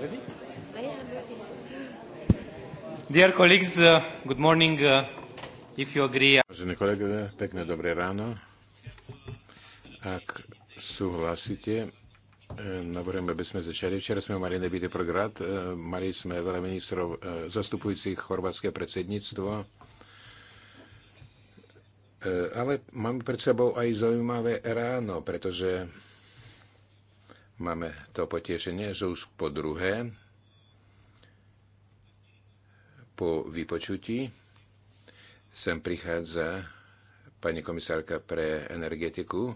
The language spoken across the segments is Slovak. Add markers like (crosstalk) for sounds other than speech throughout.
Ready? I Dear colleagues, uh, good morning. Uh, if you agree... Vážení kolegovia, pekné dobré ráno. Ak súhlasíte, e, Navrhujem, aby sme začali. Včera sme mali nabitý program. E, mali sme veľa ministrov e, zastupujúcich chorvátske predsedníctvo. Ale máme pred sebou aj zaujímavé ráno, pretože Máme to potešenie, že už po druhé, po vypočutí, sem prichádza pani komisárka pre energetiku,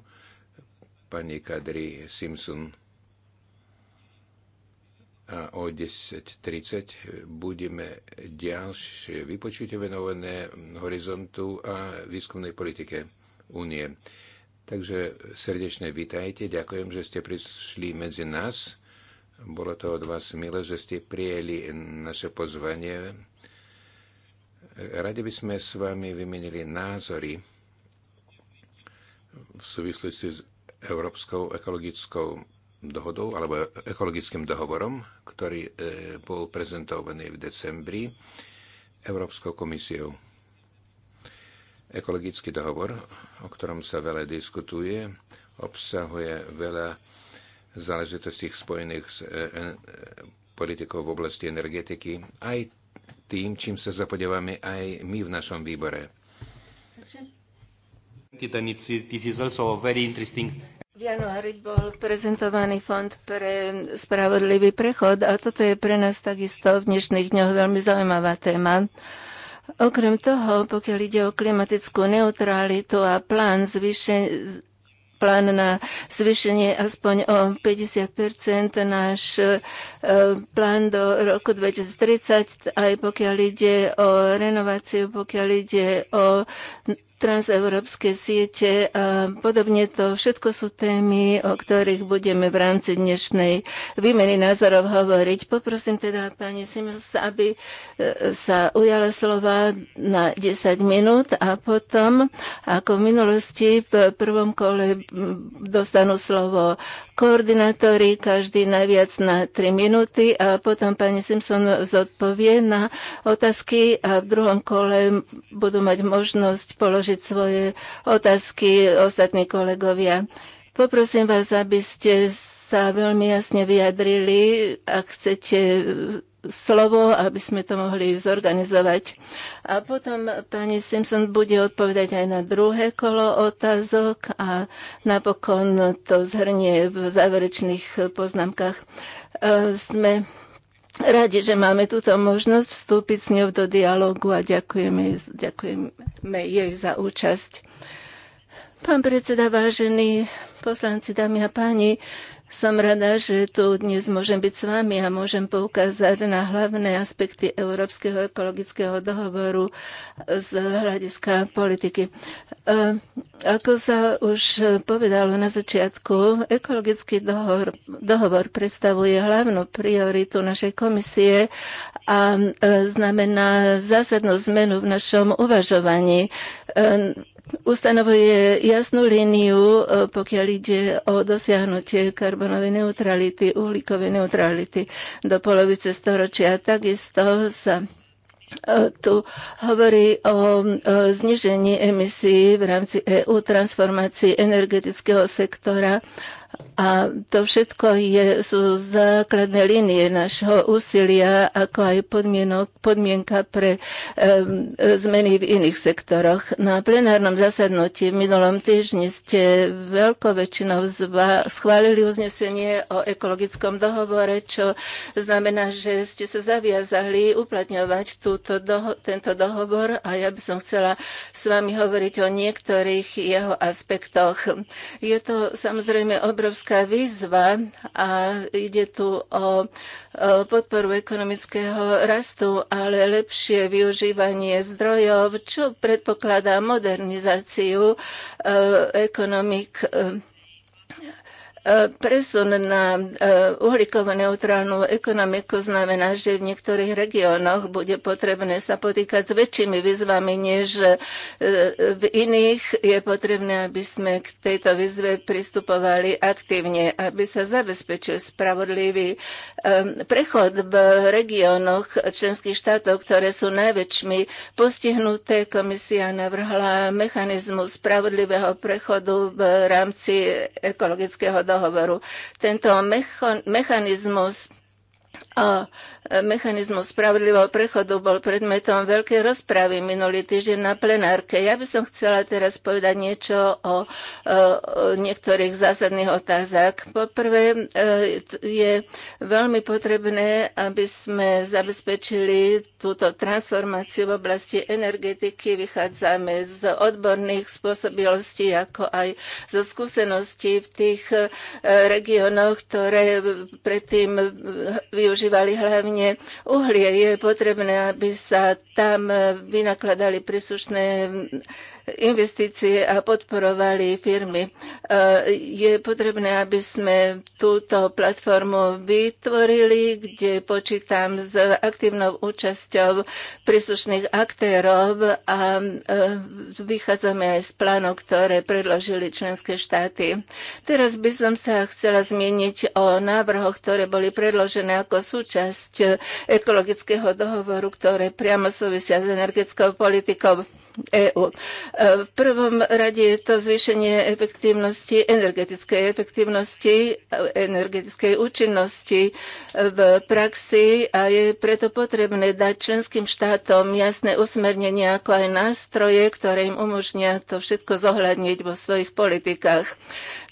pani Kadri Simpson. A o 10.30 budeme ďalšie vypočutie venované horizontu a výskumnej politike únie. Takže srdečne vítajte, ďakujem, že ste prišli medzi nás. Bolo to od vás milé, že ste prijeli naše pozvanie. Radi by sme s vami vymenili názory v súvislosti s Európskou ekologickou dohodou alebo ekologickým dohovorom, ktorý eh, bol prezentovaný v decembri Európskou komisiou. Ekologický dohovor, o ktorom sa veľa diskutuje, obsahuje veľa záležitostí spojených s e, e, politikou v oblasti energetiky, aj tým, čím sa zapodievame aj my v našom výbore. V januári bol prezentovaný fond pre spravodlivý prechod a toto je pre nás takisto v dnešných dňoch veľmi zaujímavá téma. Okrem toho, pokiaľ ide o klimatickú neutralitu a plán zvýšenia plán na zvýšenie aspoň o 50 náš e, plán do roku 2030, aj pokiaľ ide o renováciu, pokiaľ ide o transeurópske siete a podobne to všetko sú témy, o ktorých budeme v rámci dnešnej výmeny názorov hovoriť. Poprosím teda pani Simons, aby e, sa ujala slova na 10 minút a potom, ako v minulosti v prvom kole dostanú slovo koordinátori, každý najviac na 3 minúty a potom pani Simpson zodpovie na otázky a v druhom kole budú mať možnosť položiť svoje otázky ostatní kolegovia. Poprosím vás, aby ste sa veľmi jasne vyjadrili, ak chcete slovo, aby sme to mohli zorganizovať. A potom pani Simpson bude odpovedať aj na druhé kolo otázok a napokon to zhrnie v záverečných poznámkach. E, sme radi, že máme túto možnosť vstúpiť s ňou do dialogu a ďakujeme, ďakujeme jej za účasť. Pán predseda, vážení poslanci, dámy a páni, som rada, že tu dnes môžem byť s vami a môžem poukázať na hlavné aspekty Európskeho ekologického dohovoru z hľadiska politiky. E, ako sa už povedalo na začiatku, ekologický dohovor, dohovor predstavuje hlavnú prioritu našej komisie a e, znamená zásadnú zmenu v našom uvažovaní e, ustanovuje jasnú líniu, e, pokiaľ ide o dosiahnutie karbonovej neutrality, uhlíkovej neutrality do polovice storočia. Takisto sa e, tu hovorí o e, znižení emisí v rámci EU, transformácii energetického sektora a to všetko je, sú základné linie našho úsilia, ako aj podmienok, podmienka pre um, zmeny v iných sektoroch. Na plenárnom zasadnutí v minulom týždni ste veľkou väčšinou zva- schválili uznesenie o ekologickom dohovore, čo znamená, že ste sa zaviazali uplatňovať túto doho- tento dohovor a ja by som chcela s vami hovoriť o niektorých jeho aspektoch. Je to samozrejme obrovské obrovská výzva a ide tu o podporu ekonomického rastu, ale lepšie využívanie zdrojov, čo predpokladá modernizáciu e, ekonomik e, Presun na eh, uhlíkovo-neutrálnu ekonomiku znamená, že v niektorých regiónoch bude potrebné sa potýkať s väčšími výzvami, než eh, v iných je potrebné, aby sme k tejto výzve pristupovali aktívne, aby sa zabezpečil spravodlivý eh, prechod v regiónoch členských štátov, ktoré sú najväčšmi postihnuté. Komisia navrhla mechanizmu spravodlivého prechodu v rámci ekologického dohodu dohovoru. Tento mechanizmus mechanizmus spravodlivého prechodu bol predmetom veľkej rozpravy minulý týždeň na plenárke. Ja by som chcela teraz povedať niečo o, o, e, o niektorých zásadných otázach. Poprvé e, je veľmi potrebné, aby sme zabezpečili túto transformáciu v oblasti energetiky. Vychádzame z odborných spôsobilostí, ako aj zo skúseností v tých e, regiónoch, ktoré predtým využívali hlavne vrátane uhlie. Je potrebné, aby sa tam vynakladali príslušné investície a podporovali firmy. E, je potrebné, aby sme túto platformu vytvorili, kde počítam s aktívnou účasťou príslušných aktérov a e, vychádzame aj z plánov, ktoré predložili členské štáty. Teraz by som sa chcela zmieniť o návrhoch, ktoré boli predložené ako súčasť ekologického dohovoru, ktoré priamo súvisia s energetickou politikou. EÚ. E, v prvom rade je to zvýšenie efektívnosti, energetickej efektívnosti, energetickej účinnosti e, v praxi a je preto potrebné dať členským štátom jasné usmernenia, ako aj nástroje, ktoré im umožnia to všetko zohľadniť vo svojich politikách.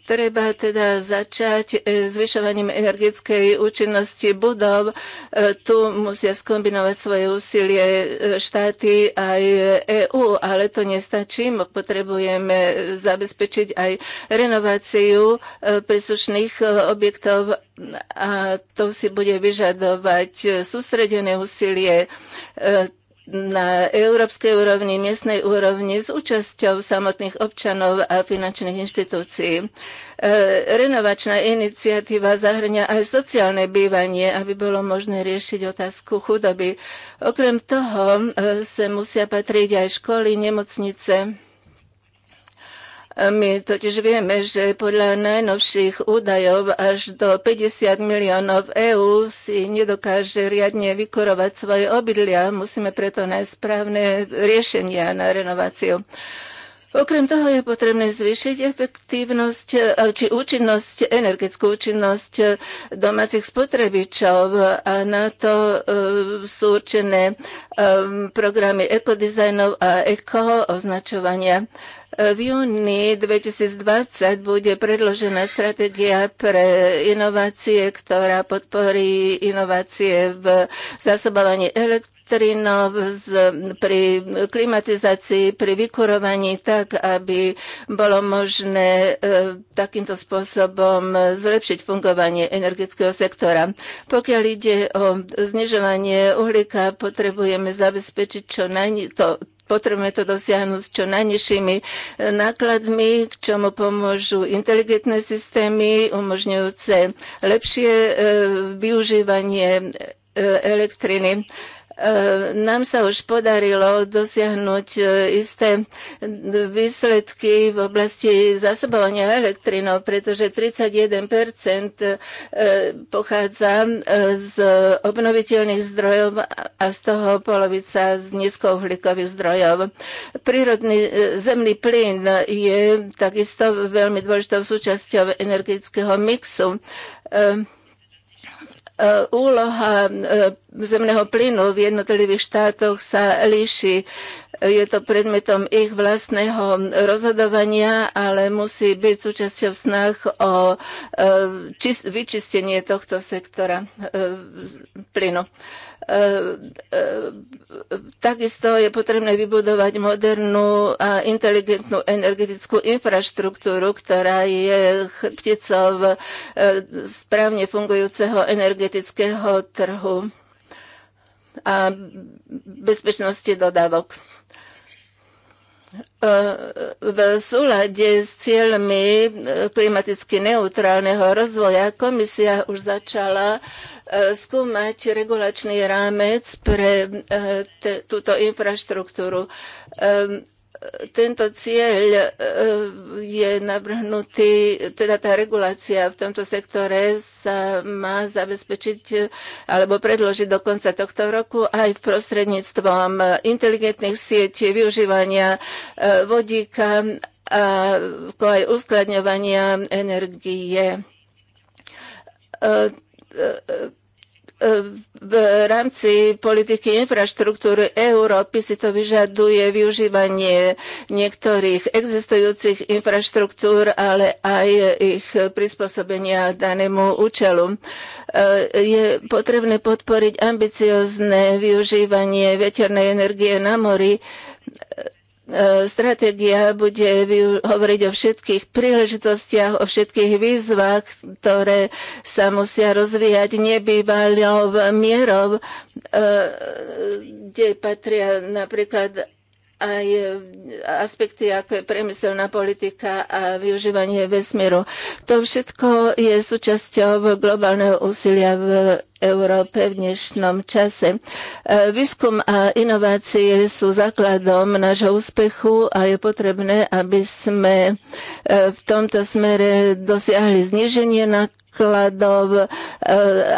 Treba teda začať e, zvyšovaním energetickej účinnosti budov. E, tu musia skombinovať svoje úsilie e, štáty aj EÚ, ale to nestačí. Potrebujeme zabezpečiť aj renováciu príslušných objektov a to si bude vyžadovať sústredené úsilie na európskej úrovni, miestnej úrovni s účasťou samotných občanov a finančných inštitúcií. E, renovačná iniciatíva zahrňa aj sociálne bývanie, aby bolo možné riešiť otázku chudoby. Okrem toho e, sa musia patriť aj školy, nemocnice, my totiž vieme, že podľa najnovších údajov až do 50 miliónov EÚ si nedokáže riadne vykurovať svoje obydlia. Musíme preto nájsť správne riešenia na renováciu. Okrem toho je potrebné zvýšiť efektívnosť či účinnosť, energetickú účinnosť domácich spotrebičov a na to e, sú určené e, programy ekodizajnov a ekoznačovania. označovania. V júni 2020 bude predložená stratégia pre inovácie, ktorá podporí inovácie v zásobovaní elektriny pri klimatizácii, pri vykurovaní tak, aby bolo možné e, takýmto spôsobom zlepšiť fungovanie energetického sektora. Pokiaľ ide o znižovanie uhlíka, potrebujeme zabezpečiť čo naj, to, potrebujeme to dosiahnuť s čo najnižšími e, nákladmi, k čomu pomôžu inteligentné systémy, umožňujúce lepšie e, využívanie e, elektriny. Ehm, nám sa už podarilo dosiahnuť e, isté výsledky v oblasti zásobovania elektrinou, pretože 31 e, pochádza e, z obnoviteľných zdrojov a z toho polovica z nízkouhlíkových zdrojov. Prírodný zemný plyn je takisto veľmi dôležitou súčasťou energetického mixu. Um, E, úloha e, zemného plynu v jednotlivých štátoch sa líši. Je to predmetom ich vlastného rozhodovania, ale musí byť súčasťou snah o e, vyčistenie tohto sektora plynu. Takisto je potrebné vybudovať modernú a inteligentnú energetickú infraštruktúru, ktorá je chrbticov e, správne fungujúceho energetického trhu a bezpečnosti dodávok v súlade s cieľmi e, klimaticky neutrálneho rozvoja komisia už začala e, skúmať regulačný rámec pre e, túto infraštruktúru tento cieľ e, je navrhnutý, teda tá regulácia v tomto sektore sa má zabezpečiť e, alebo predložiť do konca tohto roku aj v prostredníctvom inteligentných sietí, využívania e, vodíka a aj uskladňovania energie E, v rámci politiky infraštruktúry Európy si to vyžaduje využívanie niektorých existujúcich infraštruktúr, ale aj ich prispôsobenia danému účelu. E, je potrebné podporiť ambiciozne využívanie veternej energie na mori E, stratégia bude hovoriť o všetkých príležitostiach, o všetkých výzvach, ktoré sa musia rozvíjať nebývalou mierou, e, kde patria napríklad aj aspekty, ako je priemyselná politika a využívanie vesmíru. To všetko je súčasťou globálneho úsilia v Európe v dnešnom čase. E, výskum a inovácie sú základom nášho úspechu a je potrebné, aby sme e, v tomto smere dosiahli zniženie na nákladov e,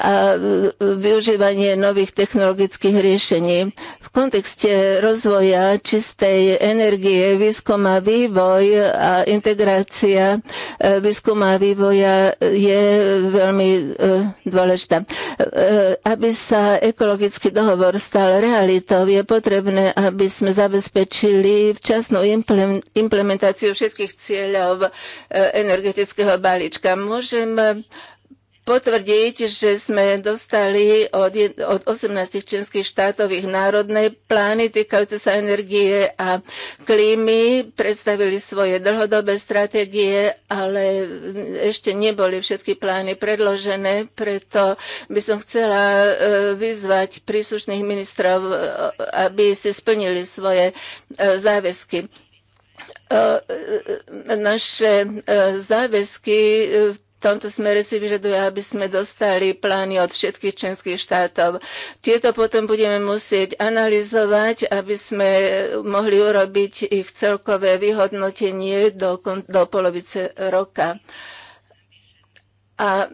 a využívanie nových technologických riešení. V kontexte rozvoja čistej energie, výskum a vývoj a integrácia e, výskum a vývoja je veľmi e, dôležitá. Aby sa ekologický dohovor stal realitou, je potrebné, aby sme zabezpečili včasnú implementáciu všetkých cieľov energetického balíčka. Môžem potvrdiť, že sme dostali od, od 18 členských štátov ich národné plány týkajúce sa energie a klímy, predstavili svoje dlhodobé stratégie, ale ešte neboli všetky plány predložené, preto by som chcela e, vyzvať príslušných ministrov, e, aby si splnili svoje e, záväzky naše záväzky v tomto smere si vyžaduje, aby sme dostali plány od všetkých členských štátov. Tieto potom budeme musieť analyzovať, aby sme mohli urobiť ich celkové vyhodnotenie do, do polovice roka. A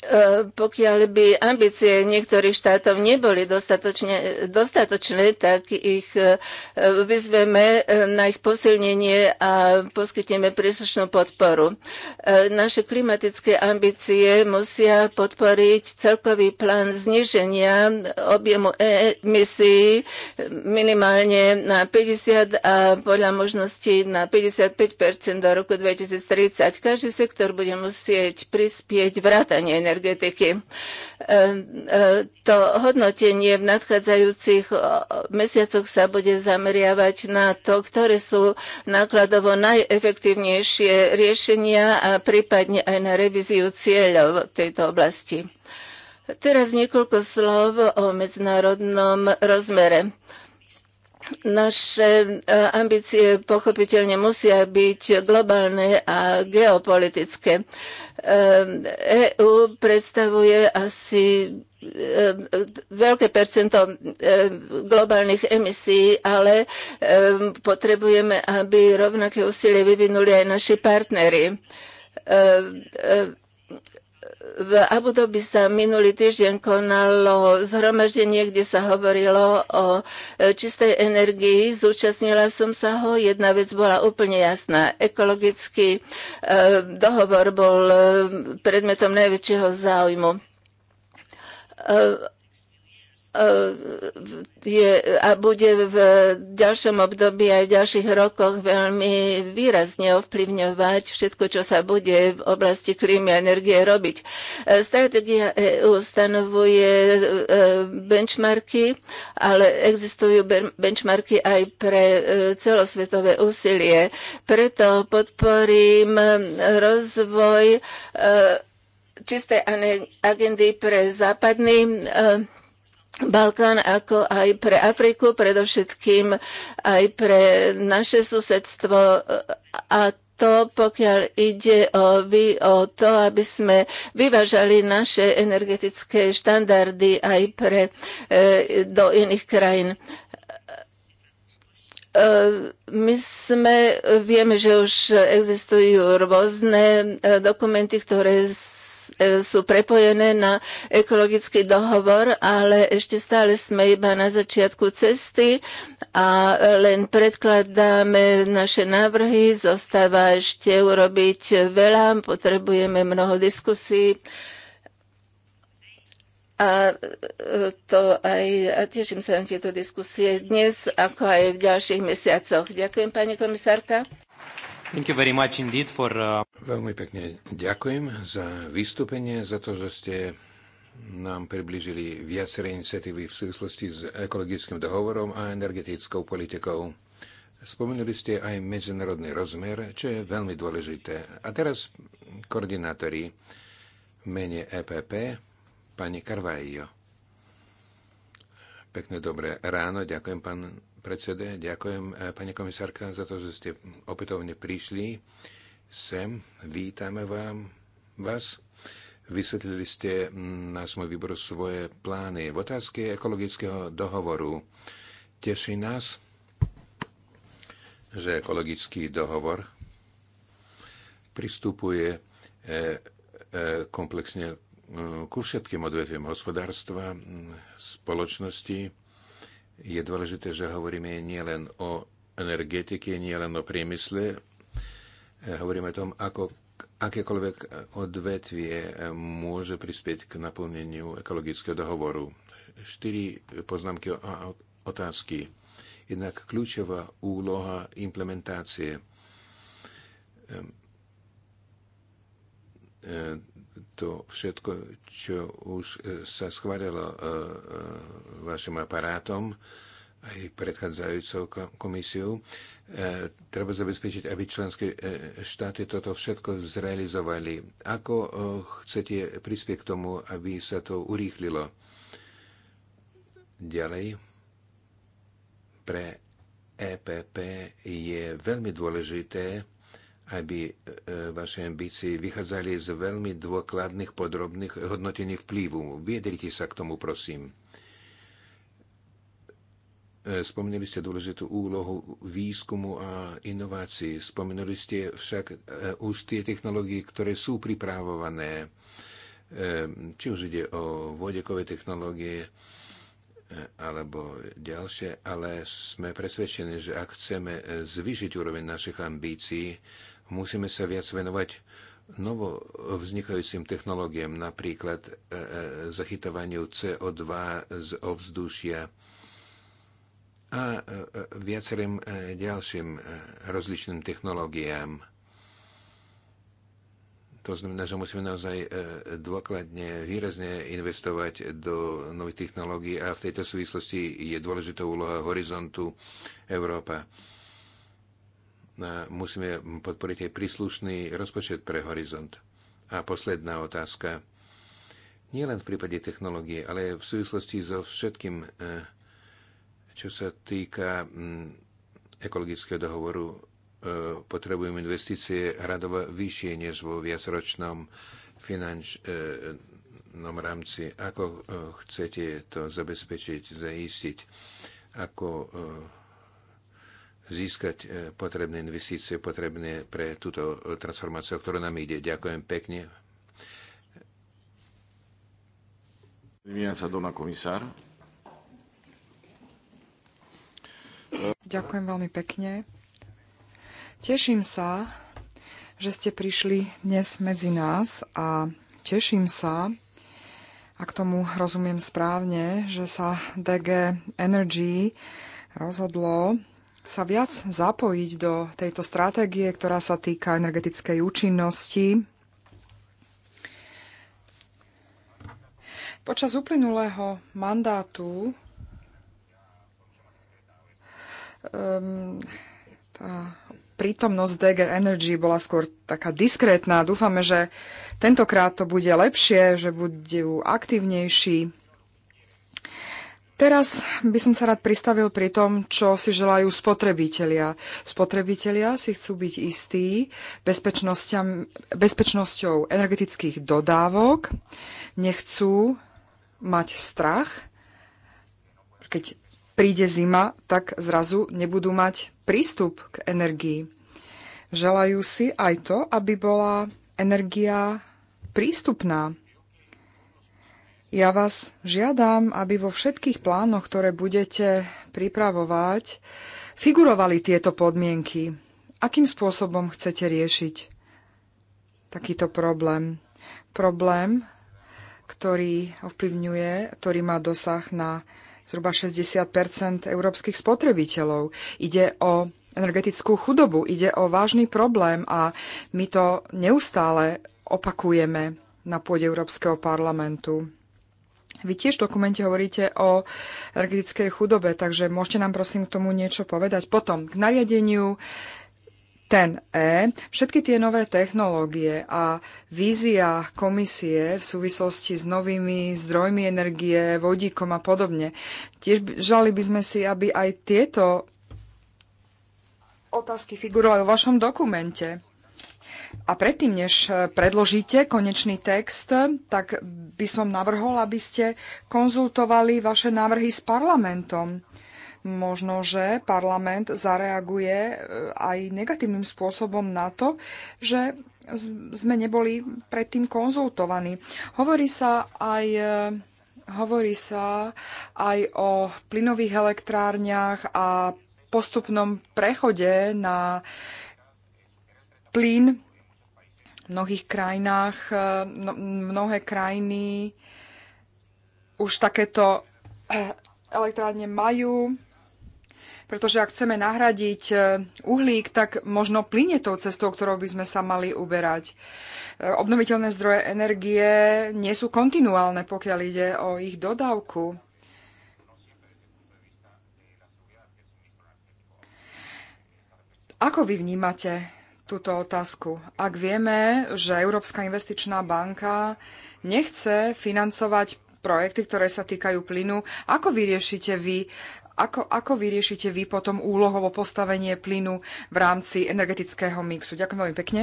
E, pokiaľ by ambície niektorých štátov neboli dostatočne, dostatočné, tak ich e, vyzveme e, na ich posilnenie a poskytneme príslušnú podporu. Naše klimatické ambície musia podporiť celkový plán zniženia objemu emisí minimálne na 50 a podľa možností na 55 do roku 2030. Každý sektor bude musieť prispieť vrátanie energetiky. E, e, to hodnotenie v nadchádzajúcich mesiacoch sa bude zameriavať na to, ktoré sú nákladovo najefektívnejšie riešenia a prípadne aj na revíziu cieľov v tejto oblasti. Teraz niekoľko slov o medzinárodnom rozmere. Naše e, ambície pochopiteľne musia byť globálne a geopolitické. EU e predstavuje asi e, veľké percento globálnych emisí, ale potrebujeme, aby rovnaké úsilie vyvinuli aj naši partnery v Abu Dhabi sa minulý týždeň konalo zhromaždenie, kde sa hovorilo o čistej energii. Zúčastnila som sa ho. Jedna vec bola úplne jasná. Ekologický e, dohovor bol e, predmetom najväčšieho záujmu e, E, je, a bude v ďalšom období aj v ďalších rokoch veľmi výrazne ovplyvňovať všetko, čo sa bude v oblasti klímy a energie robiť. E, stratégia EU stanovuje e, benchmarky, ale existujú benchmarky aj pre celosvetové úsilie. Preto podporím rozvoj čistej agendy pre západný Balkán, ako aj pre Afriku, predovšetkým aj pre naše susedstvo a to, pokiaľ ide o, vy, o to, aby sme vyvážali naše energetické štandardy aj pre, e, do iných krajín. E, my sme, vieme, že už existujú rôzne e, dokumenty, ktoré E, sú prepojené na ekologický dohovor, ale ešte stále sme iba na začiatku cesty a len predkladáme naše návrhy. Zostáva ešte urobiť veľa, potrebujeme mnoho diskusí a e, to aj a teším sa na tieto diskusie dnes, ako aj v ďalších mesiacoch. Ďakujem, pani komisárka. Thank you very much indeed for... Uh, veľmi pekne ďakujem za vystúpenie, za to, že ste nám približili viaceré iniciatívy v súvislosti s ekologickým dohovorom a energetickou politikou. Spomenuli ste aj medzinárodný rozmer, čo je veľmi dôležité. A teraz koordinátori v mene EPP, pani Carvajo. Pekné dobré ráno, ďakujem pán predsede, ďakujem e, pani komisárka za to, že ste opätovne prišli sem. Vítame vám, vás. Vysvetlili ste na svoj výbor svoje plány v otázke ekologického dohovoru. Teší nás, že ekologický dohovor pristupuje e, e, komplexne ku všetkým odvetviam hospodárstva, spoločnosti, je dôležité, že hovoríme nielen o energetike, nielen o priemysle. E, hovoríme o tom, ako akékoľvek odvetvie môže prispieť k naplneniu ekologického dohovoru. Štyri poznámky a otázky. Jednak kľúčová úloha implementácie e, to všetko, čo už e, sa schválilo e, e, vašim aparátom, aj predchádzajúcou komisiou. Treba zabezpečiť, aby členské štáty toto všetko zrealizovali. Ako chcete prispieť k tomu, aby sa to urýchlilo? Ďalej, pre EPP je veľmi dôležité, aby e, vaše ambície vychádzali z veľmi dôkladných, podrobných hodnotení vplyvu. Viedrite sa k tomu, prosím. E, Spomenuli ste dôležitú úlohu výskumu a inovácií. Spomenuli ste však e, už tie technológie, ktoré sú pripravované. Či už ide o vodekové technológie, alebo ďalšie, ale sme presvedčení, že ak chceme zvýšiť úroveň našich ambícií, Musíme sa viac venovať novo vznikajúcim technológiám, napríklad e, e, zachytávaniu CO2 z ovzdušia a e, viacerým ďalším rozličným technológiám. To znamená, že musíme naozaj dôkladne, výrazne investovať do nových technológií a v tejto súvislosti je dôležitá úloha horizontu Európa musíme podporiť aj príslušný rozpočet pre Horizont. A posledná otázka. Nie len v prípade technológie, ale v súvislosti so všetkým, e, čo sa týka ekologického dohovoru, e, potrebujeme investície radovo vyššie než vo viacročnom finančnom e, rámci. Ako chcete to zabezpečiť, zaistiť? Ako získať e, potrebné investície, potrebné pre túto transformáciu, o ktorú nám ide. Ďakujem pekne. sa doma komisár. Ďakujem veľmi pekne. Teším sa, že ste prišli dnes medzi nás a teším sa, ak tomu rozumiem správne, že sa DG Energy rozhodlo sa viac zapojiť do tejto stratégie, ktorá sa týka energetickej účinnosti. Počas uplynulého mandátu um, tá prítomnosť Dagger Energy bola skôr taká diskrétna. Dúfame, že tentokrát to bude lepšie, že budú aktívnejší. Teraz by som sa rád pristavil pri tom, čo si želajú spotrebitelia. Spotrebitelia si chcú byť istí bezpečnosťou energetických dodávok, nechcú mať strach, keď príde zima, tak zrazu nebudú mať prístup k energii. Želajú si aj to, aby bola energia prístupná ja vás žiadam, aby vo všetkých plánoch, ktoré budete pripravovať, figurovali tieto podmienky. Akým spôsobom chcete riešiť takýto problém? Problém, ktorý ovplyvňuje, ktorý má dosah na zhruba 60 európskych spotrebiteľov. Ide o energetickú chudobu, ide o vážny problém a my to neustále opakujeme na pôde Európskeho parlamentu. Vy tiež v dokumente hovoríte o energetickej chudobe, takže môžete nám prosím k tomu niečo povedať. Potom k nariadeniu ten E, všetky tie nové technológie a vízia komisie v súvislosti s novými zdrojmi energie, vodíkom a podobne. Tiež žali by sme si, aby aj tieto otázky figurovali v vašom dokumente. A predtým, než eh, predložíte konečný text, tak by som navrhol, aby ste konzultovali vaše návrhy s parlamentom. Možno, že parlament zareaguje eh, aj negatívnym spôsobom na to, že sme neboli predtým konzultovaní. Hovorí sa aj eh, hovorí sa aj o plynových elektrárniach a postupnom prechode na plyn mnohých krajinách, eh, mnohé krajiny už takéto eh, elektrárne majú, pretože ak chceme nahradiť eh, uhlík, tak možno plyne tou cestou, ktorou by sme sa mali uberať. Obnoviteľné zdroje energie nie sú kontinuálne, pokiaľ ide o ich dodávku. Ako vy vnímate túto otázku. Ak vieme, že Európska investičná banka nechce financovať projekty, ktoré sa týkajú plynu, ako vyriešite vy ako, ako vyriešite vy potom úlohovo postavenie plynu v rámci energetického mixu? Ďakujem veľmi pekne.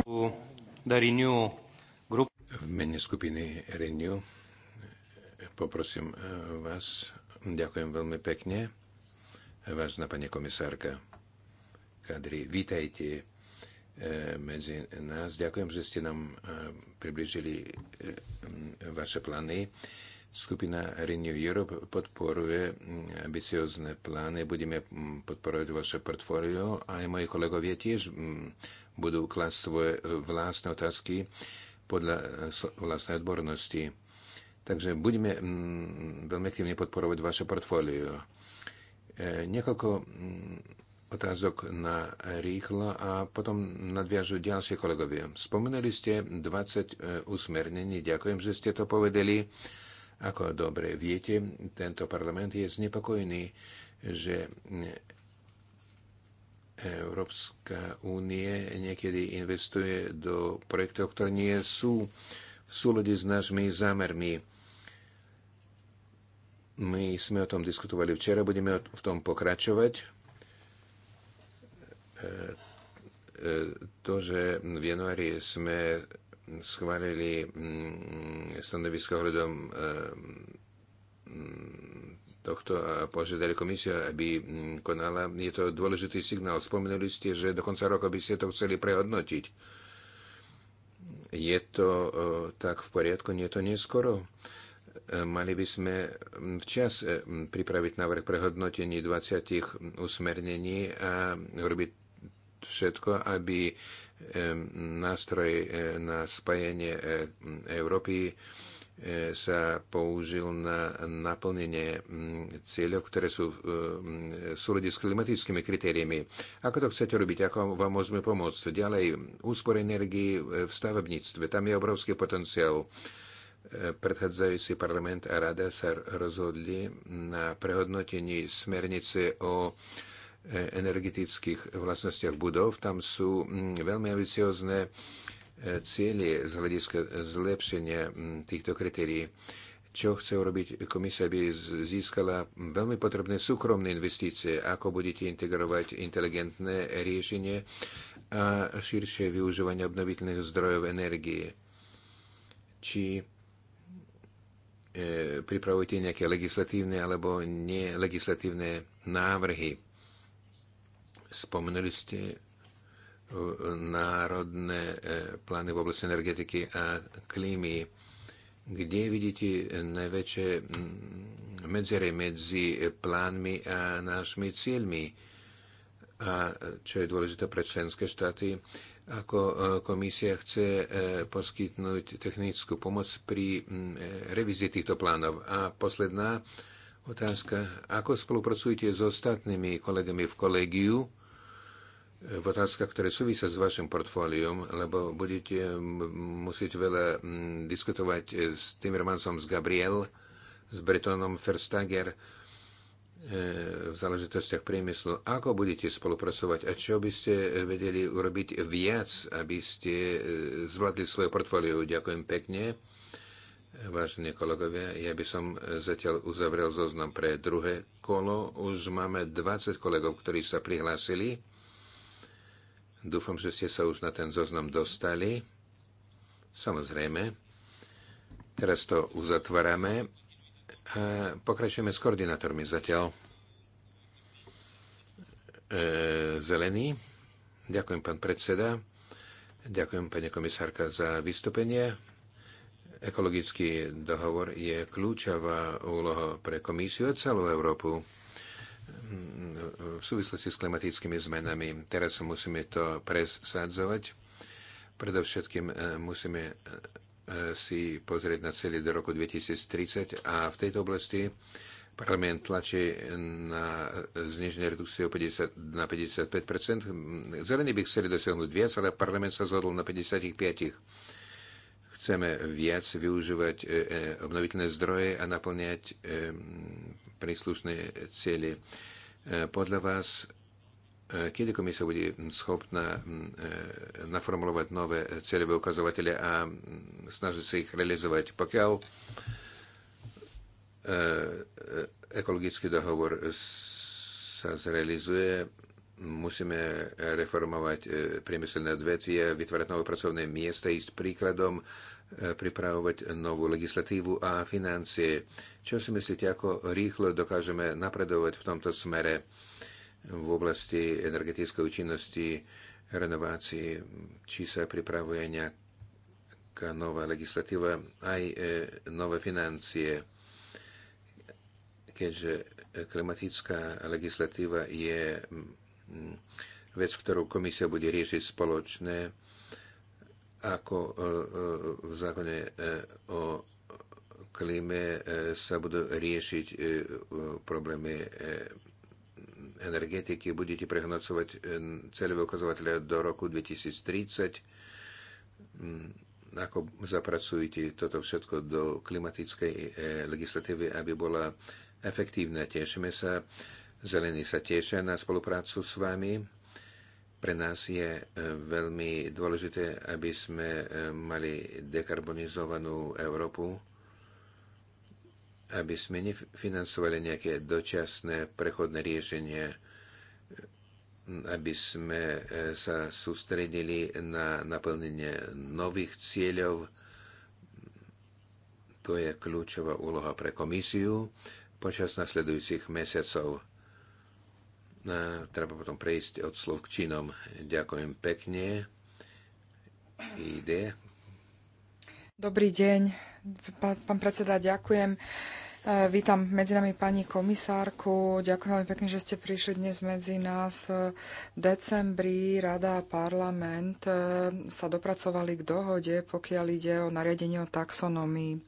V mene skupiny Renew poprosím eh, vás, ďakujem veľmi pekne, vážna pani komisárka Kadri, vítajte E, medzi nás. Ďakujem, že ste nám e, približili e, vaše plány. Skupina Renew Europe podporuje ambiciozne plány. Budeme podporovať vaše portfólio. Aj moji kolegovia tiež budú klásť svoje vlastné otázky podľa vlastnej odbornosti. Takže budeme veľmi aktívne podporovať vaše portfólio. Niekoľko otázok na rýchlo a potom nadviažu ďalšie kolegovia. Spomenuli ste 20 e, usmernení. Ďakujem, že ste to povedali. Ako dobre viete, tento parlament je znepokojený, že e, Európska únie niekedy investuje do projektov, ktoré nie sú v súlade s našimi zámermi. My sme o tom diskutovali včera, budeme v tom pokračovať E, e, to, že v januári sme schválili mm, stanovisko hľadom e, mm, tohto a požiadali komisiu, aby mm, konala. Je to dôležitý signál. Spomenuli ste, že do konca roka by ste to chceli prehodnotiť. Je to tak v poriadku? Nie je to neskoro? Mali by sme včas pripraviť návrh prehodnotení 20 usmernení a robiť všetko, aby nástroj eh, na spajenie eh, Európy eh, sa použil na naplnenie mm, cieľov, ktoré sú v mm, s klimatickými kritériami. Ako to chcete robiť? Ako vám môžeme pomôcť? Ďalej, úspor energii v stavebníctve. Tam je obrovský potenciál. Predchádzajúci parlament a rada sa rozhodli na prehodnotení smernice o energetických vlastnostiach budov. Tam sú mm, veľmi ambiciozne e, cieľe z hľadiska zlepšenia mm, týchto kritérií. Čo chce urobiť komisia, aby získala veľmi potrebné súkromné investície, ako budete integrovať inteligentné riešenie a širšie využívanie obnoviteľných zdrojov energie. Či e, pripravujete nejaké legislatívne alebo nelegislatívne návrhy Spomenuli ste e, národné e, plány v oblasti energetiky a klímy. Kde vidíte najväčšie mm, medzery medzi plánmi a našimi cieľmi? A čo je dôležité pre členské štáty, ako e, komisia chce poskytnúť technickú pomoc pri mm, revízii týchto plánov. A posledná otázka, ako spolupracujete s ostatnými kolegami v kolegiu? v otázkach, ktoré súvisia s vašim portfóliom, lebo budete musieť veľa diskutovať e, s Timmermansom, s Gabriel, s Bretonom Verstager e, v záležitostiach priemyslu. Ako budete spolupracovať a čo by ste vedeli urobiť viac, aby ste e, zvládli svoje portfólio? Ďakujem pekne. Vážení kolegovia, ja by som zatiaľ uzavrel zoznam pre druhé kolo. Už máme 20 kolegov, ktorí sa prihlásili. Dúfam, že ste sa už na ten zoznam dostali. Samozrejme. Teraz to uzatvárame. A pokračujeme s koordinátormi zatiaľ. E, zelený. Ďakujem, pán predseda. Ďakujem, pani komisárka, za vystúpenie. Ekologický dohovor je kľúčová úloha pre komisiu a celú Európu v súvislosti s klimatickými zmenami. Teraz musíme to presadzovať. Predovšetkým e, musíme e, si pozrieť na celý do roku 2030 a v tejto oblasti parlament tlačí na zniženie redukcie o 50, na 55 Zelení by chceli dosiahnuť viac, ale parlament sa zhodol na 55 Chceme viac využívať e, obnoviteľné zdroje a naplňať príslušné ciele. E, podľa vás, e, kedy komisia bude schopná e, naformulovať nové cieľové ukazovatele a snažiť sa ich realizovať, pokiaľ ekologický dohovor sa zrealizuje, musíme reformovať priemyselné odvetvie, vytvárať nové pracovné miesta, ísť príkladom E, pripravovať novú legislatívu a financie. Čo si myslíte, ako rýchlo dokážeme napredovať v tomto smere v oblasti energetickej účinnosti, renovácii, či sa pripravuje nejaká nová legislatíva, aj e, nové financie, keďže klimatická legislatíva je vec, ktorú komisia bude riešiť spoločne ako e, e, v zákone e, o klíme sa budú riešiť problémy energetiky, budete prehnocovať celé ukazovatele do roku 2030 mm, ako zapracujete toto všetko do klimatickej legislatívy, aby bola efektívna. Tešíme sa, zelení sa tešia na spoluprácu s vami pre nás je e, veľmi dôležité, aby sme e, mali dekarbonizovanú Európu, aby sme nefinancovali nejaké dočasné prechodné riešenie, aby sme e, sa sústredili na naplnenie nových cieľov. To je kľúčová úloha pre komisiu počas nasledujúcich mesiacov treba potom prejsť od slov k činom. Ďakujem pekne. Ide. Dobrý deň, pán predseda, ďakujem. E, vítam medzi nami pani komisárku. Ďakujem veľmi pekne, že ste prišli dnes medzi nás. E, v decembri Rada a parlament e, sa dopracovali k dohode, pokiaľ ide o nariadenie o taxonomii.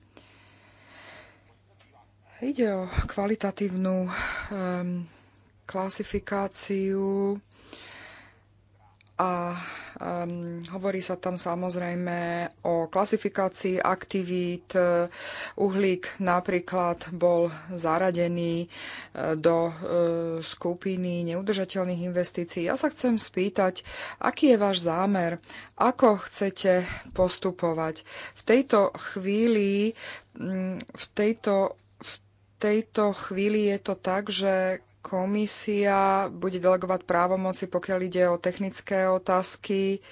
Ide o kvalitatívnu um, klasifikáciu a um, hovorí sa tam samozrejme o klasifikácii aktivít. Uhlík napríklad bol zaradený e, do uh, skupiny neudržateľných investícií. Ja sa chcem spýtať, aký je váš zámer, ako chcete postupovať. V tejto chvíli, v tejto v tejto chvíli je to tak, že komisia bude delegovať právomoci, pokiaľ ide o technické otázky,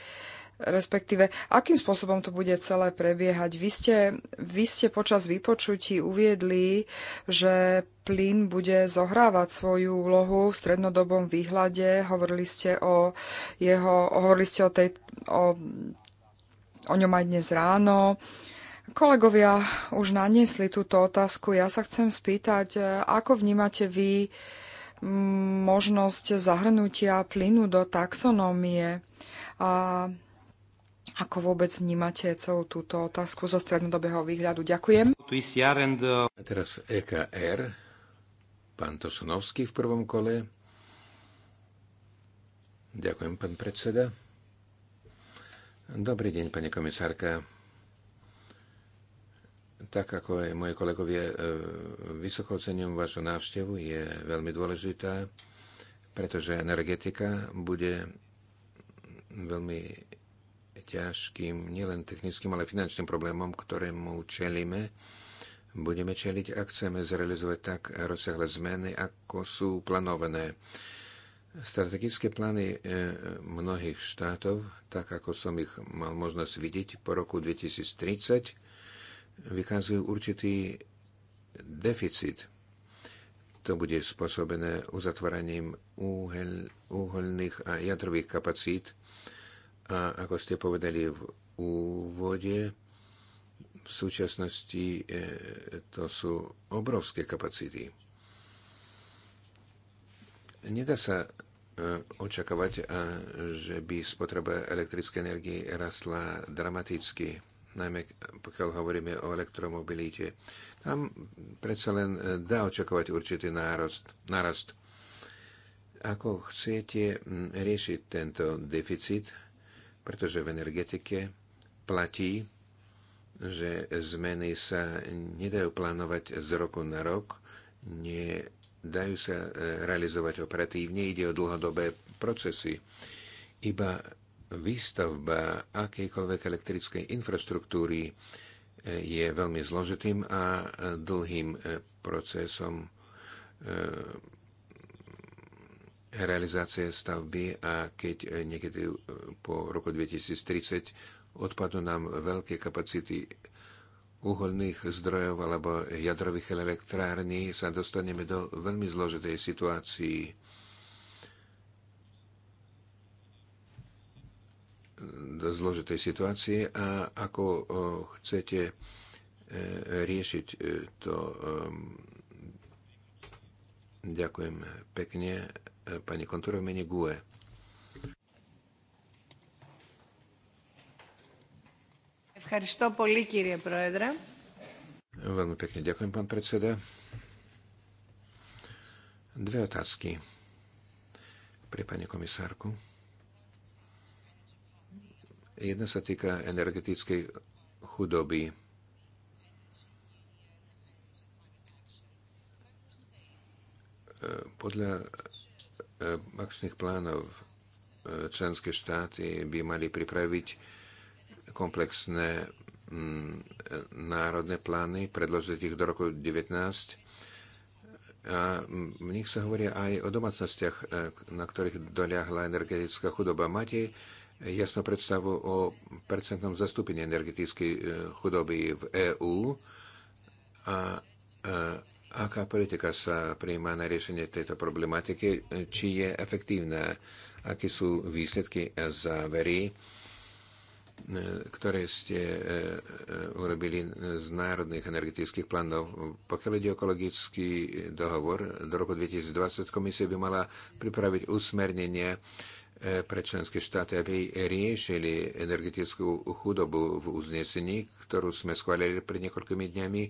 respektíve akým spôsobom to bude celé prebiehať. Vy ste, vy ste počas vypočutí uviedli, že plyn bude zohrávať svoju úlohu v strednodobom výhľade. Hovorili ste o, jeho, hovorili ste o, tej, o, o ňom aj dnes ráno. Kolegovia už naniesli túto otázku. Ja sa chcem spýtať, ako vnímate vy uh, možnosť zahrnutia plynu do taxonómie a ako vôbec vnímate celú túto otázku zo strednodobého výhľadu? Ďakujem. A teraz EKR, pán Tosunovský v prvom kole. Ďakujem, pán predseda. Dobrý deň, pani komisárka tak ako aj moje kolegovie, vysoko ocením vašu návštevu, je veľmi dôležitá, pretože energetika bude veľmi ťažkým, nielen technickým, ale finančným problémom, ktorému čelíme. Budeme čeliť, ak chceme zrealizovať tak rozsiahle zmeny, ako sú plánované. Strategické plány e, mnohých štátov, tak ako som ich mal možnosť vidieť po roku 2030, vykazujú určitý deficit. To bude spôsobené uzatvorením úhel, uholných a jadrových kapacít. A ako ste povedali v úvode, v súčasnosti e, to sú obrovské kapacity. Nedá sa e, očakávať, že by spotreba elektrickej energie rastla dramaticky najmä pokiaľ hovoríme o elektromobilite. Tam predsa len e, dá očakovať určitý nárast. nárast. Ako chcete riešiť tento deficit, pretože v energetike platí, že zmeny sa nedajú plánovať z roku na rok, nedajú sa e, realizovať operatívne, ide o dlhodobé procesy. Iba výstavba akejkoľvek elektrickej infraštruktúry e, je veľmi zložitým a dlhým e, procesom e, realizácie stavby a keď niekedy po roku 2030 odpadnú nám veľké kapacity uholných zdrojov alebo jadrových elektrární, sa dostaneme do veľmi zložitej situácii do zložitej situácie a ako e, chcete e, riešiť e, to. Ďakujem pekne pani Kontura mene GUE. Veľmi pekne ďakujem, pán predseda. Dve otázky pre pani komisárku. Jedna sa týka energetickej chudoby. E, podľa e, akčných plánov e, členské štáty by mali pripraviť komplexné mm, národné plány, predložiť ich do roku 19 a mm, v nich sa hovoria aj o domácnostiach, na ktorých doľahla energetická chudoba. Máte jasnú predstavu o percentnom zastúpení energetickej e, chudoby v EÚ a, a e, aká politika sa prijíma na riešenie tejto problematiky, či je efektívna, aké sú výsledky a závery, e, ktoré ste urobili z národných energetických plánov. Pokiaľ ide ekologický dohovor, do roku 2020 komisia by mala pripraviť usmernenie E, pre členské štáty, aby riešili energetickú chudobu v uznesení, ktorú sme schválili pred niekoľkými dňami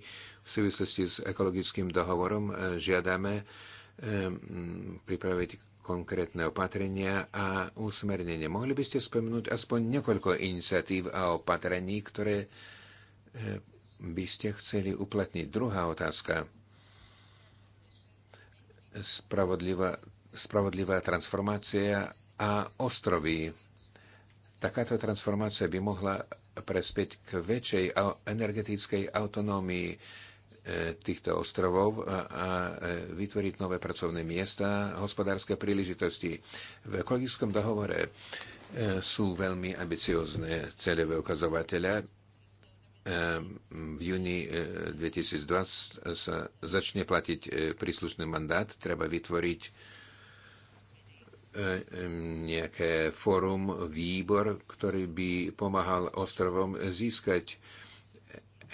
v súvislosti s ekologickým dohovorom. E, žiadame e, pripraviť konkrétne opatrenia a usmernenie. Mohli by ste spomenúť aspoň niekoľko iniciatív a opatrení, ktoré by ste chceli uplatniť? Druhá otázka. Spravodlivá, spravodlivá transformácia a ostrovy. Takáto transformácia by mohla prespieť k väčšej energetickej autonómii e, týchto ostrovov a e, vytvoriť nové pracovné miesta, hospodárske príležitosti. V ekologickom dohovore e, sú veľmi ambiciozne celové ukazovatele. V júni 2020 sa začne platiť príslušný mandát, treba vytvoriť nejaké fórum, výbor, ktorý by pomáhal ostrovom získať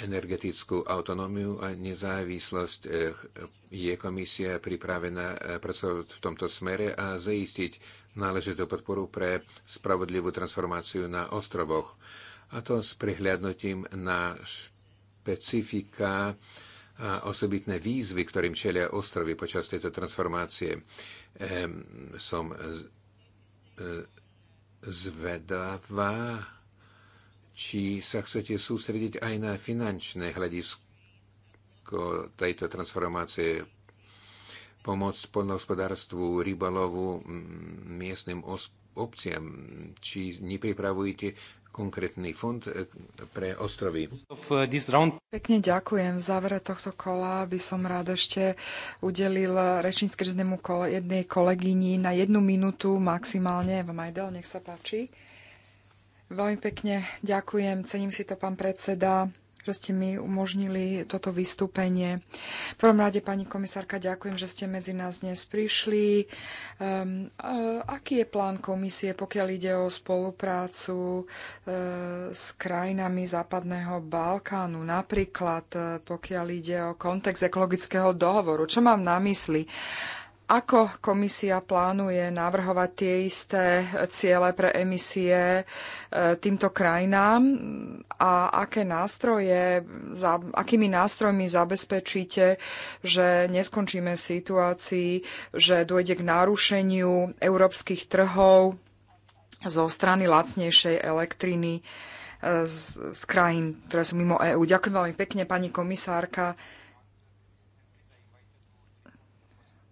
energetickú autonómiu a nezávislosť. Je komisia pripravená pracovať v tomto smere a zaistiť náležitú podporu pre spravodlivú transformáciu na ostrovoch. A to s prihľadnutím na špecifika a osobitné výzvy, ktorým čelia ostrovy počas tejto transformácie. Ehm, som e, e, zvedavá, či sa chcete sústrediť aj na finančné hľadisko tejto transformácie pomoc poľnohospodárstvu, rybalovu, miestnym obciam, či nepripravujete konkrétny fond e, pre ostrovy. E, pekne ďakujem. V závere tohto kola by som rád ešte udelil rečnícky jednému kole, jednej kolegyni na jednu minútu maximálne. Eva Majdel, nech sa páči. Veľmi pekne ďakujem. Cením si to, pán predseda že ste mi umožnili toto vystúpenie. V prvom rade, pani komisárka, ďakujem, že ste medzi nás dnes prišli. Um, uh, aký je plán komisie, pokiaľ ide o spoluprácu uh, s krajinami Západného Balkánu, napríklad uh, pokiaľ ide o kontext ekologického dohovoru? Čo mám na mysli? Uh, ako komisia plánuje navrhovať tie isté ciele pre emisie e, týmto krajinám a aké nástroje, za, akými nástrojmi zabezpečíte, že neskončíme v situácii, že dôjde k narušeniu európskych trhov zo strany lacnejšej elektriny e, z, z krajín, ktoré sú mimo EÚ. Ďakujem veľmi pekne, pani komisárka.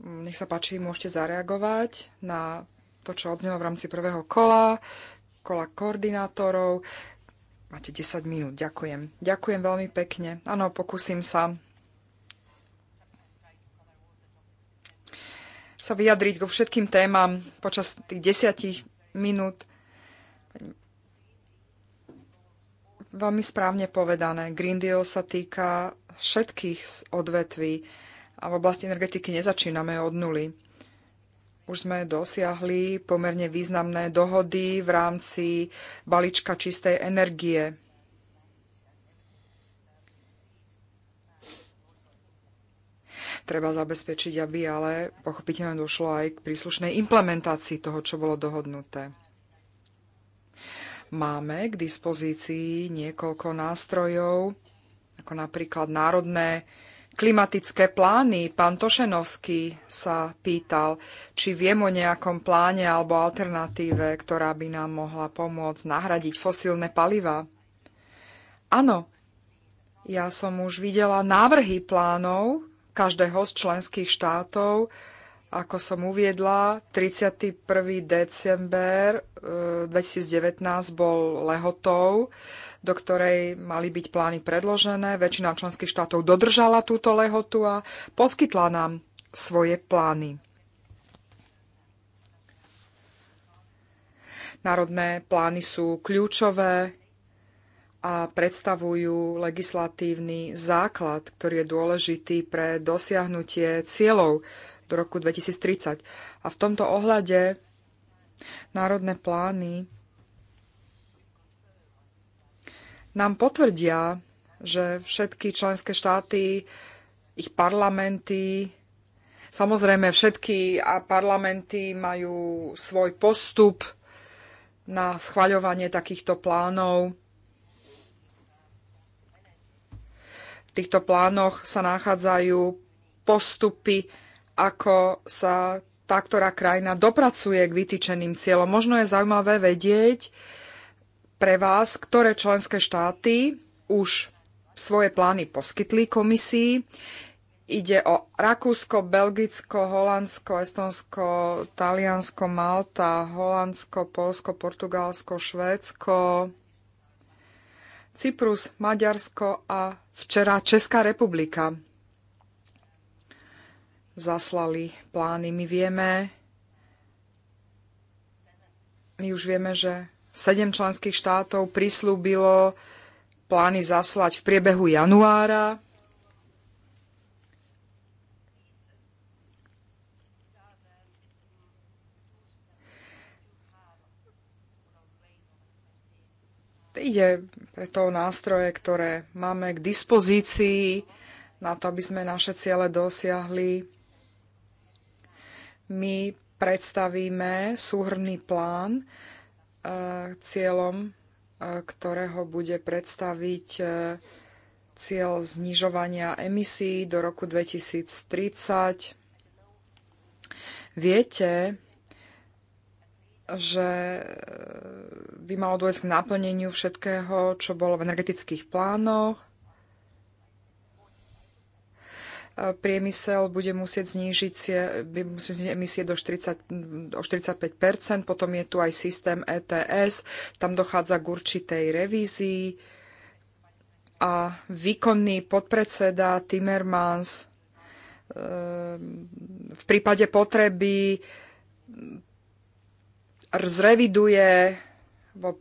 Mm, nech sa páči, môžete zareagovať na to, čo odznelo v rámci prvého kola, kola koordinátorov. Máte 10 minút, ďakujem. Ďakujem veľmi pekne. Áno, pokúsim sa sa vyjadriť ku všetkým témam počas tých desiatich minút. Veľmi správne povedané, Green Deal sa týka všetkých odvetví a v oblasti energetiky nezačíname od nuly. Už sme dosiahli pomerne významné dohody v rámci balíčka čistej energie. Treba zabezpečiť, aby ale pochopiteľne došlo aj k príslušnej implementácii toho, čo bolo dohodnuté. Máme k dispozícii niekoľko nástrojov, ako napríklad národné klimatické plány. Pán Tošenovský sa pýtal, či viem o nejakom pláne alebo alternatíve, ktorá by nám mohla pomôcť nahradiť fosílne paliva. Áno, ja som už videla návrhy plánov každého z členských štátov, ako som uviedla, 31. december 2019 eh, bol lehotou do ktorej mali byť plány predložené. Väčšina členských štátov dodržala túto lehotu a poskytla nám svoje plány. Národné plány sú kľúčové a predstavujú legislatívny základ, ktorý je dôležitý pre dosiahnutie cieľov do roku 2030. A v tomto ohľade národné plány nám potvrdia, že všetky členské štáty, ich parlamenty, samozrejme všetky a parlamenty majú svoj postup na schvaľovanie takýchto plánov. V týchto plánoch sa nachádzajú postupy, ako sa tá, ktorá krajina dopracuje k vytýčeným cieľom. Možno je zaujímavé vedieť, pre vás, ktoré členské štáty už svoje plány poskytli komisii. Ide o Rakúsko, Belgicko, Holandsko, Estonsko, Taliansko, Malta, Holandsko, Polsko, Portugalsko, Švédsko, Cyprus, Maďarsko a včera Česká republika zaslali plány. My vieme, my už vieme, že Sedem členských štátov prislúbilo plány zaslať v priebehu januára. Ide preto o nástroje, ktoré máme k dispozícii na to, aby sme naše ciele dosiahli. My predstavíme súhrný plán, E, cieľom, e, ktorého bude predstaviť e, cieľ znižovania emisí do roku 2030. Viete, že by malo dôjsť k naplneniu všetkého, čo bolo v energetických plánoch priemysel bude musieť znížiť emisie do 40, o 45 potom je tu aj systém ETS, tam dochádza k určitej revízii a výkonný podpredseda Timmermans ehm, v prípade potreby zreviduje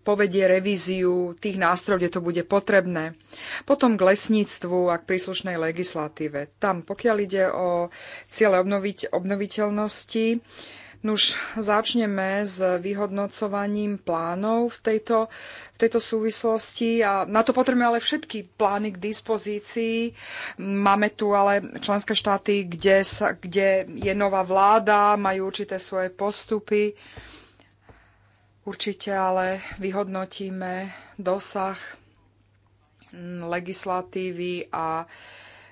povedie revíziu tých nástrojov, kde to bude potrebné. Potom k lesníctvu a k príslušnej legislatíve. Tam, pokiaľ ide o ciele obnoviť, obnoviteľnosti, Nuž začneme s vyhodnocovaním plánov v tejto, v tejto súvislosti a na to potrebujeme ale všetky plány k dispozícii. Máme tu ale členské štáty, kde, sa, kde je nová vláda, majú určité svoje postupy. Uh, Určite ale vyhodnotíme dosah legislatívy a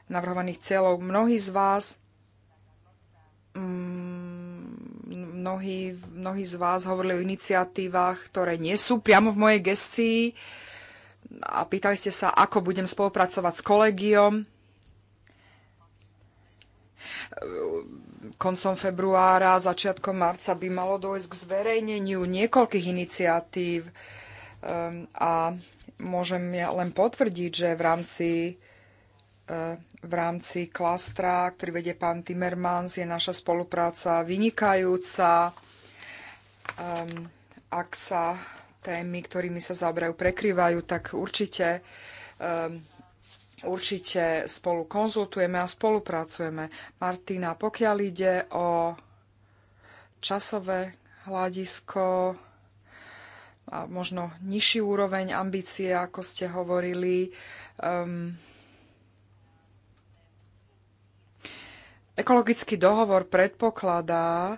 navrhovaných cieľov. Mnohí z vás mm, mnohí, mnohí z vás hovorili o iniciatívach, ktoré nie sú priamo v mojej gestii a pýtali ste sa, ako budem spolupracovať s kolegiom koncom februára, začiatkom marca by malo dojsť k zverejneniu niekoľkých iniciatív ehm, a môžem ja len potvrdiť, že v rámci eh, v rámci klastra, ktorý vedie pán Timmermans, je naša spolupráca vynikajúca. Ehm, ak sa témy, ktorými sa zaoberajú, prekrývajú, tak určite ehm, určite spolu konzultujeme a spolupracujeme. Martina, pokiaľ ide o časové hľadisko a možno nižší úroveň ambície, ako ste hovorili, um, ekologický dohovor predpokladá,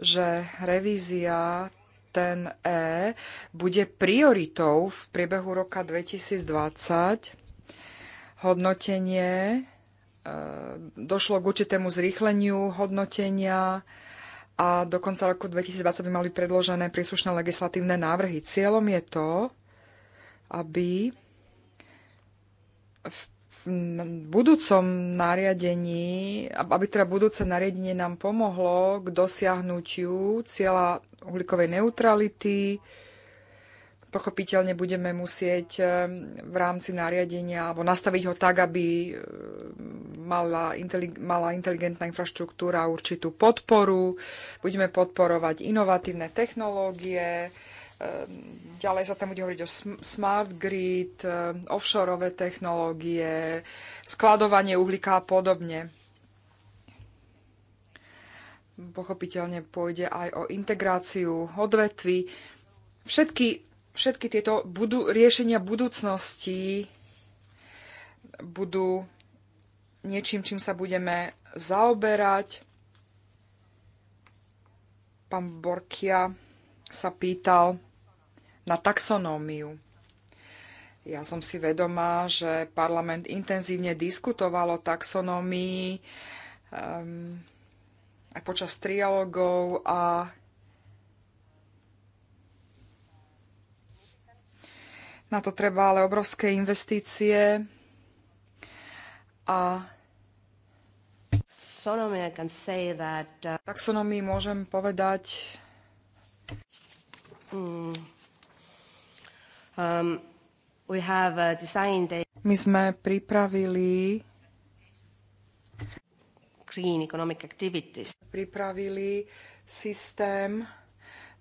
že revízia ten E bude prioritou v priebehu roka 2020 hodnotenie, e, došlo k určitému zrýchleniu hodnotenia a do konca roku 2020 by mali predložené príslušné legislatívne návrhy. Cieľom je to, aby v budúcom nariadení, aby teda budúce nariadenie nám pomohlo k dosiahnutiu cieľa uhlíkovej neutrality, pochopiteľne budeme musieť eh, v rámci nariadenia alebo nastaviť ho tak, aby eh, mala, intelig- mala inteligentná infraštruktúra určitú podporu. Budeme podporovať inovatívne technológie. Eh, ďalej sa tam bude hovoriť o smart grid, offshoreové technológie, skladovanie uhlíka a podobne pochopiteľne pôjde aj o integráciu odvetví. Všetky všetky tieto budú, riešenia budúcnosti budú niečím, čím sa budeme zaoberať. Pán Borkia sa pýtal na taxonómiu. Ja som si vedomá, že parlament intenzívne diskutoval o taxonómii um, aj počas trialogov a Na to treba ale obrovské investície a uh, taxonomii môžem povedať, mm, um, uh, my sme pripravili green economic activities. Pripravili systém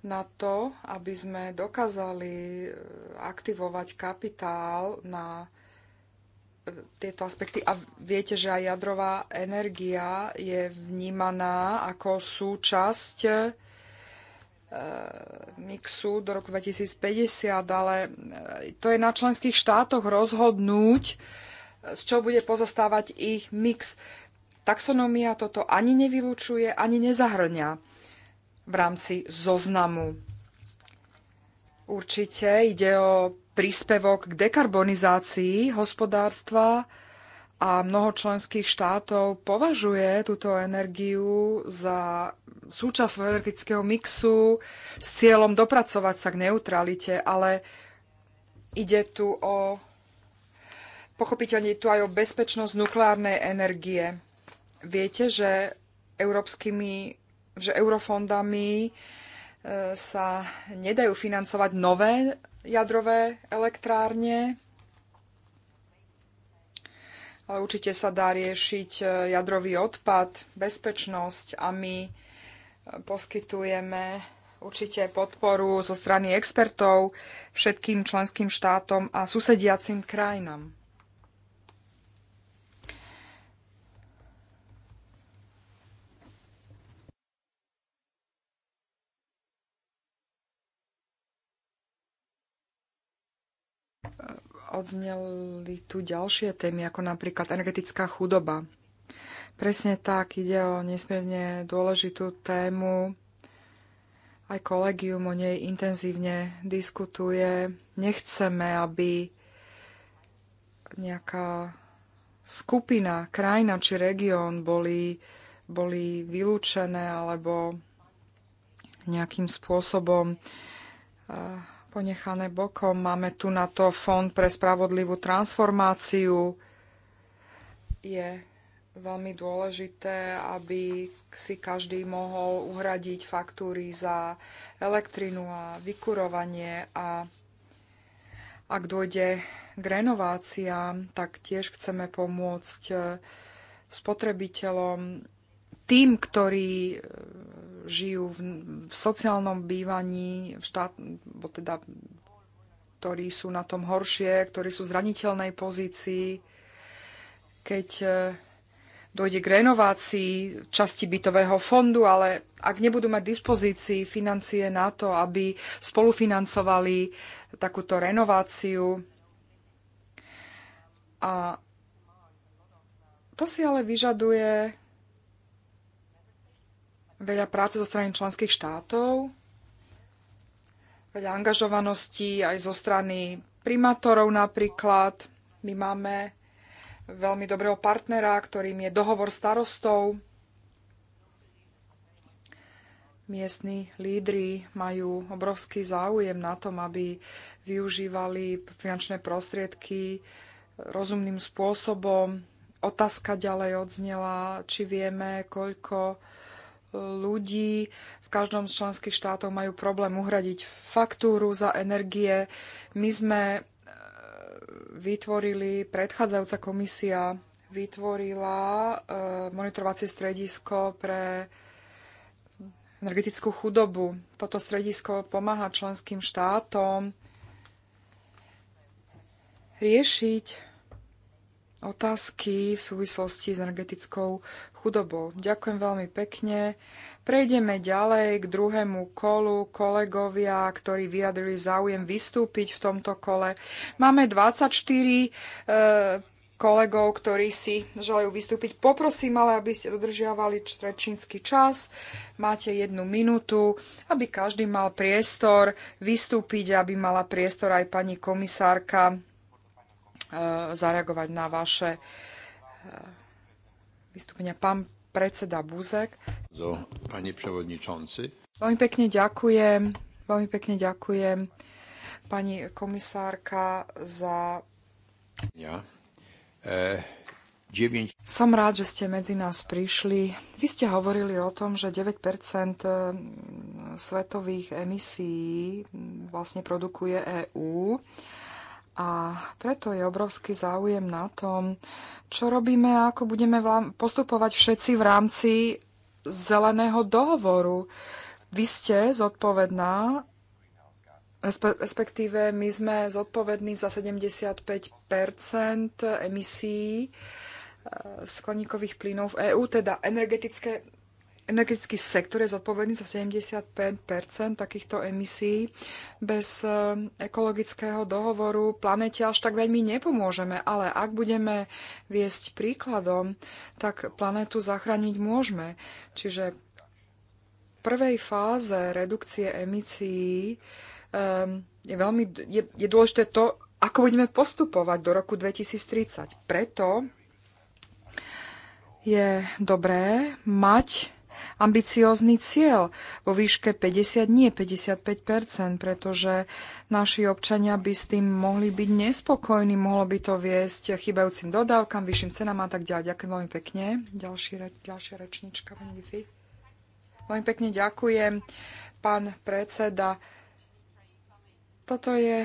na to, aby sme dokázali eh, aktivovať kapitál na eh, tieto aspekty. A viete, že aj jadrová energia je vnímaná ako súčasť eh, mixu do roku 2050, ale to je na členských štátoch rozhodnúť, z čoho bude pozostávať ich mix. Taxonomia toto ani nevylučuje, ani nezahrňa v rámci zoznamu. Určite ide o príspevok k dekarbonizácii hospodárstva a mnoho členských štátov považuje túto energiu za súčasť svojho energetického mixu s cieľom dopracovať sa k neutralite, ale ide tu o pochopiteľne tu aj o bezpečnosť nukleárnej energie. Viete, že európskymi že eurofondami e, sa nedajú financovať nové jadrové elektrárne, ale určite sa dá riešiť e, jadrový odpad, bezpečnosť a my e, poskytujeme určite podporu zo strany expertov všetkým členským štátom a susediacim krajinám. odzneli tu ďalšie témy, ako napríklad energetická chudoba. Presne tak, ide o nesmierne dôležitú tému. Aj kolegium o nej intenzívne diskutuje. Nechceme, aby nejaká skupina, krajina či región boli, boli vylúčené alebo nejakým spôsobom uh, ponechané bokom. Máme tu na to Fond pre spravodlivú transformáciu. Je veľmi dôležité, aby si každý mohol uhradiť faktúry za elektrinu a vykurovanie a ak dôjde k renováciám, tak tiež chceme pomôcť spotrebiteľom tým, ktorí e, žijú v, v sociálnom bývaní, v štát, bo teda, ktorí sú na tom horšie, ktorí sú v zraniteľnej pozícii, keď e, dojde k renovácii časti bytového fondu, ale ak nebudú mať dispozícii financie na to, aby spolufinancovali takúto renováciu. A to si ale vyžaduje veľa práce zo strany členských štátov, veľa angažovanosti aj zo strany primátorov napríklad. My máme veľmi dobrého partnera, ktorým je dohovor starostov. Miestni lídry majú obrovský záujem na tom, aby využívali finančné prostriedky rozumným spôsobom. Otázka ďalej odznela, či vieme, koľko ľudí v každom z členských štátov majú problém uhradiť faktúru za energie. My sme e, vytvorili, predchádzajúca komisia vytvorila e, monitorovacie stredisko pre energetickú chudobu. Toto stredisko pomáha členským štátom riešiť otázky v súvislosti s energetickou chudobou. Ďakujem veľmi pekne. Prejdeme ďalej k druhému kolu kolegovia, ktorí vyjadrili záujem vystúpiť v tomto kole. Máme 24 e, kolegov, ktorí si želajú vystúpiť. Poprosím ale, aby ste dodržiavali rečnícky čas. Máte jednu minútu, aby každý mal priestor vystúpiť, aby mala priestor aj pani komisárka e, zareagovať na vaše e, vystúpenia. Pán predseda Buzek. So, pani prevodničonci. Veľmi pekne ďakujem. Veľmi pekne ďakujem pani komisárka za... Ja. E, 9... Som rád, že ste medzi nás prišli. Vy ste hovorili o tom, že 9 e, svetových emisí vlastne produkuje EÚ. A preto je obrovský záujem na tom, čo robíme a ako budeme postupovať všetci v rámci zeleného dohovoru. Vy ste zodpovedná, respektíve my sme zodpovední za 75 emisí eh, skleníkových plynov v EÚ, teda energetické energetický sektor je zodpovedný za 75 takýchto emisí. Bez eh, ekologického dohovoru planete až tak veľmi nepomôžeme, ale ak budeme viesť príkladom, tak planetu zachrániť môžeme. Čiže v prvej fáze redukcie emisí ehm, je, veľmi, je, je dôležité to, ako budeme postupovať do roku 2030. Preto je dobré mať ambiciózny cieľ vo výške 50, nie 55 pretože naši občania by s tým mohli byť nespokojní, mohlo by to viesť chýbajúcim dodávkam, vyšším cenám a tak ďalej. Ďakujem veľmi pekne. Ďalší, ďalšia rečnička, pani Diffy. Veľmi pekne ďakujem, pán predseda. Toto je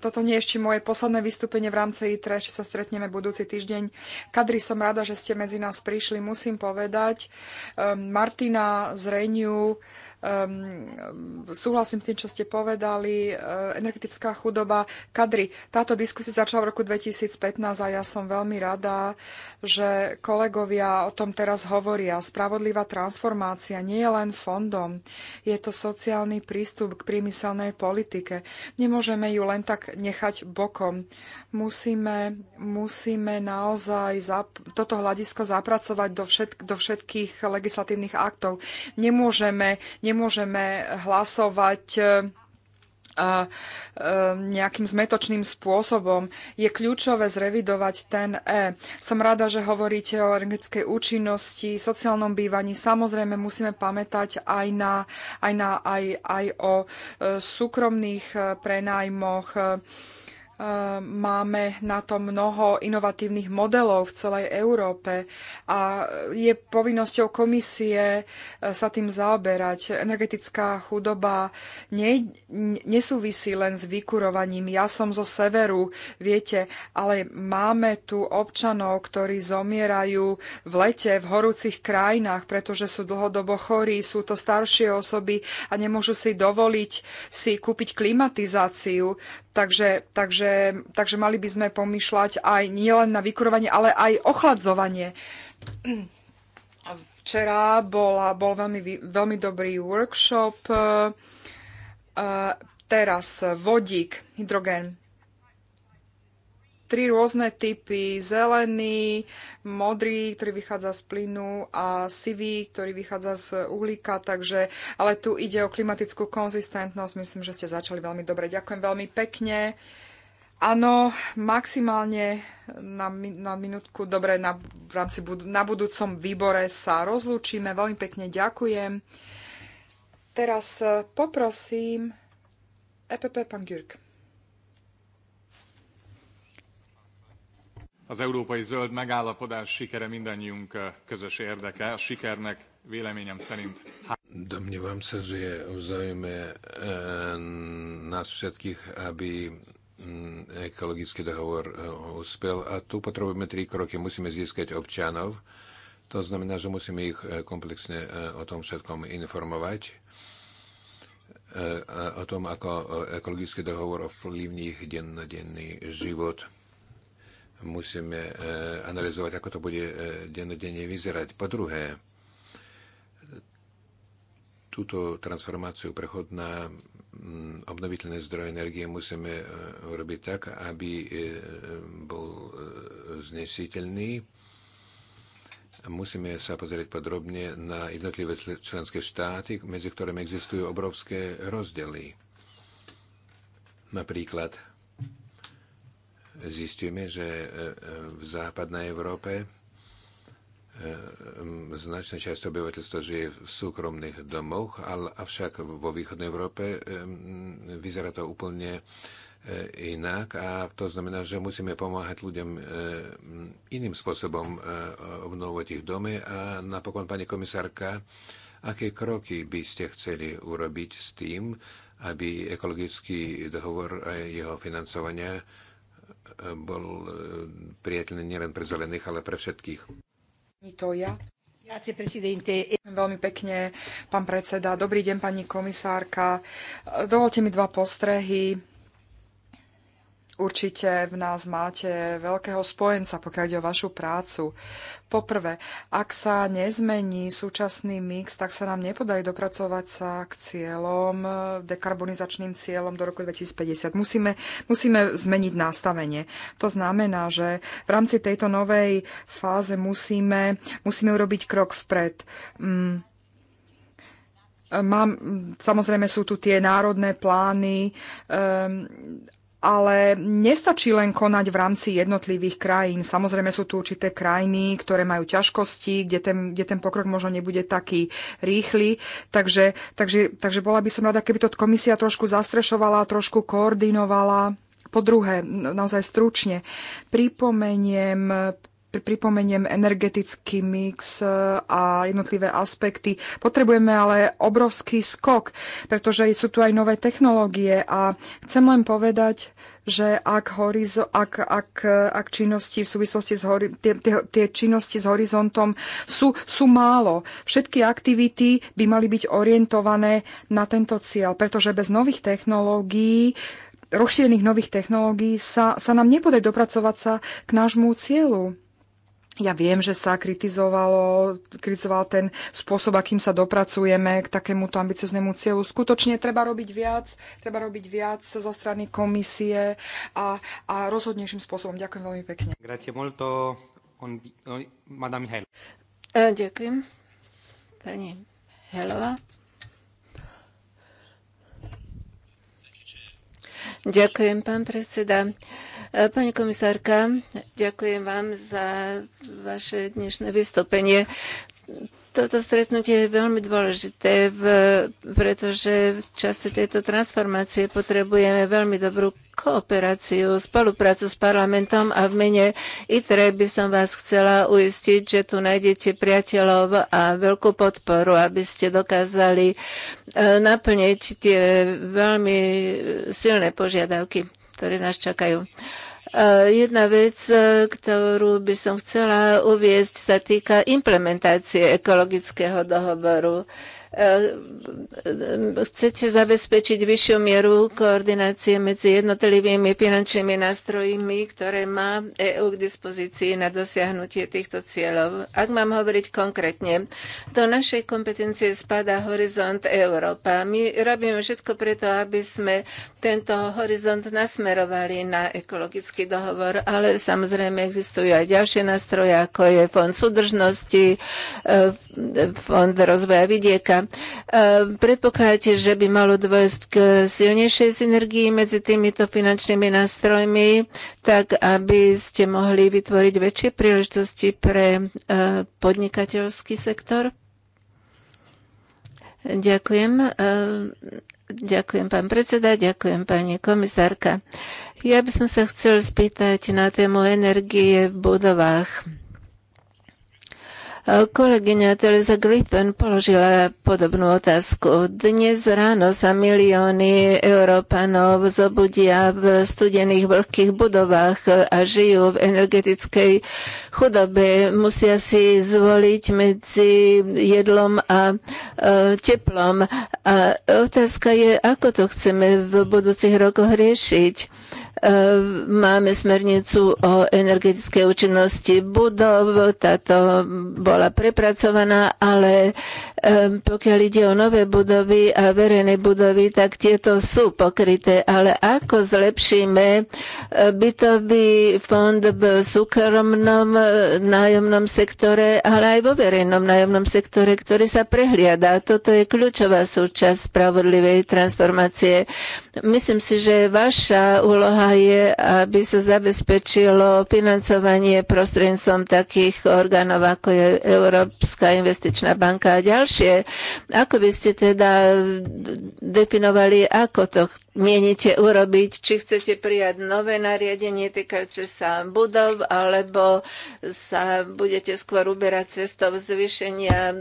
toto nie je ešte moje posledné vystúpenie v rámci ITRE, či sa stretneme budúci týždeň. Kadri, som rada, že ste medzi nás prišli. Musím povedať, ehm, Martina z Reniu, Um, súhlasím s tým, čo ste povedali. Uh, energetická chudoba. Kadri, táto diskusia začala v roku 2015 a ja som veľmi rada, že kolegovia o tom teraz hovoria. Spravodlivá transformácia nie je len fondom. Je to sociálny prístup k priemyselnej politike. Nemôžeme ju len tak nechať bokom. Musíme, musíme naozaj toto hľadisko zapracovať do, všet- do všetkých legislatívnych aktov. Nemôžeme, nemôžeme nemôžeme hlasovať e, e, nejakým zmetočným spôsobom. Je kľúčové zrevidovať ten E. Som rada, že hovoríte o energetickej účinnosti, sociálnom bývaní. Samozrejme musíme pamätať aj, na, aj, na, aj, aj o e, súkromných prenajmoch. Máme na to mnoho inovatívnych modelov v celej Európe a je povinnosťou komisie e, sa tým zaoberať. Energetická chudoba ne, nesúvisí len s vykurovaním. Ja som zo severu, viete, ale máme tu občanov, ktorí zomierajú v lete v horúcich krajinách, pretože sú dlhodobo chorí, sú to staršie osoby a nemôžu si dovoliť si kúpiť klimatizáciu. Takže, takže Takže, mali by sme pomýšľať aj nielen na vykurovanie, ale aj ochladzovanie. Včera bola, bol veľmi, veľmi dobrý workshop. E, e, teraz vodík, hydrogen, tri rôzne typy. Zelený, modrý, ktorý vychádza z plynu a sivý, ktorý vychádza z uhlíka. Takže, ale tu ide o klimatickú konzistentnosť. Myslím, že ste začali veľmi dobre. Ďakujem veľmi pekne. Áno, maximálne na, na minútku, dobre, na, v rámci budu, na budúcom výbore sa rozlúčime. Veľmi pekne ďakujem. Teraz e, poprosím EPP pán Gürk. Az európai zöld megállapodás sikere mindannyiunk e, közös érdeke. A sikernek véleményem szerint... Domnievam sa, že je v záujme e, nás všetkých, aby Mm, ekologický dohovor e, uspel a tu potrebujeme tri kroky. Musíme získať občanov, to znamená, že musíme ich e, komplexne e, o tom všetkom informovať, o tom, ako ekologický dohovor ovplyvní ich dennodenný život. Musíme analyzovať, ako to bude dennodenne vyzerať. Po druhé, túto transformáciu prechod na Mm, obnoviteľné zdroje energie musíme e, urobiť tak, aby e, bol e, znesiteľný. Musíme sa pozrieť podrobne na jednotlivé členské štáty, medzi ktorými existujú obrovské rozdiely. Napríklad zistíme, že v západnej Európe Ehm, značná časť obyvateľstva žije v súkromných domoch, ale avšak vo východnej Európe ehm, vyzerá to úplne e, inak a to znamená, že musíme pomáhať ľuďom e, iným spôsobom e, obnovovať ich domy a napokon, pani komisárka, aké kroky by ste chceli urobiť s tým, aby ekologický dohovor a jeho financovania bol priateľný nielen pre zelených, ale pre všetkých. To Veľmi pekne, pán predseda. Dobrý deň, pani komisárka. Dovolte mi dva postrehy Určite v nás máte veľkého spojenca, pokiaľ ide o vašu prácu. Poprvé, ak sa nezmení súčasný mix, tak sa nám nepodarí dopracovať sa k cieľom, dekarbonizačným cieľom do roku 2050. Musíme, musíme zmeniť nastavenie. To znamená, že v rámci tejto novej fáze musíme, musíme urobiť krok vpred. Mm. Mám, samozrejme sú tu tie národné plány, um, ale nestačí len konať v rámci jednotlivých krajín. Samozrejme sú tu určité krajiny, ktoré majú ťažkosti, kde ten, kde ten pokrok možno nebude taký rýchly. Takže, takže, takže bola by som rada, keby to komisia trošku zastrešovala, trošku koordinovala. Po druhé, no, naozaj stručne, pripomeniem pripomeniem energetický mix e, a jednotlivé aspekty. Potrebujeme ale obrovský skok, pretože sú tu aj nové technológie a chcem len povedať, že ak, horizo, ak, ak, ak činnosti v súvislosti s hori, tie, tie, tie činnosti s horizontom sú, sú málo. Všetky aktivity by mali byť orientované na tento cieľ, pretože bez nových technológií rozšírených nových technológií sa, sa nám nepodarí dopracovať sa k nášmu cieľu. Ja viem, že sa kritizovalo, kritizoval ten spôsob, akým sa dopracujeme k takémuto ambicioznému cieľu. Skutočne treba robiť viac, treba robiť viac zo strany komisie a, a rozhodnejším spôsobom. Ďakujem veľmi pekne. Grazie molto, on, on, madame e, Ďakujem. Pani Helova. Ďakujem, pán predseda. E, pani komisárka, ďakujem vám za vaše dnešné vystúpenie. Toto stretnutie je veľmi dôležité, v, pretože v čase tejto transformácie potrebujeme veľmi dobrú kooperáciu, spoluprácu s parlamentom a v mene ITRE by som vás chcela uistiť, že tu nájdete priateľov a veľkú podporu, aby ste dokázali e, naplniť tie veľmi silné požiadavky, ktoré nás čakajú. Eh, jedna vec, eh, ktorú by som chcela uviezť, sa týka implementácie ekologického dohovoru. E, chcete zabezpečiť vyššiu mieru koordinácie medzi jednotlivými finančnými nástrojmi, ktoré má EÚ k dispozícii na dosiahnutie týchto cieľov. Ak mám hovoriť konkrétne, do našej kompetencie spadá horizont Európa. My robíme všetko preto, aby sme tento horizont nasmerovali na ekologický dohovor, ale samozrejme existujú aj ďalšie nástroje, ako je Fond súdržnosti, e, Fond rozvoja vidieka Ehm, predpokladáte, že by malo dôjsť k silnejšej synergii medzi týmito finančnými nástrojmi, tak aby ste mohli vytvoriť väčšie príležitosti pre eh, podnikateľský sektor? Ďakujem. Ehm, ďakujem, pán predseda, ďakujem, pani komisárka. Ja by som sa chcel spýtať na tému energie v budovách. Kolegyňa Teresa Griffin položila podobnú otázku. Dnes ráno sa milióny Európanov zobudia v studených vlhkých budovách a žijú v energetickej chudobe. Musia si zvoliť medzi jedlom a e, teplom. A otázka je, ako to chceme v budúcich rokoch riešiť Ehm, máme smernicu o energetickej účinnosti budov, táto bola prepracovaná, ale ehm, pokiaľ ide o nové budovy a verejné budovy, tak tieto sú pokryté. Ale ako zlepšíme ehm, bytový fond v súkromnom nájomnom sektore, ale aj vo verejnom nájomnom sektore, ktorý sa prehliada. Toto je kľúčová súčasť spravodlivej transformácie. Myslím si, že vaša úloha Úloha je, aby sa zabezpečilo financovanie prostredníctvom takých orgánov, ako je Európska investičná banka a ďalšie. Ako by ste teda definovali, ako to mienite urobiť, či chcete prijať nové nariadenie týkajúce sa budov, alebo sa budete skôr uberať cestou zvýšenia um,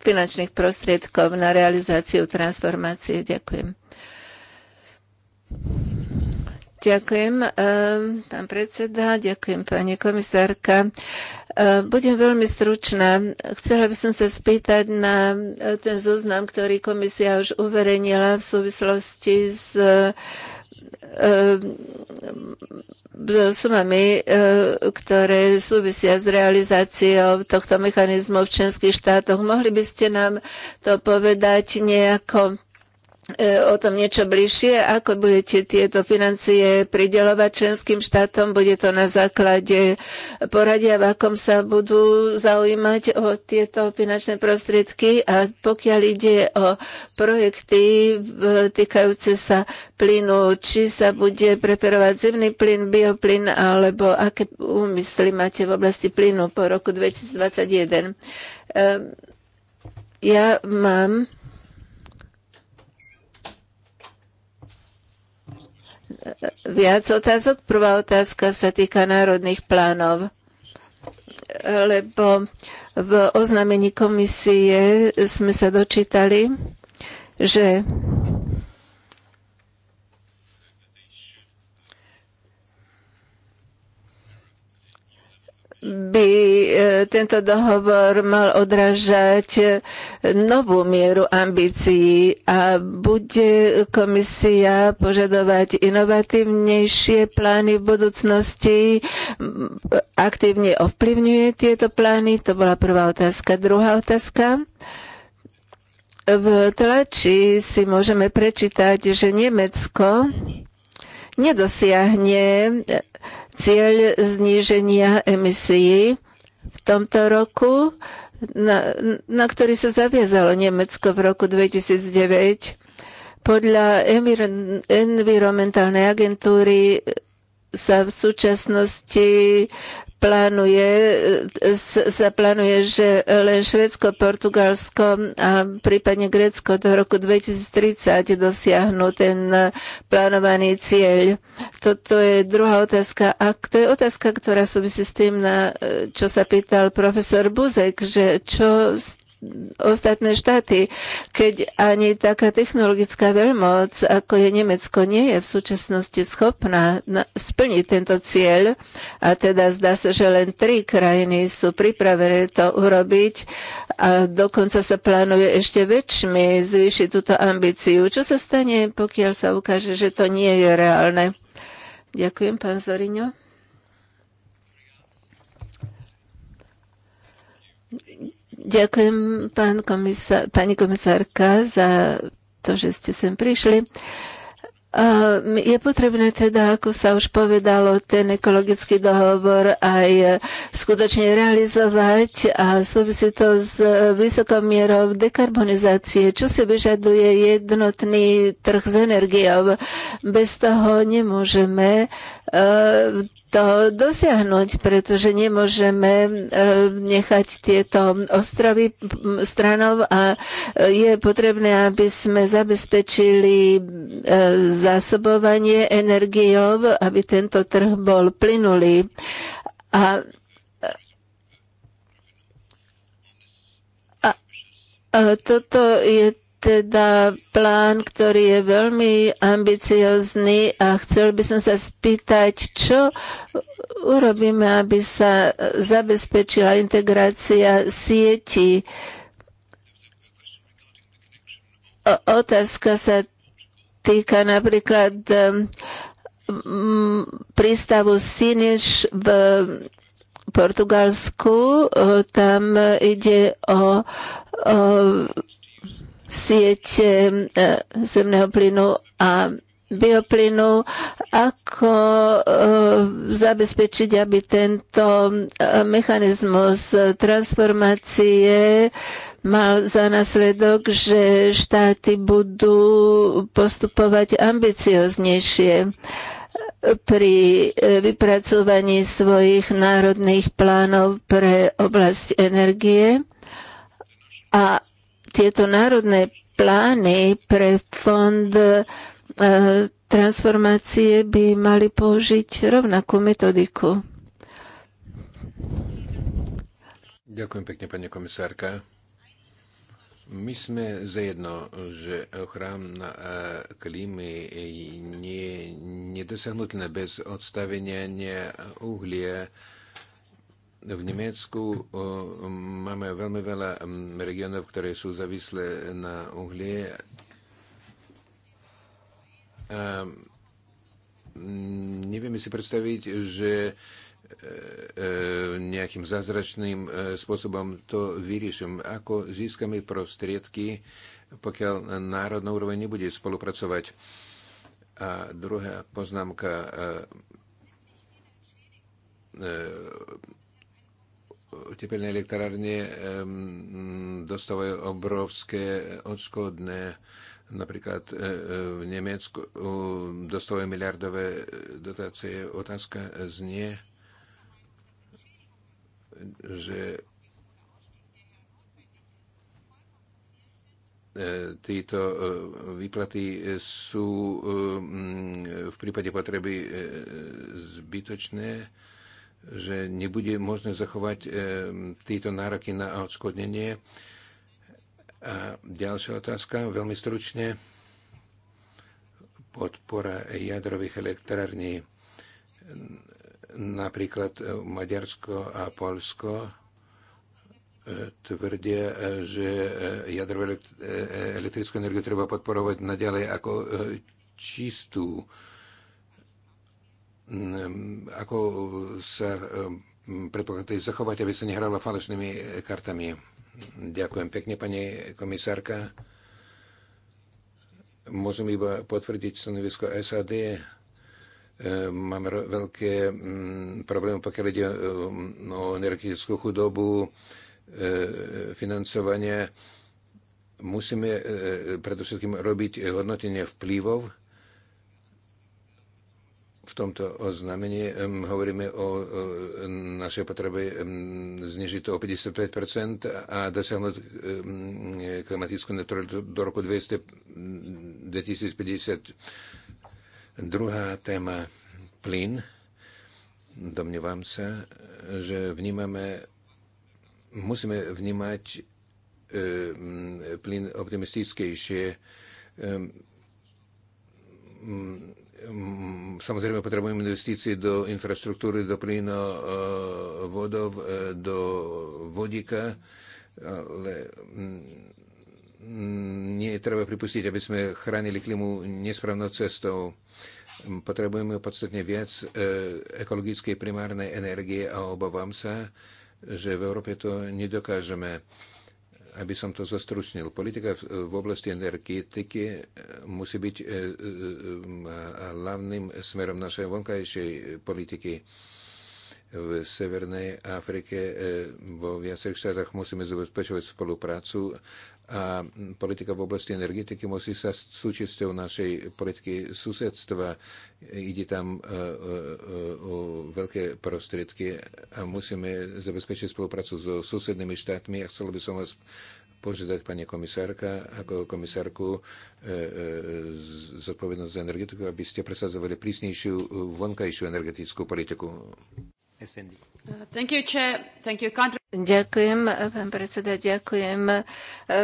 finančných prostriedkov na realizáciu transformácie. Ďakujem. Ďakujem, eh, pán predseda, ďakujem, pani komisárka. Eh, budem veľmi stručná. Chcela by som sa spýtať na eh, ten zoznam, ktorý komisia už uverejnila v súvislosti s sumami, ktoré súvisia s realizáciou tohto mechanizmu v členských štátoch. Mohli by ste nám to povedať nejako E, o tom niečo bližšie, ako budete tieto financie pridelovať členským štátom, bude to na základe poradia, v akom sa budú zaujímať o tieto finančné prostriedky a pokiaľ ide o projekty týkajúce sa plynu, či sa bude preferovať zemný plyn, bioplyn alebo aké úmysly máte v oblasti plynu po roku 2021. E, ja mám viac otázok. Prvá otázka sa týka národných plánov lebo v oznámení komisie sme sa dočítali, že by e, tento dohovor mal odrážať e, novú mieru ambícií a bude komisia požadovať inovatívnejšie plány v budúcnosti, aktívne ovplyvňuje tieto plány? To bola prvá otázka. Druhá otázka. V tlači si môžeme prečítať, že Nemecko nedosiahne cieľ zníženia emisí v tomto roku, na, na ktorý sa zaviazalo Nemecko v roku 2009. Podľa environmentálnej agentúry sa v súčasnosti plánuje, sa plánuje, že len Švedsko, Portugalsko a prípadne Grécko do roku 2030 dosiahnu ten plánovaný cieľ. Toto je druhá otázka. A to je otázka, ktorá súvisí s tým, na čo sa pýtal profesor Buzek, že čo ostatné štáty, keď ani taká technologická veľmoc, ako je Nemecko, nie je v súčasnosti schopná splniť tento cieľ. A teda zdá sa, že len tri krajiny sú pripravené to urobiť a dokonca sa plánuje ešte väčšmi zvýšiť túto ambíciu. Čo sa stane, pokiaľ sa ukáže, že to nie je reálne? Ďakujem, pán Zoriňo. Ďakujem, pán komisár, pani komisárka, za to, že ste sem prišli. Je potrebné teda, ako sa už povedalo, ten ekologický dohovor aj skutočne realizovať a súvisí to s vysokou mierou dekarbonizácie, čo si vyžaduje jednotný trh s energiou. Bez toho nemôžeme to dosiahnuť, pretože nemôžeme e, nechať tieto ostrovy stranov a e, je potrebné, aby sme zabezpečili e, zásobovanie energiou, aby tento trh bol plynulý. A toto je teda plán, ktorý je veľmi ambiciozný a chcel by som sa spýtať, čo urobíme, aby sa zabezpečila integrácia sieti. otázka sa týka napríklad um, prístavu Siniš v Portugalsku. Tam ide o, o sieť eh, zemného plynu a bioplynu, ako eh, zabezpečiť, aby tento eh, mechanizmus transformácie mal za následok, že štáty budú postupovať ambicioznejšie pri vypracovaní svojich národných plánov pre oblasť energie a tieto národné plány pre fond e, transformácie by mali použiť rovnakú metodiku. Ďakujem pekne, pani komisárka. My sme zajedno, že ochrana e, klímy nie je nedosiahnutelná bez odstavenia uhlia v Nemecku máme veľmi veľa regionov, ktoré sú závislé na uhlie. A nevieme si predstaviť, že e, e, nejakým zázračným e, spôsobom to vyriešim. Ako získame prostriedky, pokiaľ národná úroveň nebude spolupracovať. A druhá poznámka tepelné elektrárne dostávajú obrovské odškodné. Napríklad e, e, v Nemecku e, dostávajú miliardové dotácie. Otázka znie, že títo výplaty sú v prípade potreby zbytočné že nebude možné zachovať e, tieto nároky na odškodnenie. A ďalšia otázka, veľmi stručne. Podpora jadrových elektrární napríklad e, Maďarsko a Polsko e, tvrdia, že jadrovú elektrickú energiu treba podporovať naďalej ako čistú. Mm, ako sa mm, predpokladáte zachovať, aby sa nehrala falešnými e, kartami. Ďakujem pekne, pani komisárka. Môžem iba potvrdiť stanovisko SAD. E, Máme veľké mm, problémy, pokiaľ ide e, o energetickú chudobu, financovanie. Musíme predovšetkým robiť hodnotenie vplyvov v tomto oznámení hovoríme o našej potrebe znižiť to o 55 a dosiahnuť klimatickú neutralitu do roku 2050. Druhá téma plyn. Domnievam sa, že vnímame, musíme vnímať plyn optimistickejšie Hm, samozrejme potrebujeme investície do infraštruktúry, do e, vodov, e, do vodíka, ale hm, nie je treba pripustiť, aby sme chránili klimu nesprávnou cestou. Potrebujeme podstatne viac e, ekologickej primárnej energie a obávam sa, že v Európe to nedokážeme aby som to zastručnil. Politika v oblasti energetiky e, musí byť e, e, hlavným smerom našej vonkajšej politiky. V Severnej Afrike vo viacerých štátoch musíme zabezpečovať spoluprácu a politika v oblasti energetiky musí sa súčasťou našej politiky susedstva. Ide tam e, e, e, o veľké prostriedky a musíme zabezpečiť spoluprácu so susednými štátmi. A chcel by som vás požiadať pani komisárka, ako komisárku zodpovednosť za energetiku, aby ste presadzovali prísnejšiu vonkajšiu energetickú politiku. Uh, you, you, Ďakujem, pán predseda, ďakujem eh,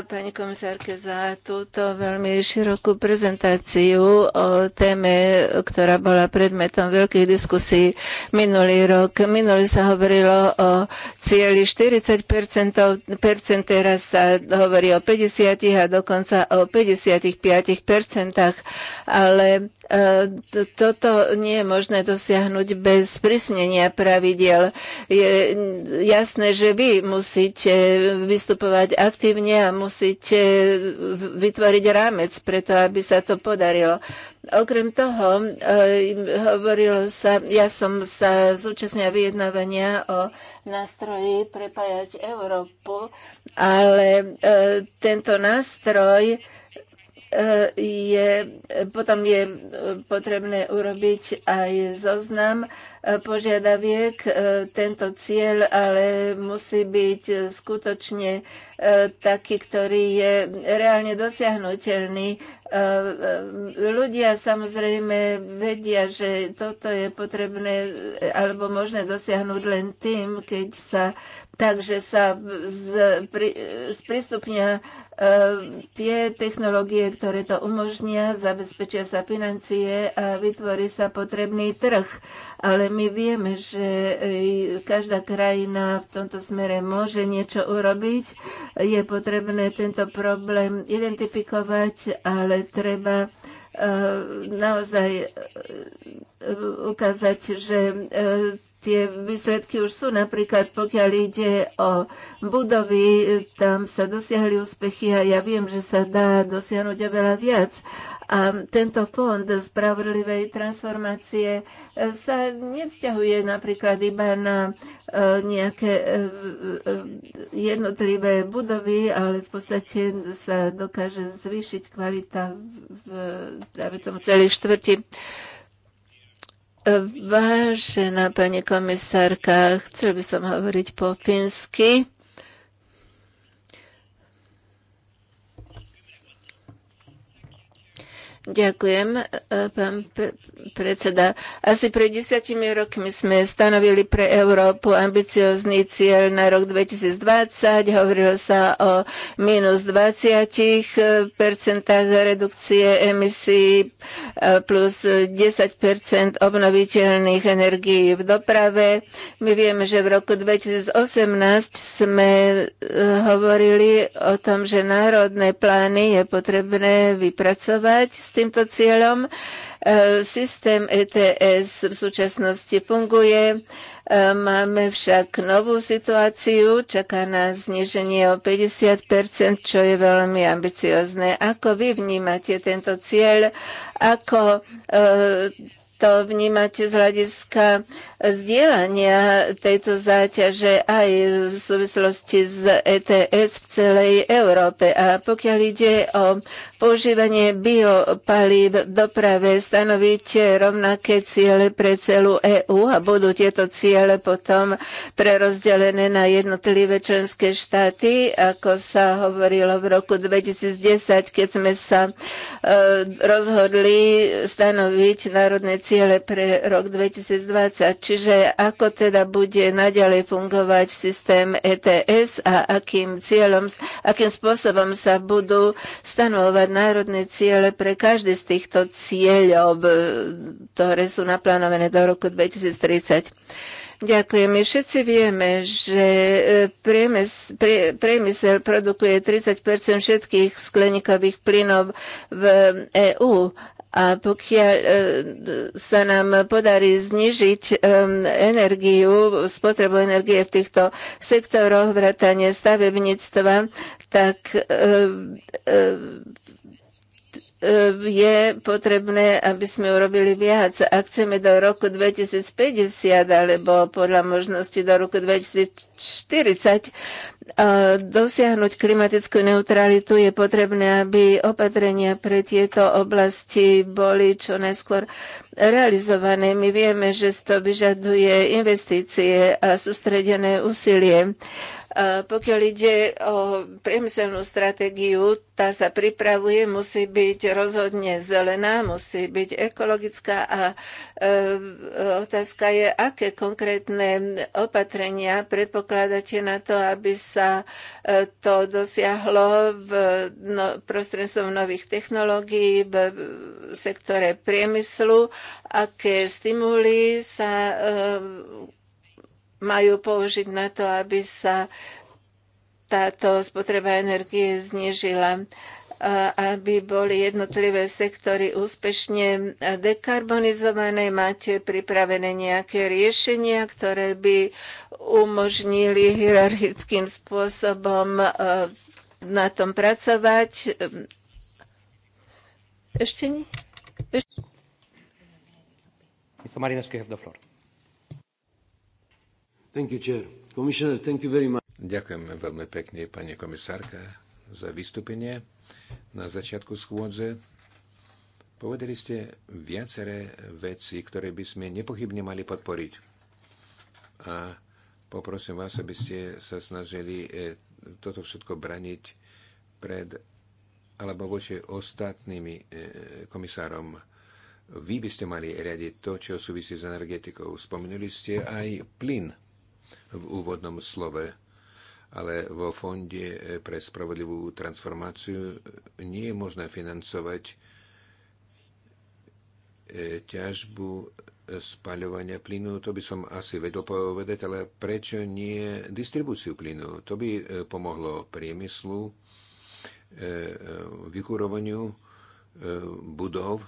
pani komisárke za túto veľmi širokú prezentáciu o téme, ktorá bola predmetom veľkých diskusí minulý rok. Minulý sa hovorilo o cieli 40%, percent, teraz sa hovorí o 50% a dokonca o 55%, ale E, toto nie je možné dosiahnuť bez prísnenia pravidiel. Je jasné, že vy musíte vystupovať aktívne a musíte vytvoriť rámec to, aby sa to podarilo. Okrem toho, e, hovorilo sa, ja som sa zúčastnila vyjednávania o nástroji prepájať Európu, ale e, tento nástroj je, potom je potrebné urobiť aj zoznam požiadaviek. Tento cieľ ale musí byť skutočne e, taký, ktorý je reálne dosiahnutelný. E, e, ľudia samozrejme vedia, že toto je potrebné alebo možné dosiahnuť len tým, keď sa takže sa sprístupnia Ehm, tie technológie, ktoré to umožnia, zabezpečia sa financie a vytvorí sa potrebný trh. Ale my vieme, že e, každá krajina v tomto smere môže niečo urobiť. Je potrebné tento problém identifikovať, ale treba e, naozaj e, ukázať, že tie výsledky už sú. Napríklad pokiaľ ide o budovy, tam sa dosiahli úspechy a ja viem, že sa dá dosiahnuť oveľa viac. A tento fond spravodlivej transformácie e, sa nevzťahuje napríklad iba na e, nejaké e, jednotlivé budovy, ale v podstate sa dokáže zvýšiť kvalita v, v, v celých štvrti. Vážená pani komisárka, chcel by som hovoriť po fínsky. Ďakujem, e, pán predseda. Asi pred desiatimi rokmi sme stanovili pre Európu ambiciózny cieľ na rok 2020. Hovorilo sa o minus 20 e, percentách redukcie emisí e, plus 10 percent obnoviteľných energií v doprave. My vieme, že v roku 2018 sme hovorili o tom, že národné plány je potrebné vypracovať týmto cieľom. E, systém ETS v súčasnosti funguje. E, máme však novú situáciu, čaká nás zniženie o 50%, čo je veľmi ambiciozne. Ako vy vnímate tento cieľ? Ako e, to vnímate z hľadiska zdieľania tejto záťaže aj v súvislosti s ETS v celej Európe. A pokiaľ ide o používanie biopalív v doprave, stanovíte rovnaké ciele pre celú EÚ a budú tieto ciele potom prerozdelené na jednotlivé členské štáty, ako sa hovorilo v roku 2010, keď sme sa e, rozhodli stanoviť národné ciele pre rok 2020. Či Čiže ako teda bude naďalej fungovať systém ETS a akým cieľom, akým spôsobom sa budú stanovovať národné ciele pre každý z týchto cieľov, e, ktoré sú naplánované do roku 2030. Ďakujem. My všetci vieme, že e, priemysel, produkuje 30 všetkých skleníkových plynov v EÚ a pokiaľ e, sa nám podarí znižiť e, energiu, spotrebu energie v týchto sektoroch, vrátanie stavebníctva, tak e, E, je potrebné, aby sme urobili viac. Ak chceme do roku 2050 alebo podľa možnosti do roku 2040 e, dosiahnuť klimatickú neutralitu, je potrebné, aby opatrenia pre tieto oblasti boli čo najskôr realizované. My vieme, že to vyžaduje investície a sústredené úsilie. Eh, pokiaľ ide o priemyselnú stratégiu, tá sa pripravuje, musí byť rozhodne zelená, musí byť ekologická a eh, otázka je, aké konkrétne opatrenia predpokladáte na to, aby sa eh, to dosiahlo v no, prostredstvom nových technológií v sektore priemyslu, aké stimuly sa majú použiť na to, aby sa táto spotreba energie znižila e, aby boli jednotlivé sektory úspešne dekarbonizované. Máte pripravené nejaké riešenia, ktoré by umožnili hierarchickým spôsobom e, na tom pracovať? Ešte nie? Ešte... Mr. the floor. Thank you, Chair. Commissioner, thank you very much. Ďakujem veľmi pekne, pani komisárka, za vystúpenie na začiatku schôdze. Povedali ste viaceré veci, ktoré by sme nepochybne mali podporiť. A poprosím vás, aby ste sa snažili e, toto všetko braniť pred alebo voči ostatnými e, komisárom. Vy by ste mali riadiť to, čo súvisí s energetikou. Spomenuli ste aj plyn v úvodnom slove, ale vo Fonde pre spravodlivú transformáciu nie je možné financovať e, ťažbu spaľovania plynu, to by som asi vedel povedať, ale prečo nie distribúciu plynu? To by e, pomohlo priemyslu, e, vykurovaniu budov,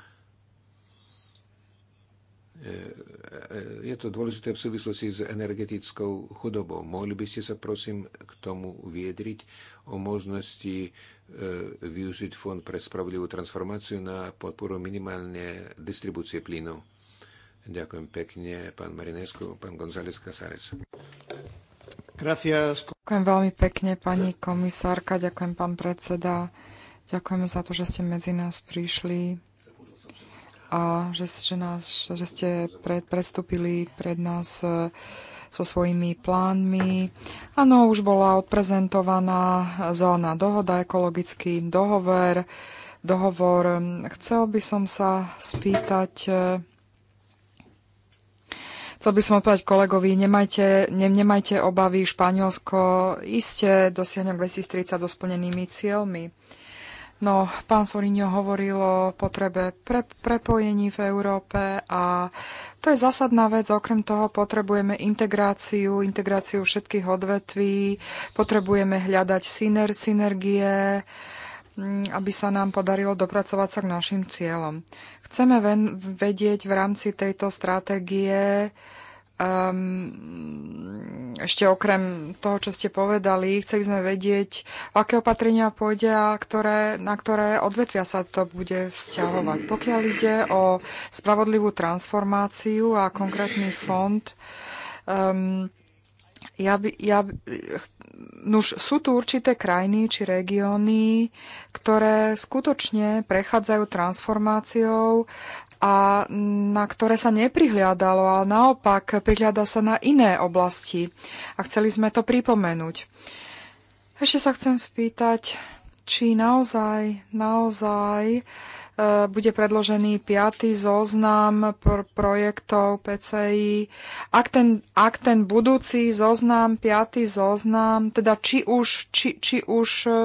je to dôležité v súvislosti s energetickou chudobou. Mohli by ste sa prosím k tomu viedriť o možnosti e, využiť Fond pre spravodlivú transformáciu na podporu minimálne distribúcie plynu? Ďakujem pekne, pán Marinescu, pán González Casares. Ďakujem veľmi pekne, pani komisárka, ďakujem, pán predseda. Ďakujeme za to, že ste medzi nás prišli a že, že, nás, že ste pred, predstúpili pred nás e, so svojimi plánmi. Áno, už bola odprezentovaná zelená dohoda, ekologický dohovor. dohovor. Chcel by som sa spýtať, e, chcel by som odpovedať kolegovi, nemajte, ne, nemajte obavy, Španielsko iste dosiahne 2030 so splnenými cieľmi. No, pán Sorinio hovoril o potrebe pre, prepojení v Európe a to je zásadná vec. Okrem toho potrebujeme integráciu, integráciu všetkých odvetví, potrebujeme hľadať syner, synergie, mm, aby sa nám podarilo dopracovať sa k našim cieľom. Chceme ven, vedieť v rámci tejto stratégie, um, ešte okrem toho, čo ste povedali, chceli sme vedieť, aké opatrenia pôjde a ktoré, na ktoré odvetvia sa to bude vzťahovať. Pokiaľ ide o spravodlivú transformáciu a konkrétny fond, um, ja by, ja, nuž, sú tu určité krajiny či regióny, ktoré skutočne prechádzajú transformáciou a na ktoré sa neprihliadalo, ale naopak prihliada sa na iné oblasti. A chceli sme to pripomenúť. Ešte sa chcem spýtať, či naozaj, naozaj e, bude predložený piaty zoznam pr- projektov PCI. Ak ten, ak ten budúci zoznam, piaty zoznam, teda či už, či, či už, e,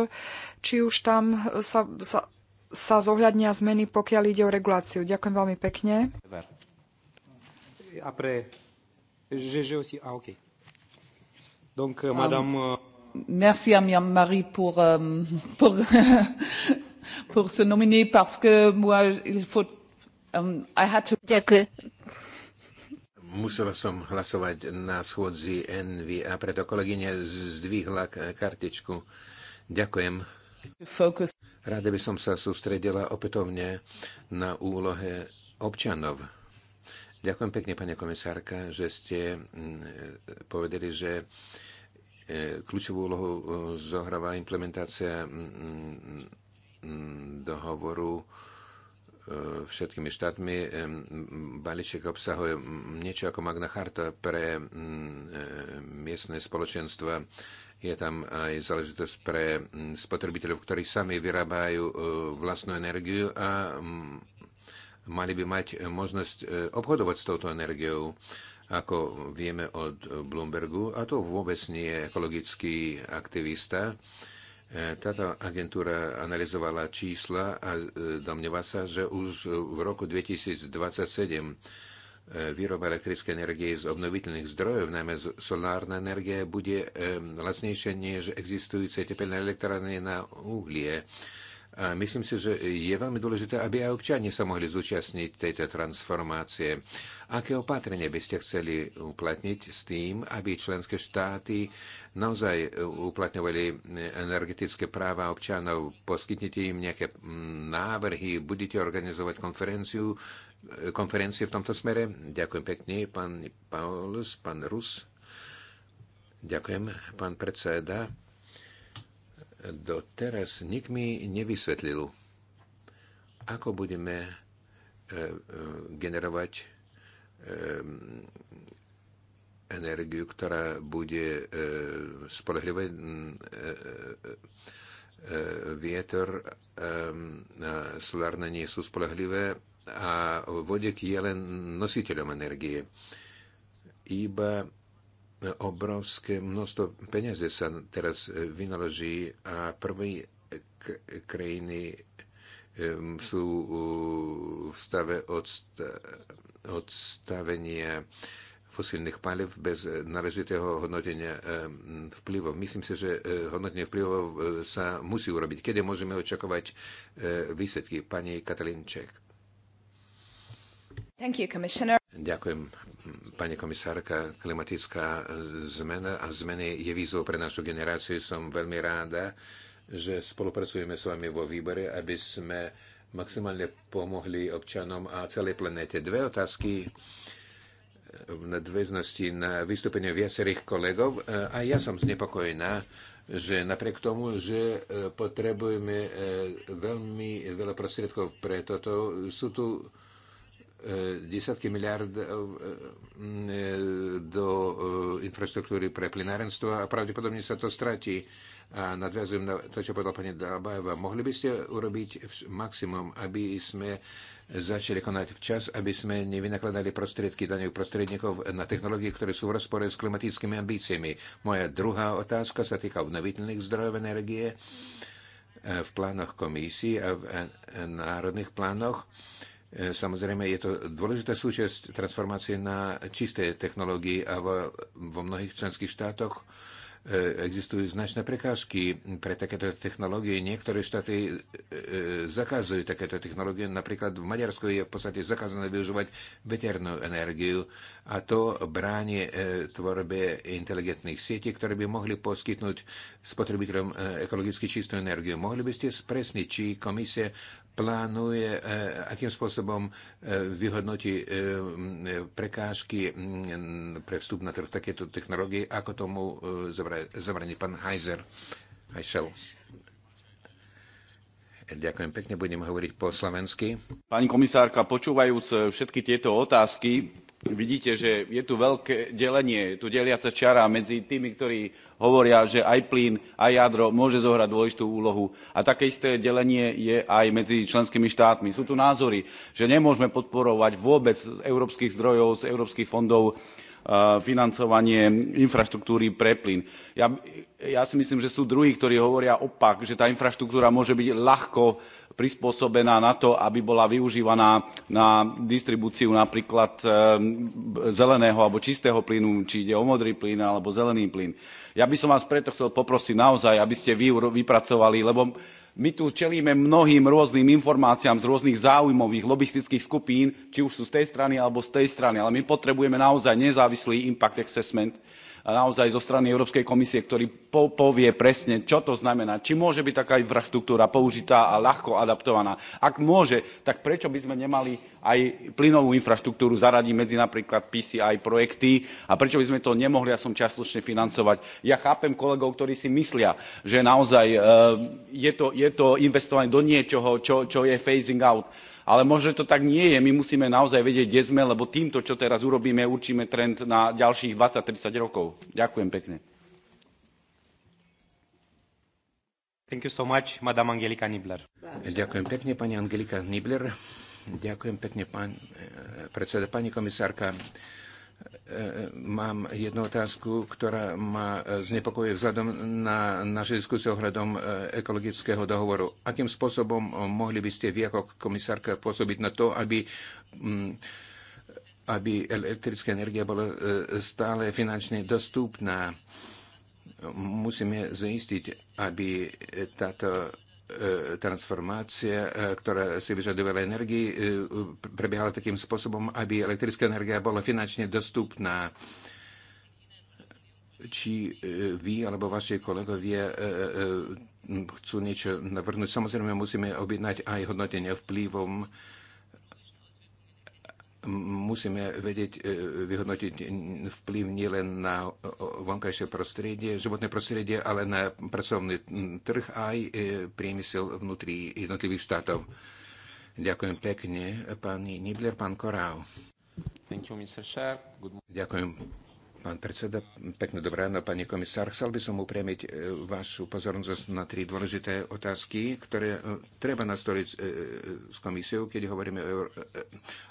či už tam sa, sa sa zohľadnia zmeny, pokiaľ ide o reguláciu. Ďakujem veľmi pekne. Ah, euh, euh, Merci à Miam Marie pour, euh, pour, (laughs) pour se nominer parce que moi, il faut... Um, I had to... Ďakujem. Musela som hlasovať na schôdzi NV a preto kolegyne zdvihla kartičku. Ďakujem. Focus. Rada by som sa sústredila opätovne na úlohe občanov. Ďakujem pekne, pani komisárka, že ste mm, povedali, že e, kľúčovú úlohu e, zohráva implementácia mm, mm, dohovoru e, všetkými štátmi. Balíček obsahuje niečo ako Magna Charta pre miestne spoločenstva je tam aj záležitosť pre mm, spotrebiteľov, ktorí sami vyrábajú e, vlastnú energiu a mm, mali by mať možnosť e, obchodovať s touto energiou, ako vieme od Bloombergu, a to vôbec nie je ekologický aktivista. E, táto agentúra analyzovala čísla a domnieva sa, že už v roku 2027 E, výroba elektrickej energie z obnoviteľných zdrojov, najmä z solárna energie, bude e, lacnejšia než existujúce tepelné elektrárne na uhlie. A myslím si, že je veľmi dôležité, aby aj občania sa mohli zúčastniť tejto transformácie. Aké opatrenie by ste chceli uplatniť s tým, aby členské štáty naozaj uplatňovali energetické práva občanov? Poskytnite im nejaké mm, návrhy, budete organizovať konferenciu konferencie v tomto smere. Ďakujem pekne, pán Paulus, pán Rus. Ďakujem, pán predseda. Doteraz nik mi nevysvetlil, ako budeme generovať energiu, ktorá bude spolahlivá vietor, solárne nie sú spolehlivé a vodík je len nositeľom energie. Iba obrovské množstvo peniaze sa teraz e, vynaloží a prvé krajiny e, sú v stave odstavenia fosílnych paliv bez náležitého hodnotenia e, vplyvov. Myslím si, že hodnotenie vplyvov sa musí urobiť. Kedy môžeme očakovať výsledky? Pani Katalín Čech. Ďakujem, pani komisárka. Klimatická zmena a zmeny je výzvou pre našu generáciu. Som veľmi ráda, že spolupracujeme s vami vo výbore, aby sme maximálne pomohli občanom a celej planete. Dve otázky v nadväznosti na vystúpenie viacerých kolegov. A ja som znepokojená, že napriek tomu, že eh, potrebujeme eh, veľmi veľa prostriedkov pre toto, sú tu E, desiatky miliard e, e, do infraštruktúry pre plinárenstvo a pravdepodobne sa to stratí. A nadviazujem na to, čo povedal pani Dabajeva. Mohli by ste urobiť maximum, aby sme začali konať včas, aby sme nevynakladali prostriedky daňových prostredníkov na technológie, ktoré sú v rozpore s klimatickými ambíciami. Moja druhá otázka sa týka obnoviteľných zdrojov energie v plánoch komisí a v národných plánoch. E, samozrejme, je to dôležitá súčasť transformácie na čisté technológie a vo vo mnohých členských štátoch e, existujú značné prekážky pre takéto technológie. Niektoré štáty e, zakazujú takéto technológie. Napríklad v Maďarsku je v podstate zakázané využívať veternú energiu a to bráni tvorbe inteligentných sietí, ktoré by mohli poskytnúť spotrebiteľom ekologicky čistú energiu. Mohli by ste spresniť, či komisia plánuje, e, akým spôsobom e, vyhodnotí e, prekážky pre vstup na trh takéto technológie, ako tomu zabraní pán Heiser. Heisel. Ďakujem pekne, budem hovoriť po slovensky. Pani komisárka, počúvajúc všetky tieto otázky, vidíte, že je tu veľké delenie, je tu deliaca čiara medzi tými, ktorí hovoria, že aj plyn, aj jadro môže zohrať dôležitú úlohu. A také isté delenie je aj medzi členskými štátmi. Sú tu názory, že nemôžeme podporovať vôbec z európskych zdrojov, z európskych fondov financovanie infraštruktúry pre plyn. Ja, ja si myslím, že sú druhí, ktorí hovoria opak, že tá infraštruktúra môže byť ľahko prispôsobená na to, aby bola využívaná na distribúciu napríklad eh, zeleného alebo čistého plynu, či ide o modrý plyn alebo zelený plyn. Ja by som vás preto chcel poprosiť naozaj, aby ste vy vypracovali, lebo my tu čelíme mnohým rôznym informáciám z rôznych záujmových lobistických skupín, či už sú z tej strany alebo z tej strany, ale my potrebujeme naozaj nezávislý impact assessment, naozaj zo strany Európskej komisie, ktorý po, povie presne, čo to znamená, či môže byť taká infraštruktúra použitá a ľahko adaptovaná. Ak môže, tak prečo by sme nemali aj plynovú infraštruktúru zaradiť medzi napríklad PCI projekty a prečo by sme to nemohli a som čiastočne financovať. Ja chápem kolegov, ktorí si myslia, že naozaj eh, je to, je to investovanie do niečoho, čo, čo je phasing out ale možno to tak nie je. My musíme naozaj vedieť, kde sme, lebo týmto, čo teraz urobíme, určíme trend na ďalších 20-30 rokov. Ďakujem pekne. Thank you so much, Madame Angelika Nibler. Ďakujem pekne, pani Angelika Nibler. Ďakujem pekne, pán eh, predseda, pani komisárka. Mám jednu otázku, ktorá ma znepokojuje vzhľadom na naše diskusie ohľadom e, ekologického dohovoru. Akým spôsobom mohli by ste vy ako komisárka pôsobiť na to, aby mm, aby elektrická energia bola e, stále finančne dostupná. Musíme zaistiť, aby táto E, transformácia, e, ktorá si vyžaduje veľa energii, e, prebiehala takým spôsobom, aby elektrická energia bola finančne dostupná. Či vy alebo vaši kolegovia chcú niečo navrhnúť. Samozrejme, musíme objednať aj hodnotenie vplyvom musíme vedieť, e, vyhodnotiť vplyv nielen na vonkajšie prostredie, životné prostredie, ale na pracovný trh aj e, priemysel vnútri jednotlivých štátov. Ďakujem pekne, pani Nibler, pán Korau. Ďakujem Pán predseda, pekné dobré ráno, pani komisár. Chcel by som upriamiť e, vašu pozornosť na tri dôležité otázky, ktoré e, treba nastoliť e, s komisiou, keď hovoríme o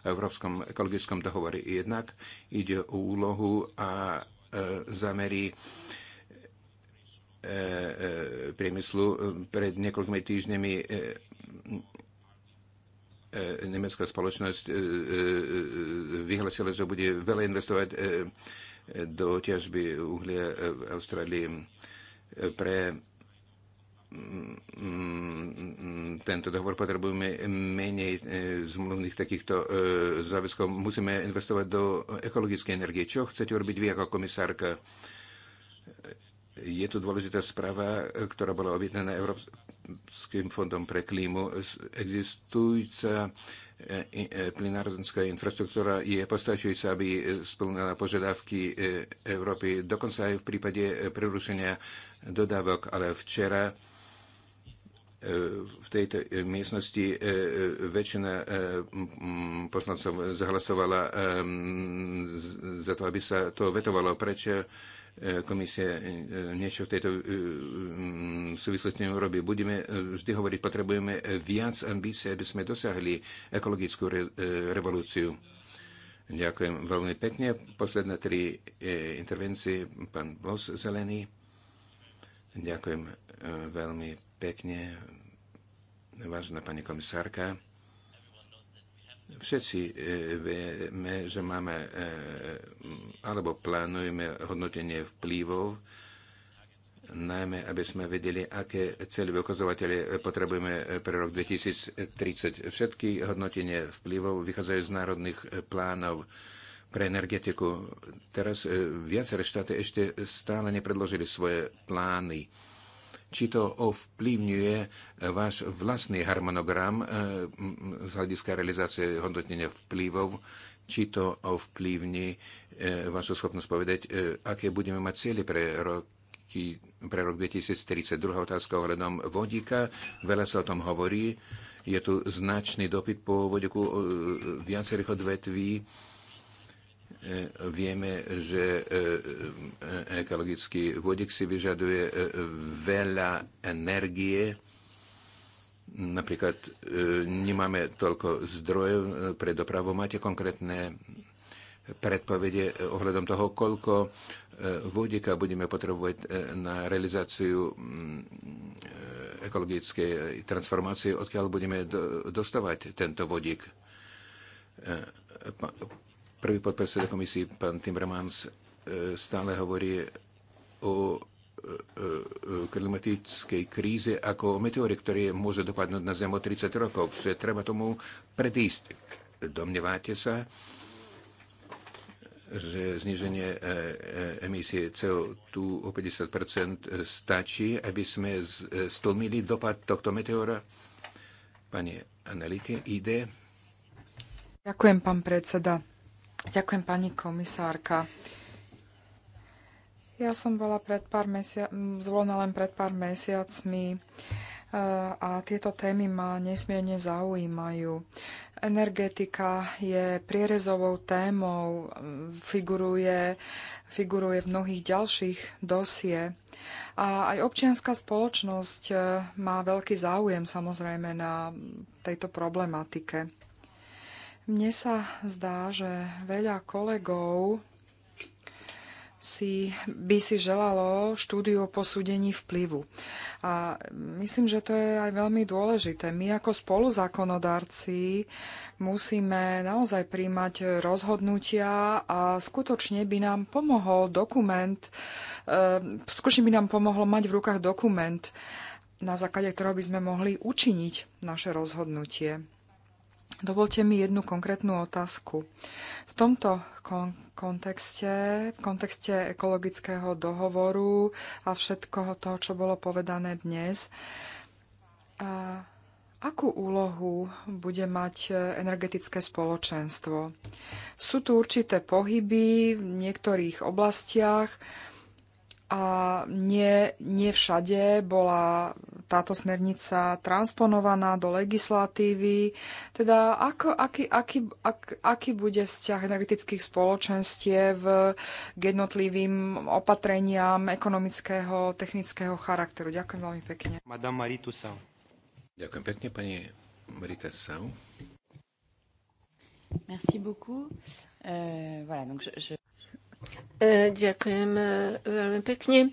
Európskom ekologickom dohovore. Jednak ide o úlohu a zamery priemyslu. Pred niekoľkými týždňami nemecká spoločnosť vyhlasila, že bude veľa investovať do ťažby uhlia v Austrálii pre mm, mm, tento dohovor potrebujeme menej e, zmluvných takýchto e, záväzkov. Musíme investovať do ekologickej energie. Čo chcete urobiť vy ako komisárka? Je tu dôležitá správa, ktorá bola objednaná Európskym fondom pre klímu. Existujúca E, e, plinárenská infraštruktúra je postačujúca, aby splnila požiadavky e, Európy, dokonca aj v prípade prerušenia dodávok, ale včera v tejto miestnosti väčšina poslancov zahlasovala za to, aby sa to vetovalo. Prečo E, komisia e, e, niečo v tejto súvislosti urobí. Budeme vždy hovoriť, potrebujeme viac ambície, aby sme dosiahli ekologickú revolúciu. Ďakujem veľmi pekne. Posledné tri intervencie, pán Blos Zelený. Ďakujem veľmi pekne, vážna pani komisárka. Všetci e, vieme, že máme e, alebo plánujeme hodnotenie vplyvov, najmä aby sme vedeli, aké celé ukazovatele potrebujeme pre rok 2030. Všetky hodnotenie vplyvov vychádzajú z národných plánov pre energetiku. Teraz e, viaceré štáty ešte stále nepredložili svoje plány či to ovplyvňuje e, váš vlastný harmonogram e, z hľadiska realizácie hodnotenia vplyvov, či to ovplyvní e, vašu schopnosť povedať, aké budeme mať cieľe pre rok pre rok 2030. Druhá otázka ohľadom vodíka. Veľa sa o tom hovorí. Je tu značný dopyt po vodíku viacerých odvetví E, vieme, že e, e, ekologický vodík si vyžaduje veľa energie. Napríklad nemáme toľko zdrojov pre dopravu. Máte konkrétne predpovede ohľadom toho, koľko vodíka budeme potrebovať na realizáciu ekologickej transformácie, odkiaľ budeme dostávať tento vodík Prvý podpredseda komisie, pán Timmermans, e, stále hovorí o e, e, klimatickej kríze ako o meteore, ktorý môže dopadnúť na Zem o 30 rokov. Že treba tomu predísť. Domneváte sa, že zniženie emisie CO2 o 50 stačí, aby sme stlmili dopad tohto meteora? Pani Analite, ide. Ďakujem, pán predseda. Ďakujem, pani komisárka. Ja som bola pred pár mesia- zvolená len pred pár mesiacmi e, a tieto témy ma nesmierne zaujímajú. Energetika je prierezovou témou, figuruje, figuruje v mnohých ďalších dosie. A aj občianská spoločnosť e, má veľký záujem samozrejme na tejto problematike. Mne sa zdá, že veľa kolegov si, by si želalo štúdiu o posúdení vplyvu. A myslím, že to je aj veľmi dôležité. My ako spoluzákonodárci musíme naozaj príjmať rozhodnutia a skutočne by nám pomohol dokument, e, skutočne by nám pomohlo mať v rukách dokument, na základe ktorého by sme mohli učiniť naše rozhodnutie. Dovolte mi jednu konkrétnu otázku. V tomto kon- kontexte, v kontexte ekologického dohovoru a všetkoho toho, čo bolo povedané dnes, a akú úlohu bude mať energetické spoločenstvo? Sú tu určité pohyby v niektorých oblastiach, a nie, nie všade bola táto smernica transponovaná do legislatívy. Teda ako, aký, aký, ak, aký bude vzťah energetických spoločenstiev k jednotlivým opatreniam ekonomického, technického charakteru? Ďakujem veľmi pekne. Madame Maritu Sau. Ďakujem pekne, pani Marita Sau. Merci beaucoup. Uh, voilà, donc je, je... E, ďakujem e, veľmi pekne. E,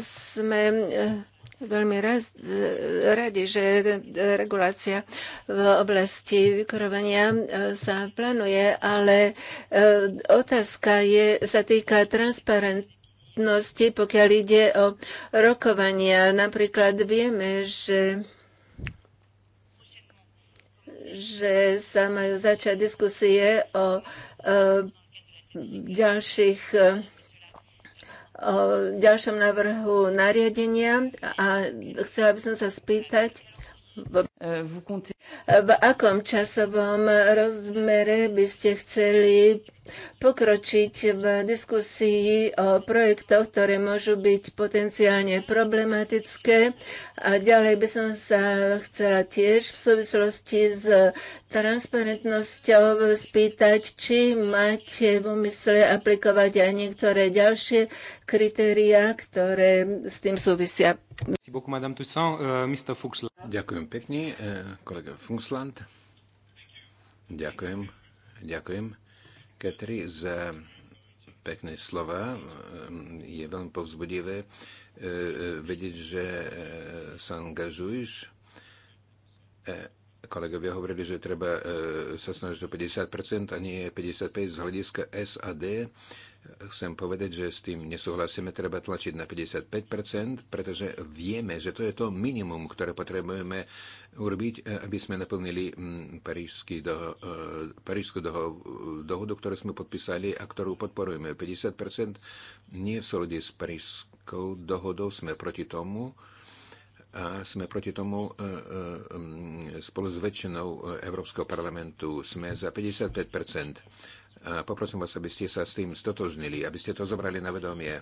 sme veľmi radi, že regulácia v oblasti vykurovania sa plánuje, ale otázka je, sa týka transparentnosti pokiaľ ide o rokovania. Napríklad vieme, že že sa majú začať diskusie o ďalších e, o ďalšom návrhu nariadenia a chcela by som sa spýtať, v akom časovom rozmere by ste chceli pokročiť v diskusii o projektoch, ktoré môžu byť potenciálne problematické. A ďalej by som sa chcela tiež v súvislosti s transparentnosťou spýtať, či máte v úmysle aplikovať aj niektoré ďalšie kritériá, ktoré s tým súvisia. Euh, ďakujem pekne, euh, kolega Fungsland. Ďakujem, ďakujem k za e, pekné slova. E, je veľmi povzbudivé e, vedieť, že sa angažuješ Kolegovia hovorili, že treba e, sa snažiť o 50% a nie 55% z hľadiska SAD. Chcem povedať, že s tým nesúhlasíme, treba tlačiť na 55%, pretože vieme, že to je to minimum, ktoré potrebujeme urobiť, e, aby sme naplnili parížskú e, doho, dohodu, ktorú sme podpísali a ktorú podporujeme. 50% nie v súlade s parížskou dohodou, sme proti tomu a sme proti tomu e, e, mm, spolu s väčšinou e, Európskeho parlamentu. Sme za 55 a Poprosím vás, aby ste sa s tým stotožnili, aby ste to zobrali na vedomie.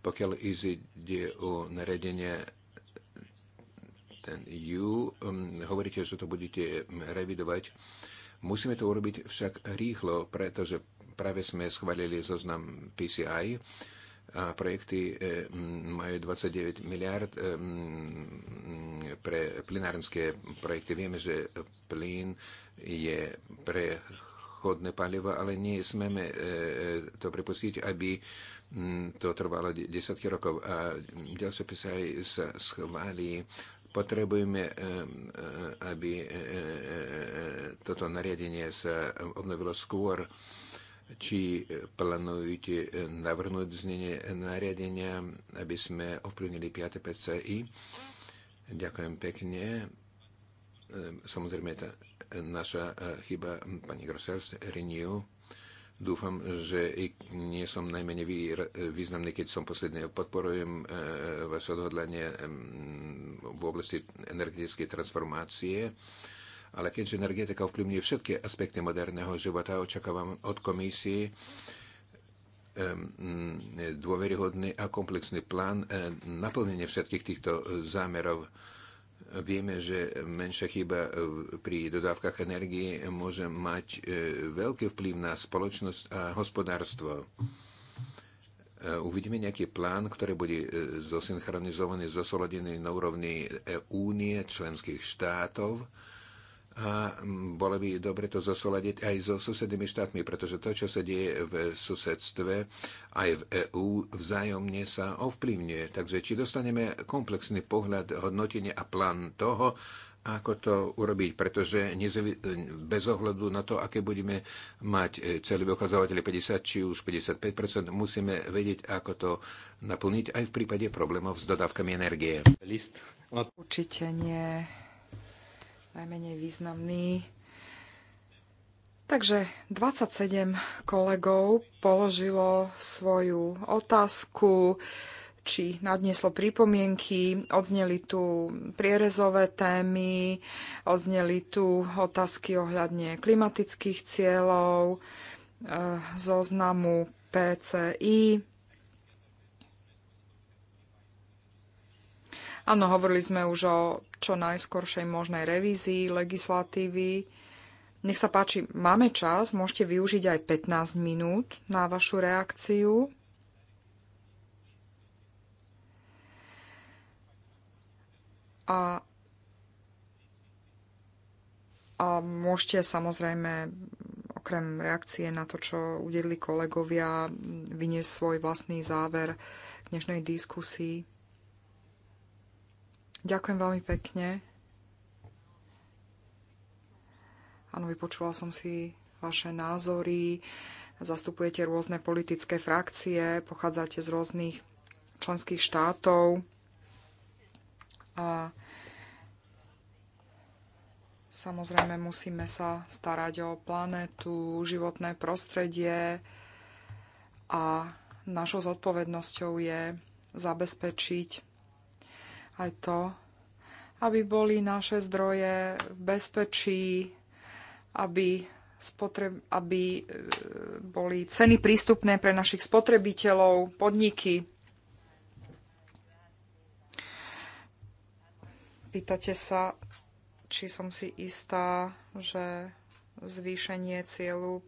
Pokiaľ ide o naredenie ten EU, um, mm, hovoríte, že to budete mm, revidovať. Musíme to urobiť však rýchlo, pretože práve sme schválili zoznam PCI a projekty e, majú 29 miliard e, pre plinárske projekty. Vieme, že plyn je prechodné palivo, ale nie smeme e, to pripustiť, aby to trvalo desiatky rokov. A ďalšie pisaj sa schváli potrebujeme, aby toto nariadenie sa obnovilo skôr či e, plánujete e, navrhnúť znenie nariadenia, aby sme ovplyvnili 5. PCI. Ďakujem pekne. E, samozrejme, tá naša chyba, pani Grosels, Renew. Dúfam, že nie som najmenej významný, keď som posledný. Podporujem vaše odhodlanie v oblasti energetickej transformácie ale keďže energetika ovplyvňuje všetky aspekty moderného života, očakávam od komisie dôveryhodný a komplexný plán eh, naplnenia všetkých týchto zámerov. Vieme, že menšia chyba pri dodávkach energie môže mať eh, veľký vplyv na spoločnosť a hospodárstvo. Eh, uvidíme nejaký plán, ktorý bude zosynchronizovaný, zosoladený na úrovni únie členských štátov a mm, bolo by dobre to zosoladiť aj so susednými štátmi, pretože to, čo sa deje v susedstve, aj v EÚ, vzájomne sa ovplyvňuje. Takže či dostaneme komplexný pohľad, hodnotenie a plán toho, ako to urobiť, pretože bez ohľadu na to, aké budeme mať e, celý ukazovateľ 50 či už 55 musíme vedieť, ako to naplniť aj v prípade problémov s dodávkami energie. List. No. Určite nie najmenej významný. Takže 27 kolegov položilo svoju otázku, či nadnieslo pripomienky, odzneli tu prierezové témy, odzneli tu otázky ohľadne klimatických cieľov, e, zoznamu PCI. Áno, hovorili sme už o čo najskoršej možnej revízii legislatívy. Nech sa páči, máme čas, môžete využiť aj 15 minút na vašu reakciu. A, a môžete samozrejme okrem reakcie na to, čo udelili kolegovia, vyniesť svoj vlastný záver dnešnej diskusii. Ďakujem veľmi pekne. Áno, vypočula som si vaše názory, zastupujete rôzne politické frakcie, pochádzate z rôznych členských štátov. A samozrejme musíme sa starať o planetu, životné prostredie a našou zodpovednosťou je zabezpečiť aj to, aby boli naše zdroje v bezpečí, aby, spotreb, aby e, boli ceny prístupné pre našich spotrebiteľov, podniky. Pýtate sa, či som si istá, že zvýšenie cieľu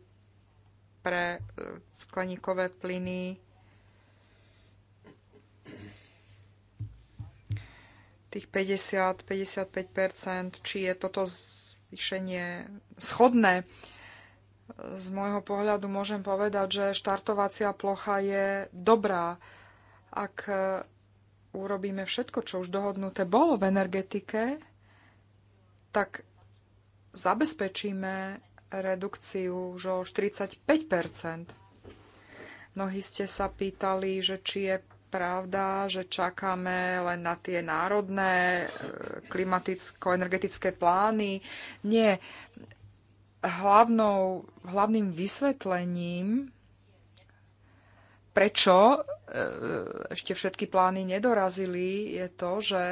pre e, skleníkové plyny tých 50-55%, či je toto zvýšenie schodné. Z môjho pohľadu môžem povedať, že štartovacia plocha je dobrá. Ak e, urobíme všetko, čo už dohodnuté bolo v energetike, tak zabezpečíme redukciu už o 45 Mnohí ste sa pýtali, že či je pravda, že čakáme len na tie národné e, klimaticko-energetické plány. Nie. Hlavnou, hlavným vysvetlením, prečo e, ešte všetky plány nedorazili, je to, že,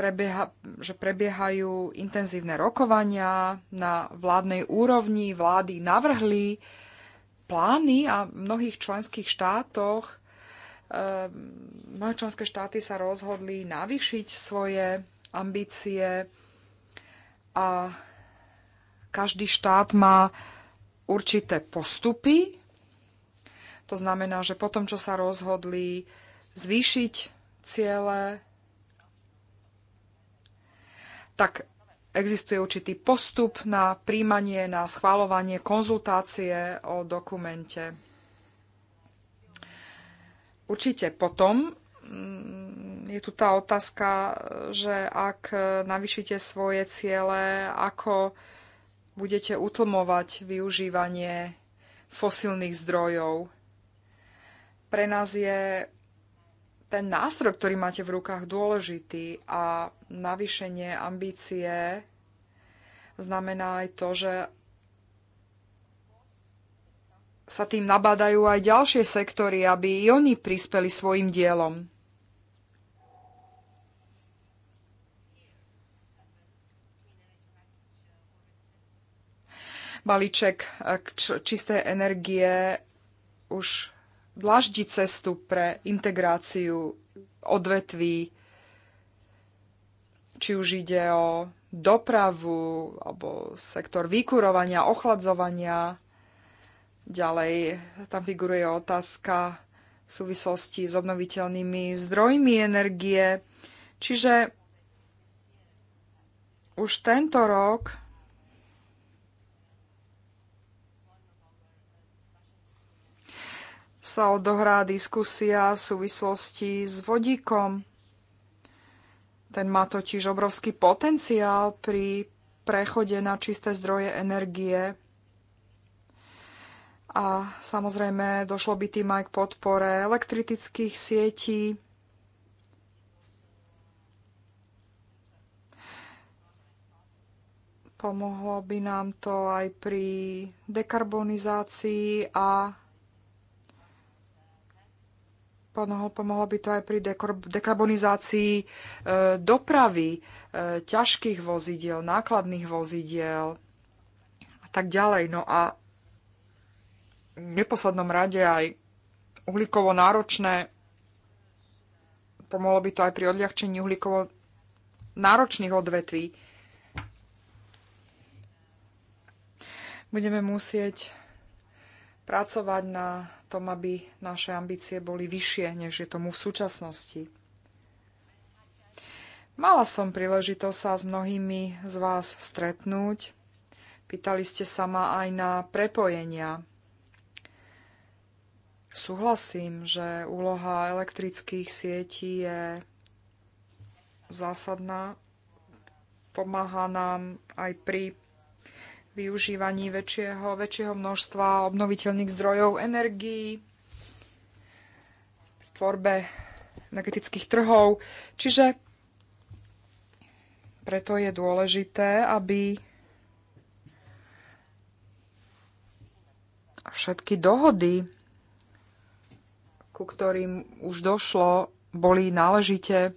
prebieha, že prebiehajú intenzívne rokovania na vládnej úrovni. Vlády navrhli plány a v mnohých členských štátoch mnohé ehm, členské štáty sa rozhodli navýšiť svoje ambície a každý štát má určité postupy. To znamená, že potom, čo sa rozhodli zvýšiť ciele, tak existuje určitý postup na príjmanie, na schváľovanie, konzultácie o dokumente. Určite potom mm, je tu tá otázka, že ak navýšite svoje ciele, ako budete utlmovať využívanie fosilných zdrojov. Pre nás je ten nástroj, ktorý máte v rukách, dôležitý a navýšenie ambície znamená aj to, že sa tým nabádajú aj ďalšie sektory, aby i oni prispeli svojim dielom. Balíček eh, k čistej energie už dlaždí cestu pre integráciu odvetví, či už ide o dopravu alebo sektor vykurovania, ochladzovania Ďalej tam figuruje otázka v súvislosti s obnoviteľnými zdrojmi energie. Čiže už tento rok sa odohrá diskusia v súvislosti s vodíkom. Ten má totiž obrovský potenciál pri prechode na čisté zdroje energie a samozrejme došlo by tým aj k podpore elektritických sietí. Pomohlo by nám to aj pri dekarbonizácii a pomohlo by to aj pri dekarbonizácii e, dopravy e, ťažkých vozidiel, nákladných vozidiel a tak ďalej. No a v neposlednom rade aj uhlíkovo náročné, pomohlo by to aj pri odľahčení uhlíkovo náročných odvetví. Budeme musieť pracovať na tom, aby naše ambície boli vyššie, než je tomu v súčasnosti. Mala som príležitosť sa s mnohými z vás stretnúť. Pýtali ste sa ma aj na prepojenia Súhlasím, že úloha elektrických sietí je zásadná. Pomáha nám aj pri využívaní väčšieho, väčšieho množstva obnoviteľných zdrojov energií, pri tvorbe energetických trhov. Čiže preto je dôležité, aby všetky dohody ku ktorým už došlo, boli náležite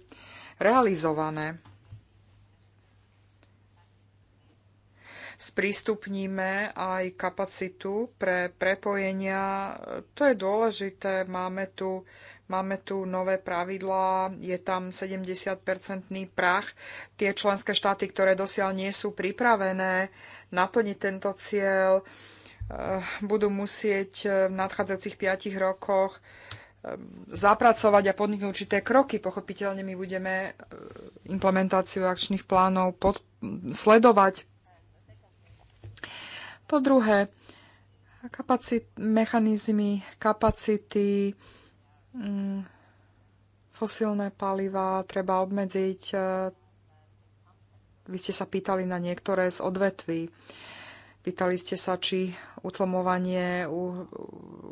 realizované. sprístupníme aj kapacitu pre prepojenia. To je dôležité. Máme tu, máme tu nové pravidlá, je tam 70-percentný prach. Tie členské štáty, ktoré dosiaľ nie sú pripravené naplniť tento cieľ, eh, budú musieť v nadchádzajúcich 5 rokoch Ehm, zapracovať a podniknúť určité kroky. Pochopiteľne my budeme e, implementáciu akčných plánov pod, sledovať. Po druhé, kapacit, mechanizmy, kapacity, mm, fosílne paliva treba obmedziť. E, vy ste sa pýtali na niektoré z odvetví. Pýtali ste sa, či utlmovanie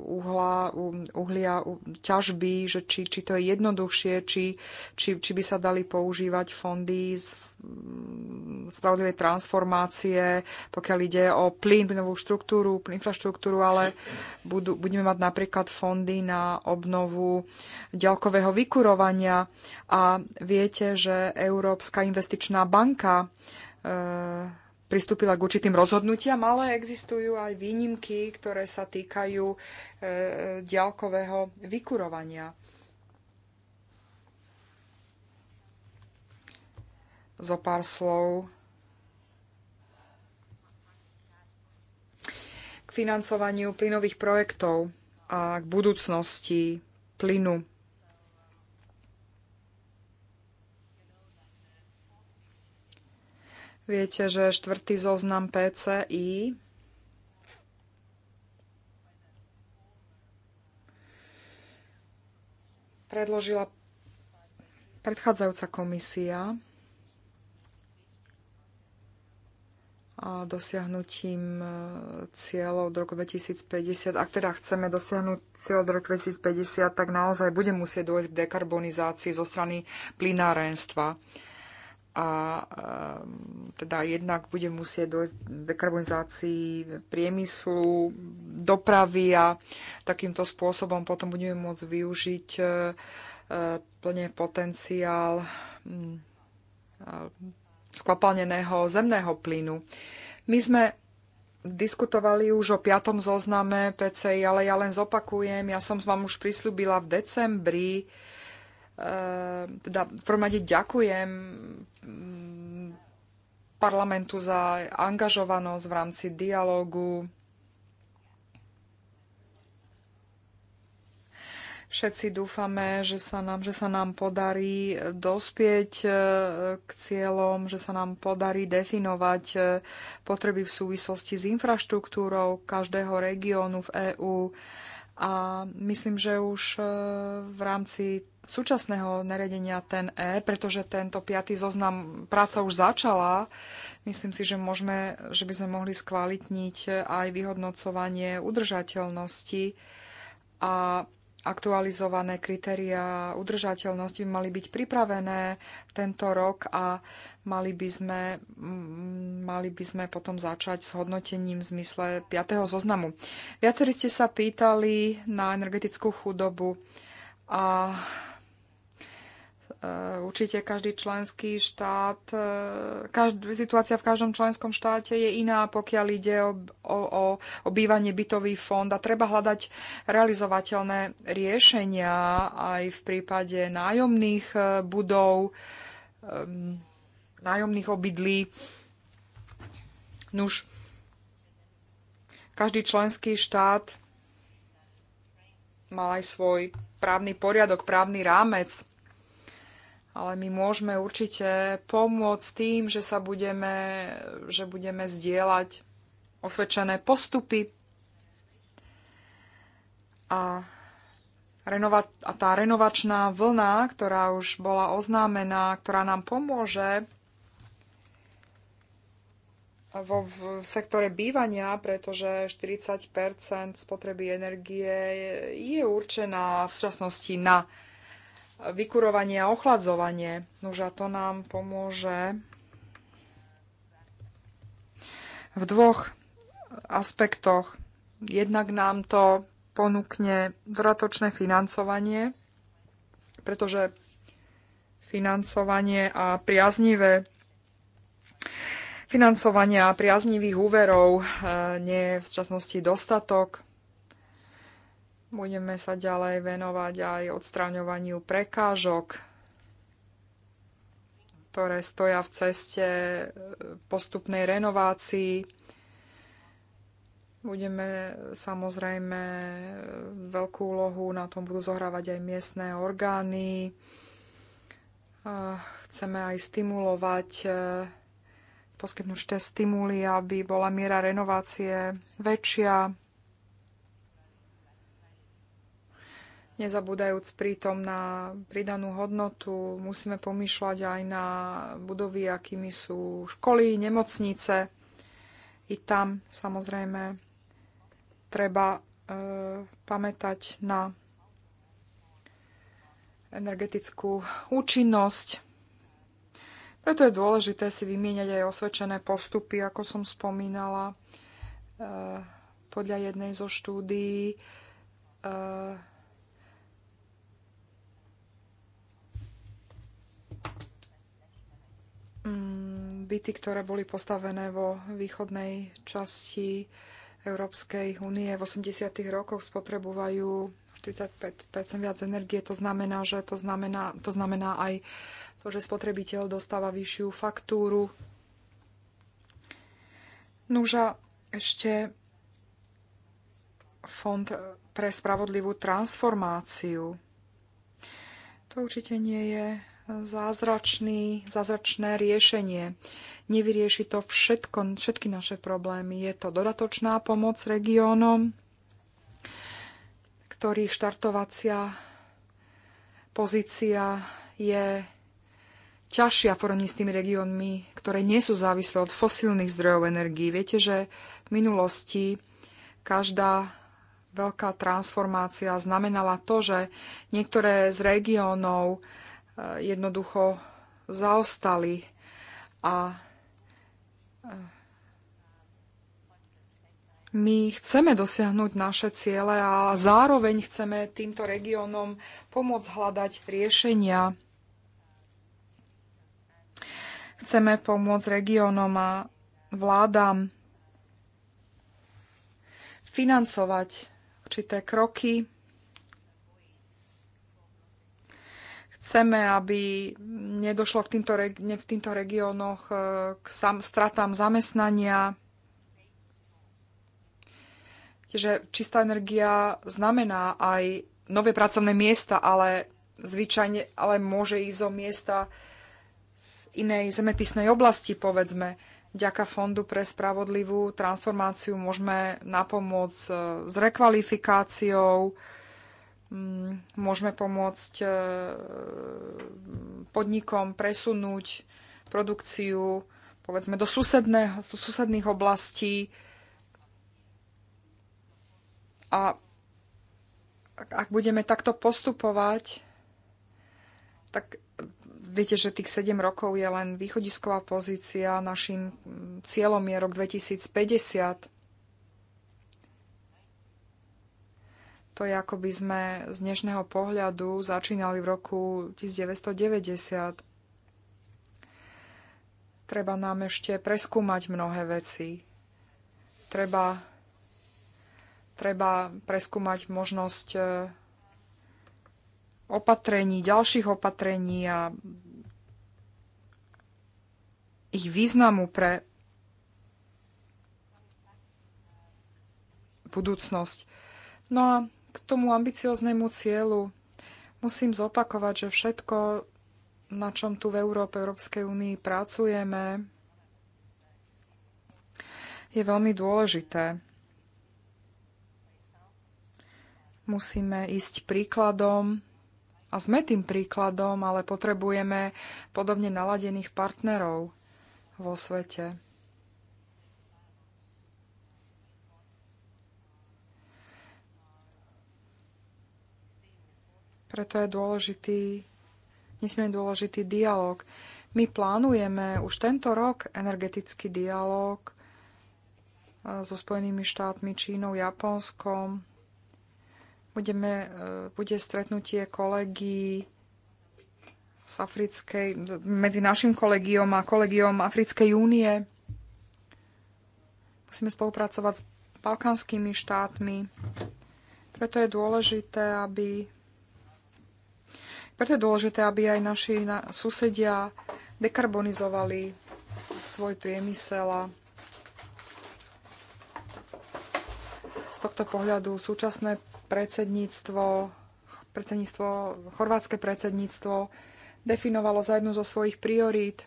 uhla, uhlia, ťažby, že či, či to je jednoduchšie, či, či, či by sa dali používať fondy z mm, spravodlivej transformácie, pokiaľ ide o plyn, plynovú štruktúru, infraštruktúru, ale budú, budeme mať napríklad fondy na obnovu ďalkového vykurovania a viete, že Európska investičná banka e, pristúpila k určitým rozhodnutiam, ale existujú aj výnimky, ktoré sa týkajú e, diaľkového vykurovania. Zo pár slov k financovaniu plynových projektov a k budúcnosti plynu Viete, že štvrtý zoznam PCI predložila predchádzajúca komisia a dosiahnutím e, cieľov do roku 2050. Ak teda chceme dosiahnuť cieľ do roku 2050, tak naozaj bude musieť dôjsť k dekarbonizácii zo strany plinárenstva a ehm, teda jednak bude musieť dojsť dekarbonizácii priemyslu, dopravy a takýmto spôsobom potom budeme môcť využiť e, e, plne potenciál mm, e, skvapalneného zemného plynu. My sme diskutovali už o piatom zozname PCI, ale ja len zopakujem, ja som vám už prislúbila v decembri, Ehm, teda v prvom rade ďakujem mm, parlamentu za angažovanosť v rámci dialógu. Všetci dúfame, že sa, nám, že sa nám podarí dospieť e, k cieľom, že sa nám podarí definovať e, potreby v súvislosti s infraštruktúrou každého regiónu v EÚ. A myslím, že už e, v rámci súčasného naredenia ten E, pretože tento piatý zoznam práca už začala. Myslím si, že, môžeme, že by sme mohli skvalitniť aj vyhodnocovanie udržateľnosti a aktualizované kritéria udržateľnosti by mali byť pripravené tento rok a mali by sme, mm, mali by sme potom začať s hodnotením v zmysle 5. zoznamu. Viacerí ste sa pýtali na energetickú chudobu a Eh, určite každý členský štát, eh, každý, situácia v každom členskom štáte je iná, pokiaľ ide o, o, o, o bývanie bytový fond a treba hľadať realizovateľné riešenia aj v prípade nájomných eh, budov, ehm, nájomných obydlí. Nuž, každý členský štát mal aj svoj právny poriadok, právny rámec ale my môžeme určite pomôcť tým, že sa budeme, že budeme zdieľať osvedčené postupy a, renova- a tá renovačná vlna, ktorá už bola oznámená, ktorá nám pomôže vo v sektore bývania, pretože 40 spotreby energie je, je určená v súčasnosti na vykurovanie a ochladzovanie. Nož a to nám pomôže v dvoch aspektoch. Jednak nám to ponúkne dodatočné financovanie, pretože financovanie a priaznivé financovania priaznivých úverov eh, nie je v časnosti dostatok Budeme sa ďalej venovať aj odstraňovaniu prekážok, ktoré stoja v ceste eh, postupnej renovácii. Budeme samozrejme eh, veľkú úlohu na tom budú zohrávať aj miestne orgány. Chceme aj stimulovať eh, poskytnúť tie stimuly, aby bola miera renovácie väčšia. nezabúdajúc pritom na pridanú hodnotu, musíme pomýšľať aj na budovy, akými sú školy, nemocnice. I tam samozrejme treba e, pamätať na energetickú účinnosť. Preto je dôležité si vymieňať aj osvedčené postupy, ako som spomínala. E, podľa jednej zo štúdií e, byty, ktoré boli postavené vo východnej časti Európskej únie v 80. rokoch spotrebujú 45 viac energie. To znamená, že to znamená, to znamená aj to, že spotrebiteľ dostáva vyššiu faktúru. Nuža ešte fond pre spravodlivú transformáciu. To určite nie je zázračný, zázračné riešenie. Nevyrieši to všetko, všetky naše problémy. Je to dodatočná pomoc regiónom, ktorých štartovacia pozícia je ťažšia porovnaní s tými regiónmi, ktoré nie sú závislé od fosílnych zdrojov energií. Viete, že v minulosti každá veľká transformácia znamenala to, že niektoré z regiónov Eh, jednoducho zaostali a eh, my chceme dosiahnuť naše ciele a zároveň chceme týmto regiónom pomôcť hľadať riešenia. Chceme pomôcť regiónom a vládam financovať určité kroky, Chceme, aby nedošlo v týmto, v týmto regiónoch e, k sam, stratám zamestnania. Čiže čistá energia znamená aj nové pracovné miesta, ale zvyčajne ale môže ísť o miesta v inej zemepisnej oblasti, povedzme. Ďaka Fondu pre spravodlivú transformáciu môžeme napomôcť e, s rekvalifikáciou, Mm, môžeme pomôcť e, podnikom presunúť produkciu povedzme do, susedného, do susedných oblastí a ak budeme takto postupovať, tak viete, že tých 7 rokov je len východisková pozícia. Našim mm, cieľom je rok 2050 To je ako by sme z dnešného pohľadu začínali v roku 1990. Treba nám ešte preskúmať mnohé veci. Treba, treba preskúmať možnosť e, opatrení, ďalších opatrení a ich významu pre budúcnosť. No a k tomu ambicioznému cieľu musím zopakovať, že všetko, na čom tu v Európe, Európskej únii pracujeme, je veľmi dôležité. Musíme ísť príkladom a sme tým príkladom, ale potrebujeme podobne naladených partnerov vo svete. Preto je dôležitý, nesmierne dôležitý dialog. My plánujeme už tento rok energetický dialog e, so Spojenými štátmi, Čínou, Japonskom. Budeme, e, bude stretnutie kolegí z Africkej, medzi našim kolegiom a kolegiom Africkej únie. Musíme spolupracovať s balkánskymi štátmi. Preto je dôležité, aby preto je dôležité, aby aj naši susedia dekarbonizovali svoj priemysel a z tohto pohľadu súčasné predsedníctvo, predsedníctvo chorvátske predsedníctvo definovalo za jednu zo svojich priorít e,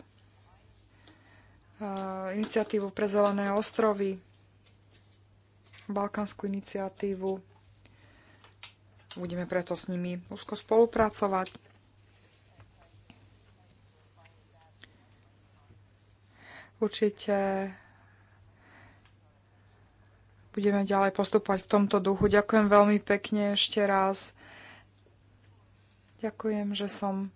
iniciatívu pre zelené ostrovy, balkánsku iniciatívu. Budeme preto s nimi úzko spolupracovať. Určite budeme ďalej postupovať v tomto duchu. Ďakujem veľmi pekne ešte raz. Ďakujem, že som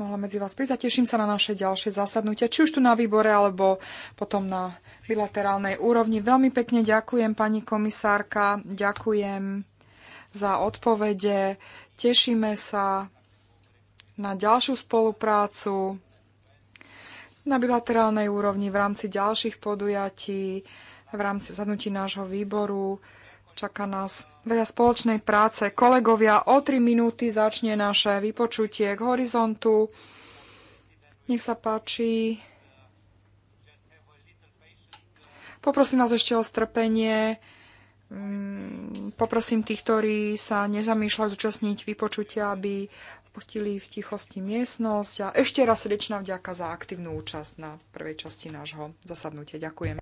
mohla medzi vás prísť. Teším sa na naše ďalšie zasadnutia, či už tu na výbore, alebo potom na bilaterálnej úrovni. Veľmi pekne ďakujem, pani komisárka, ďakujem za odpovede. Tešíme sa na ďalšiu spoluprácu na bilaterálnej úrovni v rámci ďalších podujatí, v rámci zadnutí nášho výboru. Čaká nás veľa spoločnej práce. Kolegovia, o 3 minúty začne naše vypočutie k horizontu. Nech sa páči. Poprosím vás ešte o strpenie. Mm, poprosím tých, ktorí sa nezamýšľajú zúčastniť vypočutia, aby opustili v tichosti miestnosť a ešte raz srdečná vďaka za aktívnu účasť na prvej časti nášho zasadnutia. Ďakujem.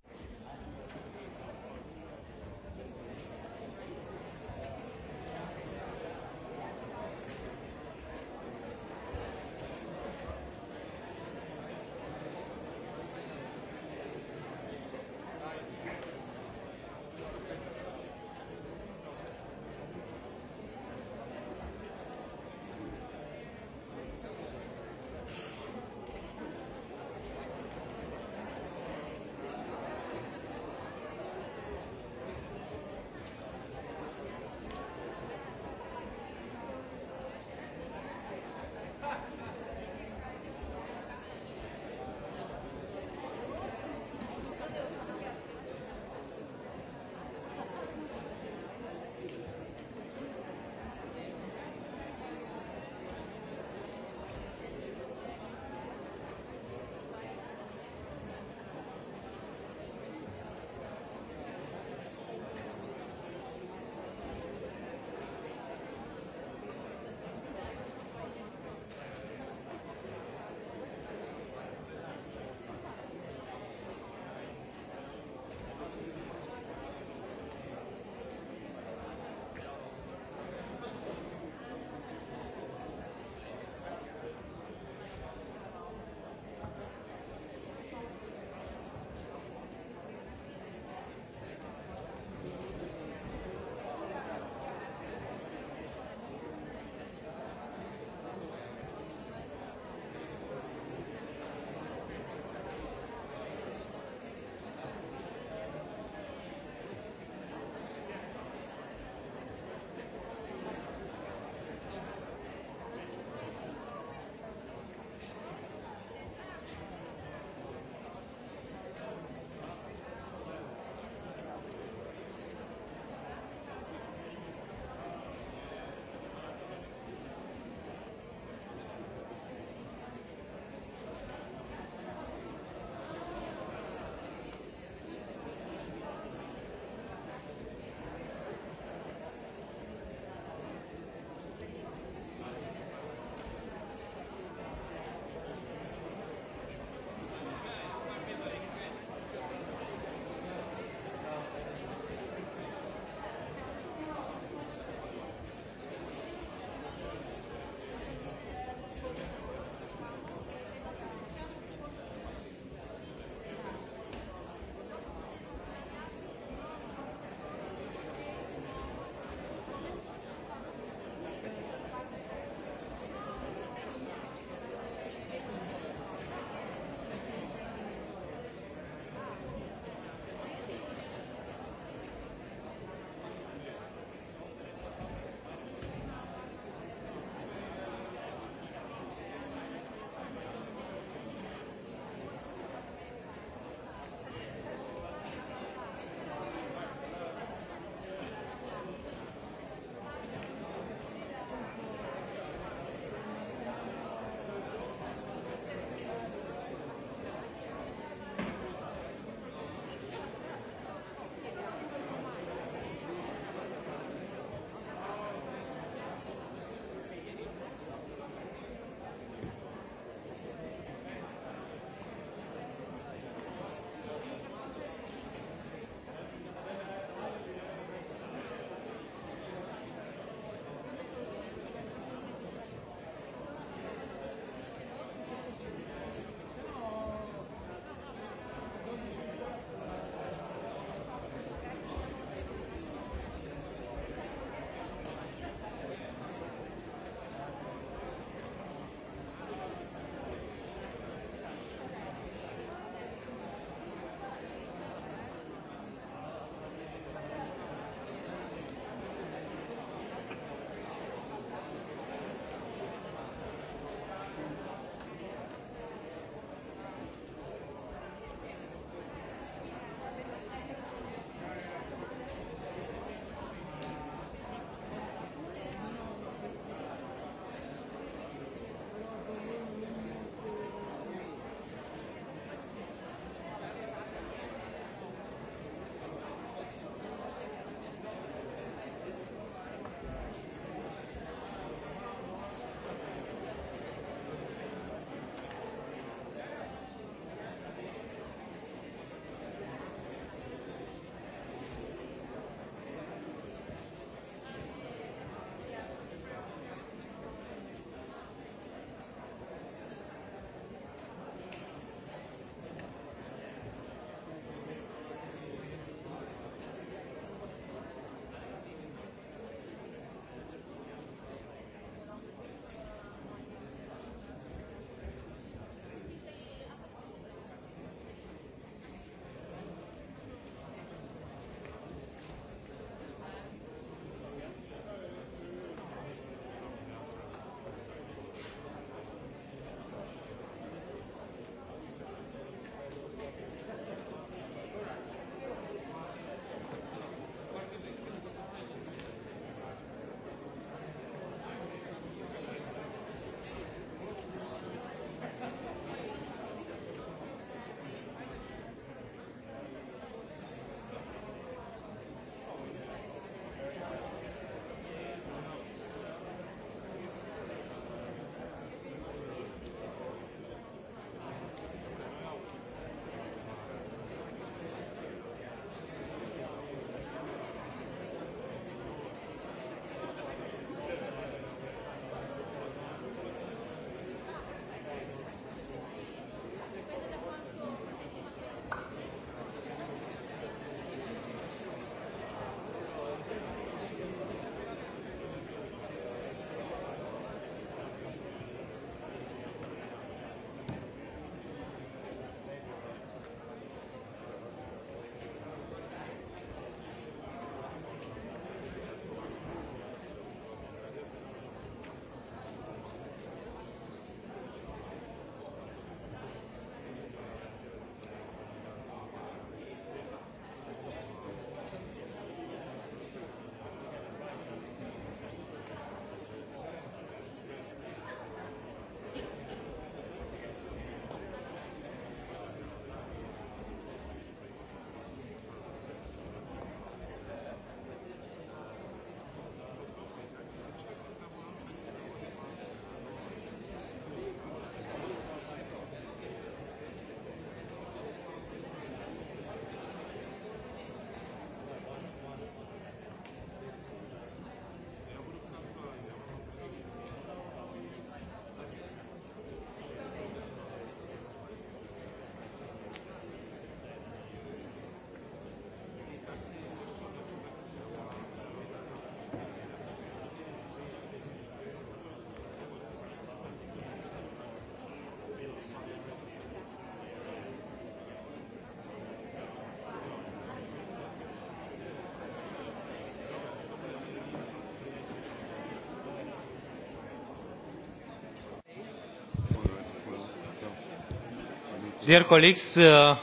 Dear colleagues, uh,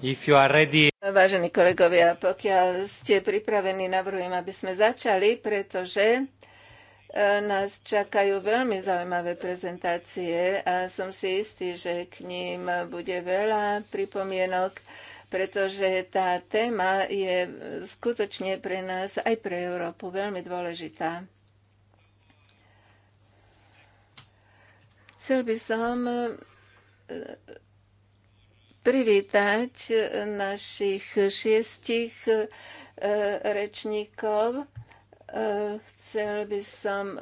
if you are ready... Vážení kolegovia, pokiaľ ste pripravení, navrhujem, aby sme začali, pretože uh, nás čakajú veľmi zaujímavé prezentácie a som si istý, že k ním bude veľa pripomienok, pretože tá téma je skutočne pre nás aj pre Európu veľmi dôležitá. Chcel by som privítať našich šiestich e, rečníkov. E, chcel by som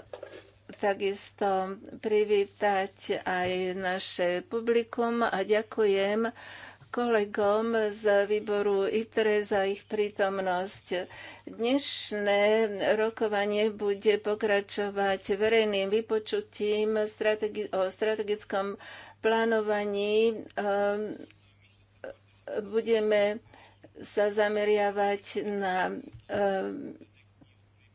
takisto privítať aj naše publikum a ďakujem kolegom z výboru ITRE za ich prítomnosť. Dnešné rokovanie bude pokračovať verejným vypočutím strategi o strategickom plánovaní um, budeme sa zameriavať na, eh,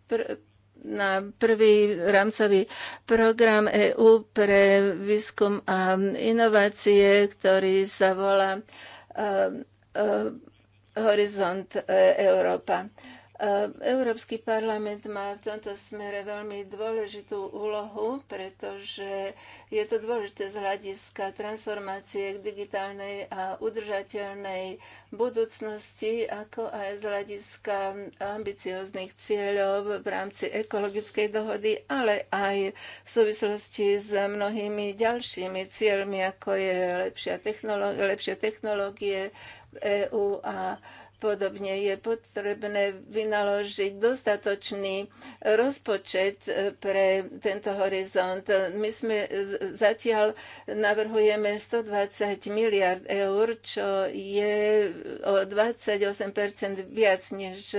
pr- na prvý rámcový program EU pre výskum a inovácie, ktorý sa volá eh, eh, Horizont Európa. Európsky parlament má v tomto smere veľmi dôležitú úlohu, pretože je to dôležité z hľadiska transformácie k digitálnej a udržateľnej budúcnosti, ako aj z hľadiska ambicióznych cieľov v rámci ekologickej dohody, ale aj v súvislosti s mnohými ďalšími cieľmi, ako je lepšia technológie, lepšie technológie v EÚ a Podobne je potrebné vynaložiť dostatočný rozpočet e, pre tento horizont. My sme zatiaľ navrhujeme 120 miliard eur, čo je o 28 viac, než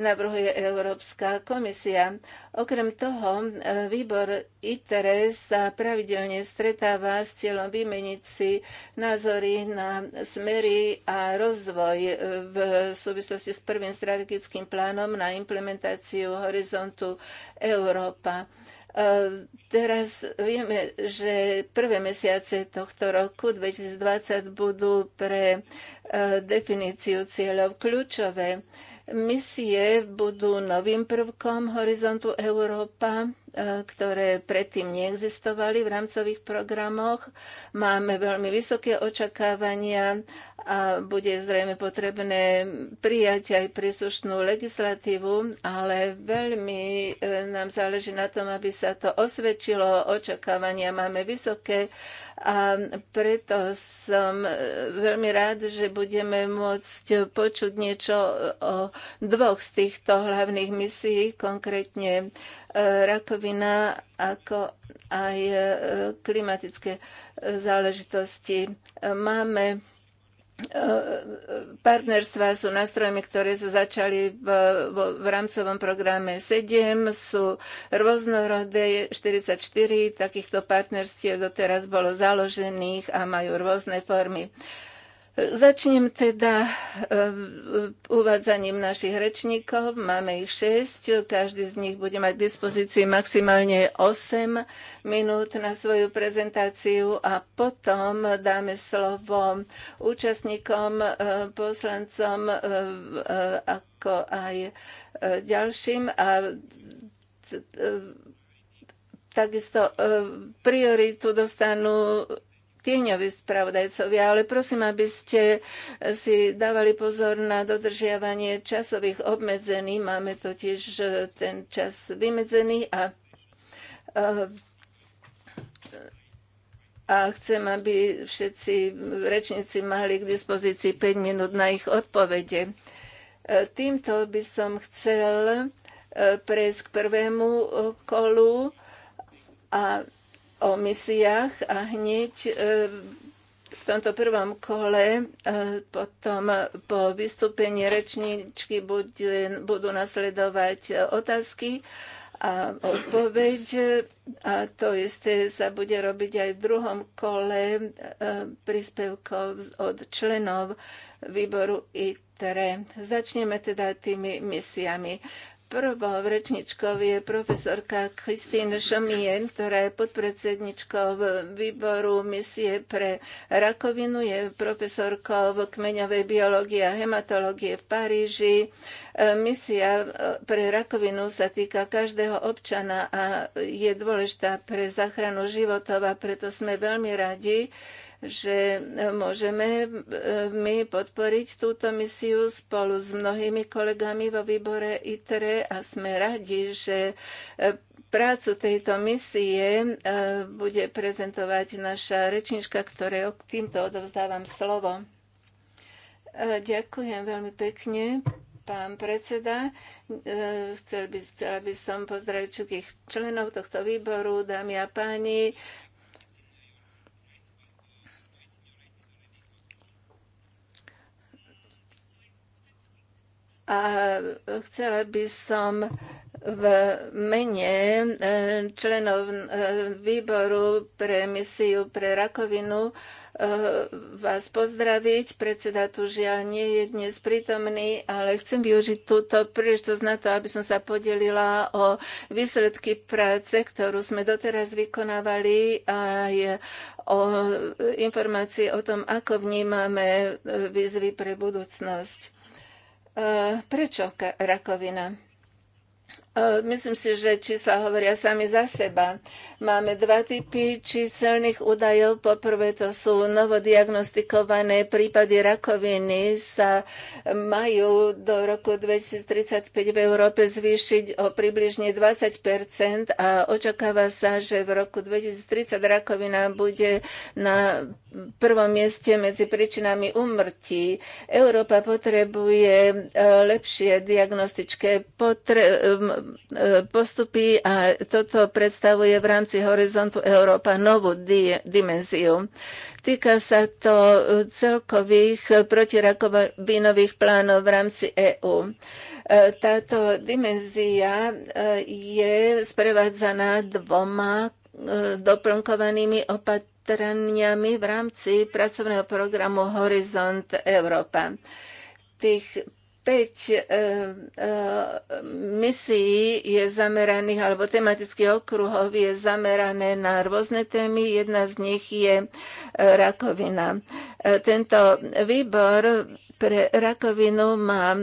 navrhuje Európska komisia. Okrem toho, e, výbor ITRE sa pravidelne stretáva s cieľom vymeniť si názory na smery a rozvoj e, v v súvislosti s prvým strategickým plánom na implementáciu horizontu Európa. E, teraz vieme, že prvé mesiace tohto roku 2020 budú pre e, definíciu cieľov kľúčové. Misie budú novým prvkom horizontu Európa E, ktoré predtým neexistovali v rámcových programoch. Máme veľmi vysoké očakávania a bude zrejme potrebné prijať aj príslušnú legislatívu, ale veľmi e, nám záleží na tom, aby sa to osvedčilo. Očakávania máme vysoké a preto som e, veľmi rád, že budeme môcť počuť niečo o dvoch z týchto hlavných misií, konkrétne rakovina, ako aj e, klimatické záležitosti. Máme e, partnerstva sú nástrojmi, ktoré sú začali v, v, v rámcovom programe 7, sú rôznorodé, 44 takýchto partnerstiev doteraz bolo založených a majú rôzne formy. Uh, Začnem teda eh, uvádzaním našich rečníkov. Máme ich šesť. Každý z nich bude mať k dispozícii maximálne 8 minút na svoju prezentáciu a potom dáme slovo účastníkom, eh, poslancom eh, ako aj ďalším a takisto prioritu dostanú tieňoví spravodajcovia, ale prosím, aby ste si dávali pozor na dodržiavanie časových obmedzení. Máme totiž ten čas vymedzený a a chcem, aby všetci rečníci mali k dispozícii 5 minút na ich odpovede. Týmto by som chcel eh, prejsť k prvému eh, kolu a o misiách a hneď e, v tomto prvom kole e, potom po vystúpení rečníčky budú nasledovať otázky a odpoveď a to isté sa bude robiť aj v druhom kole e, príspevkov od členov výboru ITRE. Začneme teda tými misiami. Prvou rečničkou je profesorka Christine Chomien, ktorá je podpredsedničkou výboru misie pre rakovinu, je profesorkou v kmeňovej biológie a hematológie v Paríži. E, misia e, pre rakovinu sa týka každého občana a je dôležitá pre záchranu životov a preto sme veľmi radi, že e, môžeme e, my podporiť túto misiu spolu s mnohými kolegami vo výbore ITRE a sme radi, že e, prácu tejto misie bude prezentovať naša rečnička, ktoré týmto odovzdávam slovo. Ďakujem veľmi pekne, pán predseda. Chcel by, chcela by som pozdraviť všetkých členov tohto výboru, dámy a páni. A chcela by som v mene e, členov e, výboru pre misiu pre rakovinu e, vás pozdraviť. Predseda tu žiaľ nie je dnes prítomný, ale chcem využiť túto príležitosť na to, aby som sa podelila o výsledky práce, ktorú sme doteraz vykonávali je o informácii o tom, ako vnímame výzvy pre budúcnosť. Prečo rakovina? E, myslím si, že čísla hovoria sami za seba. Máme dva typy číselných údajov. Poprvé to sú novodiagnostikované prípady rakoviny sa majú do roku 2035 v Európe zvýšiť o približne 20 a očakáva sa, že v roku 2030 rakovina bude na prvom mieste medzi príčinami úmrtí. Európa potrebuje e, lepšie diagnostické potre- E, postupy a toto predstavuje v rámci Horizontu Európa novú di- dimenziu. Týka sa to e, celkových protirakovinových plánov v rámci EÚ. E, táto dimenzia je sprevádzaná dvoma doplnkovanými opatreniami v rámci pracovného programu Horizont Európa. Tých 5 e, e, misií je zameraných, alebo tematický okruhov je zamerané na rôzne témy. Jedna z nich je e, rakovina. Tento výbor pre rakovinu má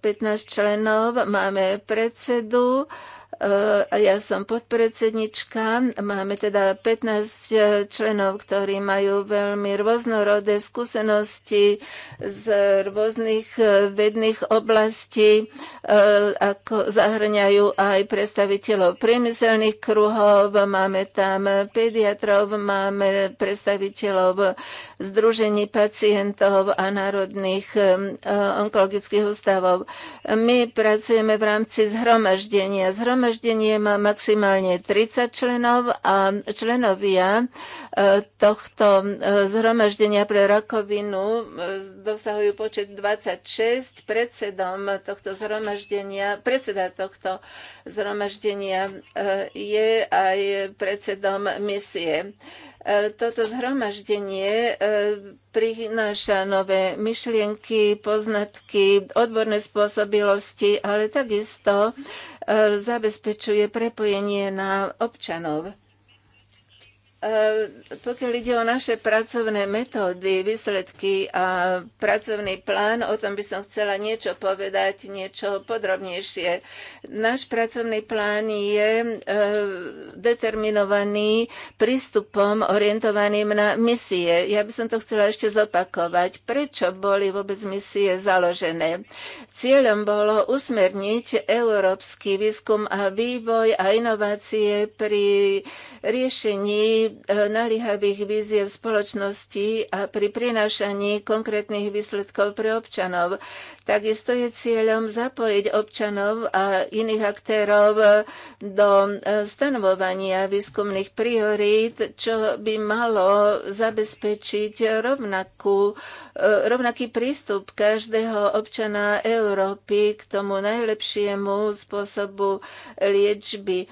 15 členov, máme predsedu, Eh, ja som podpredsednička. Máme teda 15 eh, členov, ktorí majú veľmi rôznorodé skúsenosti z rôznych eh, vedných oblastí, ako zahrňajú aj predstaviteľov priemyselných kruhov, máme tam pediatrov, máme predstaviteľov Združení pacientov a národných onkologických ústavov. My pracujeme v rámci zhromaždenia. Zhromaždenia zhromaždenie má maximálne 30 členov a členovia e, tohto e, zhromaždenia pre rakovinu e, dosahujú počet 26. Predsedom tohto zhromaždenia, predseda tohto zhromaždenia je aj predsedom misie. E, toto zhromaždenie e, prináša nové myšlienky, poznatky, odborné spôsobilosti, ale takisto e, zabezpečuje prepojenie na občanov. E, pokiaľ ide o naše pracovné metódy, výsledky a pracovný plán, o tom by som chcela niečo povedať, niečo podrobnejšie. Náš pracovný plán je e, determinovaný prístupom orientovaným na misie. Ja by som to chcela ešte zopakovať. Prečo boli vôbec misie založené? Cieľom bolo usmerniť európsky výskum a vývoj a inovácie pri riešení Eh, naliehavých víziev spoločnosti a pri prinášaní konkrétnych výsledkov pre občanov. Takisto je cieľom zapojiť občanov a iných aktérov eh, do eh, stanovovania výskumných priorít, čo by malo zabezpečiť rovnakú, rovnaký prístup každého občana Európy k tomu najlepšiemu spôsobu liečby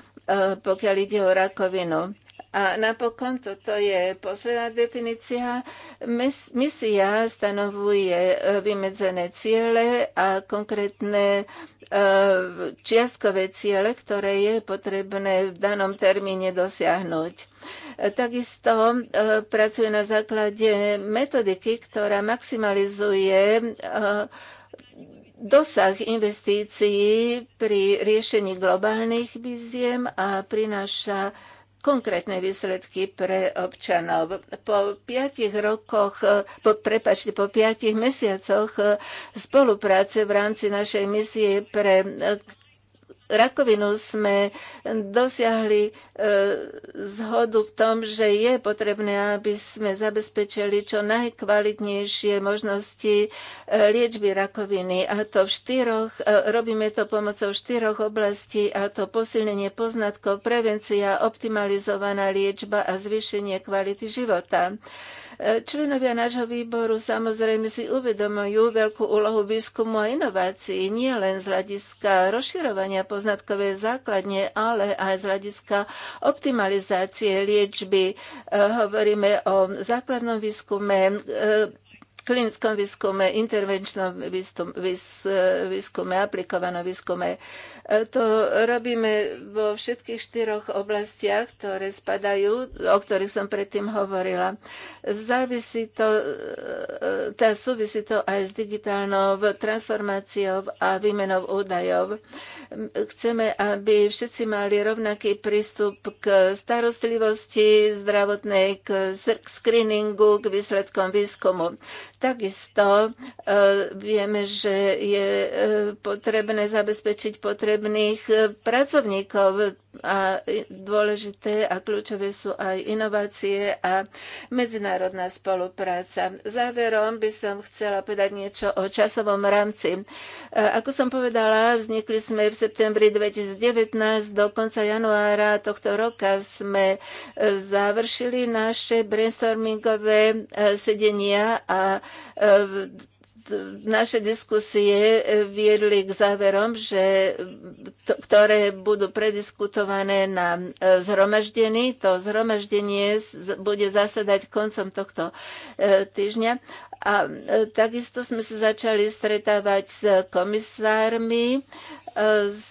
pokiaľ ide o rakovinu. A napokon, toto je posledná definícia, misia stanovuje e, vymedzené ciele a konkrétne e, čiastkové ciele, ktoré je potrebné v danom termíne dosiahnuť. E, takisto pracuje na základe metodiky, ktorá maximalizuje dosah investícií pri riešení globálnych výziem a prináša konkrétne výsledky pre občanov. Po piatich rokoch, eh, po, prepačte, po piatich mesiacoch eh, spolupráce v rámci našej misie pre eh, rakovinu sme dosiahli e, zhodu v tom, že je potrebné, aby sme zabezpečili čo najkvalitnejšie možnosti e, liečby rakoviny. A to v štyroch, e, robíme to pomocou štyroch oblastí, a to posilnenie poznatkov, prevencia, optimalizovaná liečba a zvýšenie kvality života. Členovia nášho výboru samozrejme si uvedomujú veľkú úlohu výskumu a inovácií, nie len z hľadiska rozširovania poznatkovej základne, ale aj z hľadiska optimalizácie liečby. Eh, hovoríme o základnom výskume, eh, klinickom výskume, intervenčnom výskume, aplikovanom výskume. E, to robíme vo všetkých štyroch oblastiach, ktoré spadajú, o ktorých som predtým hovorila. Závisí to, e, tá súvisí to aj s digitálnou transformáciou a výmenou údajov. Chceme, aby všetci mali rovnaký prístup k starostlivosti zdravotnej, k screeningu, k výsledkom výskumu. Takisto e, vieme, že je e, potrebné zabezpečiť potrebných e, pracovníkov a dôležité a kľúčové sú aj inovácie a medzinárodná spolupráca. Záverom by som chcela povedať niečo o časovom rámci. E, ako som povedala, vznikli sme v septembri 2019, do konca januára tohto roka sme e, završili naše brainstormingové e, sedenia a naše diskusie viedli k záverom, že to, ktoré budú prediskutované na e, zhromaždení. To zhromaždenie bude zasadať koncom tohto e, týždňa. A e, takisto sme sa začali stretávať s komisármi z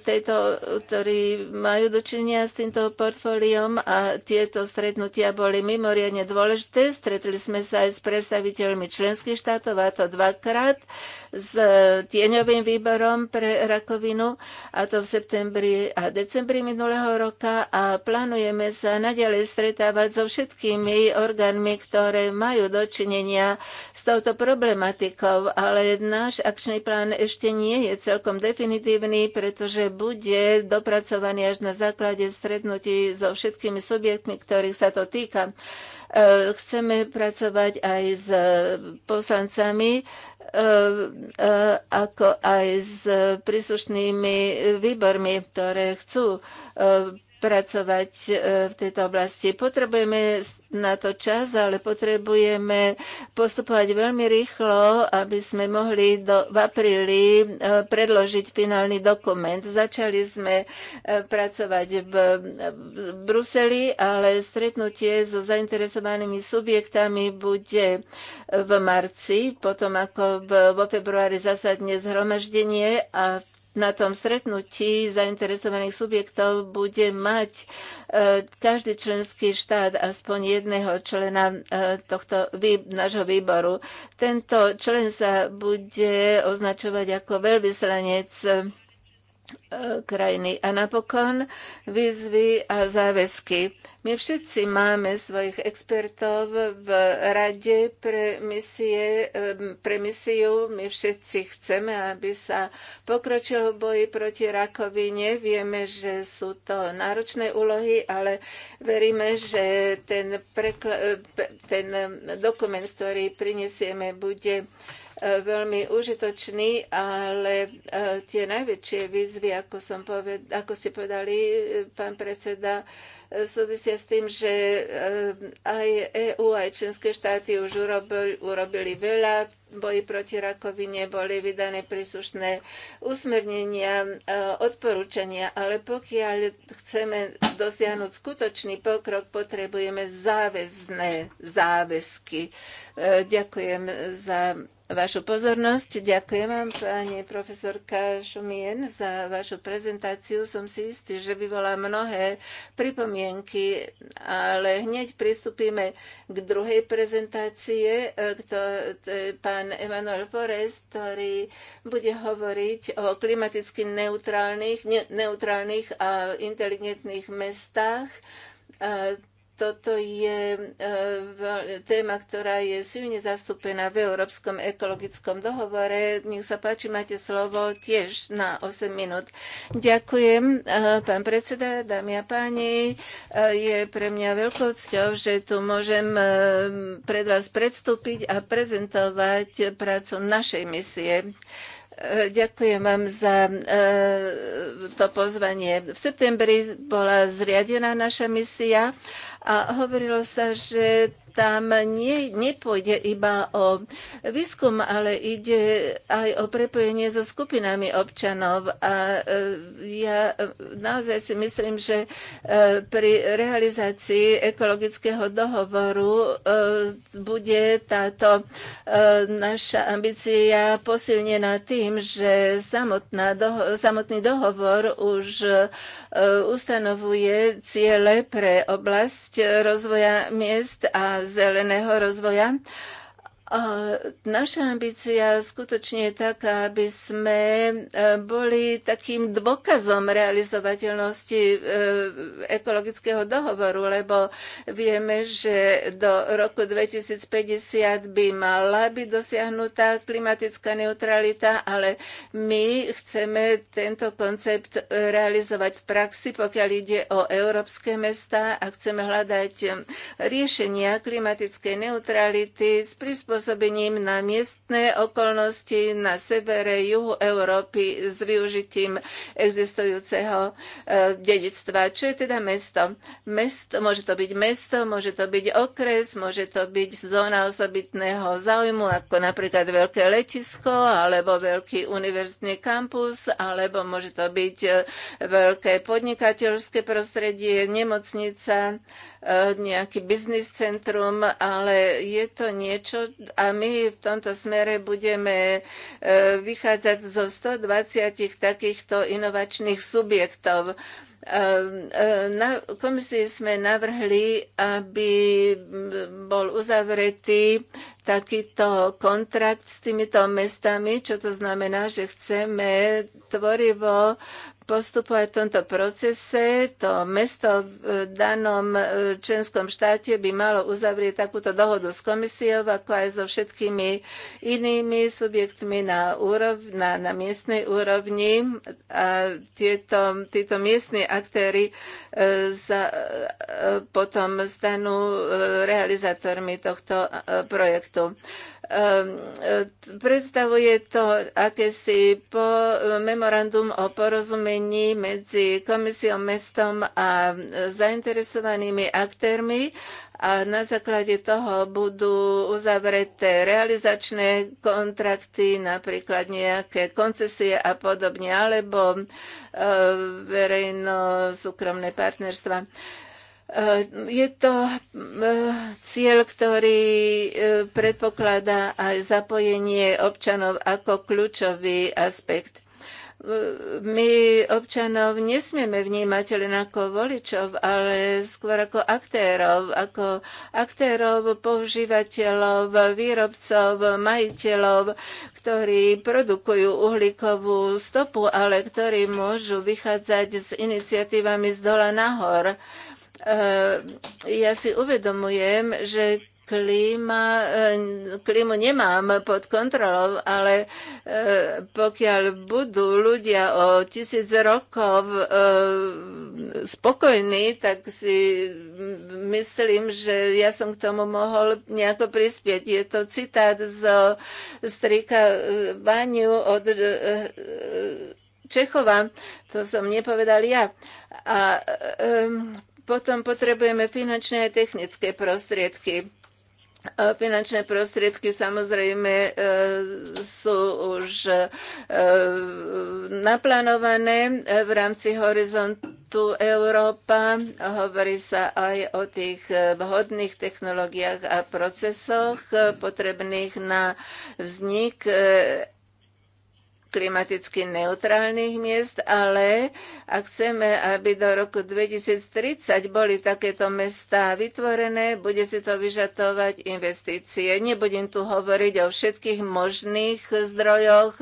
tejto, ktorí majú dočinenia s týmto portfóliom a tieto stretnutia boli mimoriadne dôležité. Stretli sme sa aj s predstaviteľmi členských štátov a to dvakrát s e, tieňovým výborom pre rakovinu a to v septembri a decembri minulého roka a plánujeme sa naďalej stretávať so všetkými orgánmi, ktoré majú dočinenia s touto problematikou, ale náš akčný plán ešte nie je celkom definitívny, pretože bude dopracovaný až na základe stretnutí so všetkými subjektmi, ktorých sa to týka. Eh, chceme pracovať aj s eh, poslancami, eh, ako aj s príslušnými výbormi, ktoré chcú pracovať e, v tejto oblasti. Potrebujeme na to čas, ale potrebujeme postupovať veľmi rýchlo, aby sme mohli do, v apríli e, predložiť finálny dokument. Začali sme e, pracovať v Bruseli, ale stretnutie so zainteresovanými subjektami bude v marci, potom ako vo februári zasadne zhromaždenie a v na tom stretnutí zainteresovaných subjektov bude mať e, každý členský štát aspoň jedného člena e, tohto nášho výboru. Tento člen sa bude označovať ako veľvyslanec krajiny. A napokon výzvy a záväzky. My všetci máme svojich expertov v Rade pre, misie, pre misiu. My všetci chceme, aby sa pokročilo v boji proti rakovine. Vieme, že sú to náročné úlohy, ale veríme, že ten, prekl- ten dokument, ktorý prinesieme, bude veľmi užitočný, ale e, tie najväčšie výzvy, ako, som poved- ako ste povedali, e, pán predseda, e, súvisia s tým, že aj EU, aj členské štáty už urobili, urobili veľa boji proti rakovine, boli vydané príslušné usmernenia, odporúčania, ale pokiaľ chceme dosiahnuť skutočný pokrok, potrebujeme záväzné záväzky. Ďakujem za vašu pozornosť. Ďakujem vám, pani profesorka Šumien, za vašu prezentáciu. Som si istý, že vyvolá mnohé pripomienky, ale hneď pristúpime k druhej prezentácie. E, kto, to je pán Emanuel Forest, ktorý bude hovoriť o klimaticky neutrálnych, ne, neutrálnych a inteligentných mestách e, toto je e, téma, ktorá je silne zastúpená v Európskom ekologickom dohovore. Nech sa páči, máte slovo tiež na 8 minút. Ďakujem, e, pán predseda, dámy a páni. E, je pre mňa veľkou cťou, že tu môžem pred vás predstúpiť a prezentovať prácu našej misie. Ďakujem vám za to pozvanie. V septembri bola zriadená naša misia a hovorilo sa, že tam nie, nepôjde iba o výskum, ale ide aj o prepojenie so skupinami občanov. A e, ja naozaj si myslím, že e, pri realizácii ekologického dohovoru e, bude táto naša ambícia posilnená tým, že samotná doho- samotný dohovor už ustanovuje ciele pre oblasť oblasť rozvoja miest a zeleného rozvoja. Naša ambícia skutočne je taká, aby sme e, boli takým dôkazom realizovateľnosti e, ekologického dohovoru, lebo vieme, že do roku 2050 by mala byť dosiahnutá klimatická neutralita, ale my chceme tento koncept e, realizovať v praxi, pokiaľ ide o európske mesta a chceme hľadať riešenia klimatickej neutrality s prispôsobením prispôsobením na miestne okolnosti na severe, juhu Európy s využitím existujúceho e, dedictva. Čo je teda mesto? mesto? Môže to byť mesto, môže to byť okres, môže to byť zóna osobitného záujmu, ako napríklad veľké letisko, alebo veľký univerzitný kampus, alebo môže to byť e, veľké podnikateľské prostredie, nemocnica, e, nejaký biznis centrum, ale je to niečo, a my v tomto smere budeme e, vychádzať zo 120 takýchto inovačných subjektov. E, e, na komisii sme navrhli, aby bol uzavretý takýto kontrakt s týmito mestami, čo to znamená, že chceme tvorivo postupovať v tomto procese. To mesto v danom e, členskom štáte by malo uzavrieť takúto dohodu s komisiou, ako aj so všetkými inými subjektmi na, úrov, na, na miestnej úrovni. A tieto, títo miestni aktéry e, sa e, potom stanú realizátormi tohto projektu. Ehm, predstavuje to akési po memorandum o porozumení medzi komisiou, mestom a e, zainteresovanými aktérmi a na základe toho budú uzavreté realizačné kontrakty, napríklad nejaké koncesie a podobne, alebo e, verejno-súkromné partnerstva. Eh, je to eh, cieľ, ktorý eh, predpokladá aj zapojenie občanov ako kľúčový aspekt. My občanov nesmieme vnímať len ako voličov, ale skôr ako aktérov, ako aktérov, používateľov, výrobcov, majiteľov, ktorí produkujú uhlíkovú stopu, ale ktorí môžu vychádzať s iniciatívami z dola nahor Eh, ja si uvedomujem, že klíma, eh, klímu nemám pod kontrolou, ale eh, pokiaľ budú ľudia o tisíc rokov spokojní, tak si myslím, že ja som k tomu mohol nejako prispieť. Je to citát zo strika Vániu od Čechova, to som nepovedal ja. A um, potom potrebujeme finančné a technické prostriedky. Finančné prostriedky samozrejme e, sú už e, naplánované e, v rámci horizontu Európa. Hovorí sa aj o tých vhodných technológiách a procesoch potrebných na vznik klimaticky neutrálnych miest, ale ak chceme, aby do roku 2030 boli takéto mesta vytvorené, bude si to vyžadovať investície. Nebudem tu hovoriť o všetkých možných zdrojoch.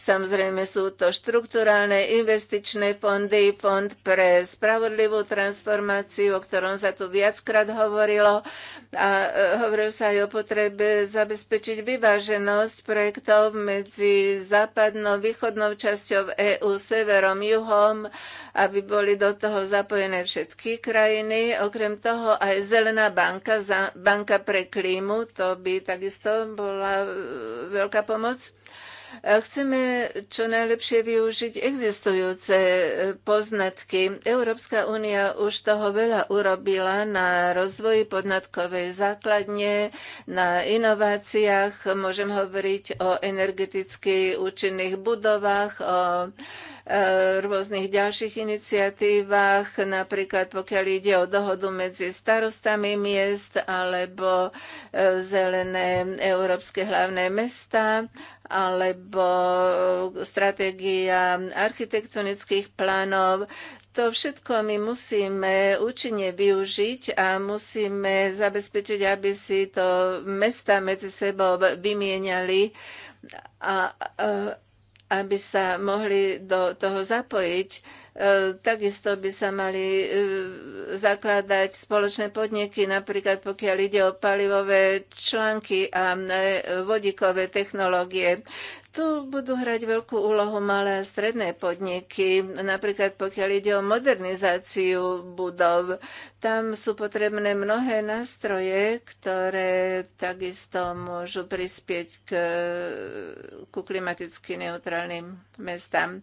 Samozrejme sú to štruktúrálne investičné fondy, fond pre spravodlivú transformáciu, o ktorom sa tu viackrát hovorilo. A e, hovoril sa aj o potrebe zabezpečiť vyváženosť projektov medzi západným strednou, východnou časťou EÚ, severom, juhom, aby boli do toho zapojené všetky krajiny. Okrem toho aj Zelená banka, banka pre klímu, to by takisto bola e, veľká pomoc. E, chceme čo najlepšie využiť existujúce e, poznatky. Európska únia už toho veľa urobila na rozvoji podnatkovej základne, na inováciách, môžem hovoriť o energeticky účinných budovách, o Eh, rôznych ďalších iniciatívach, napríklad pokiaľ ide o dohodu medzi starostami miest alebo eh, zelené európske hlavné mesta alebo eh, stratégia architektonických plánov. To všetko my musíme účinne využiť a musíme zabezpečiť, aby si to mesta medzi sebou vymieniali a, a aby sa mohli do toho zapojiť E, takisto by sa mali e, zakladať spoločné podniky, napríklad pokiaľ ide o palivové články a e, vodíkové technológie. Tu budú hrať veľkú úlohu malé a stredné podniky, napríklad pokiaľ ide o modernizáciu budov. Tam sú potrebné mnohé nástroje, ktoré takisto môžu prispieť k, ku klimaticky neutrálnym mestám.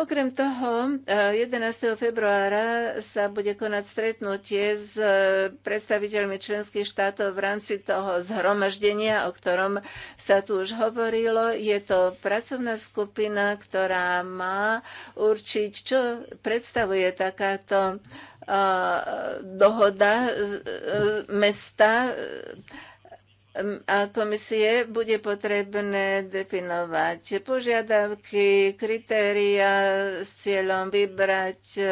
Okrem toho, 11. E, februára sa bude konať stretnutie s e, predstaviteľmi členských štátov v rámci toho zhromaždenia, o ktorom sa tu už hovorilo. Je to pracovná skupina, ktorá má určiť, čo predstavuje takáto e, dohoda mesta a komisie bude potrebné definovať požiadavky, kritéria s cieľom vybrať e,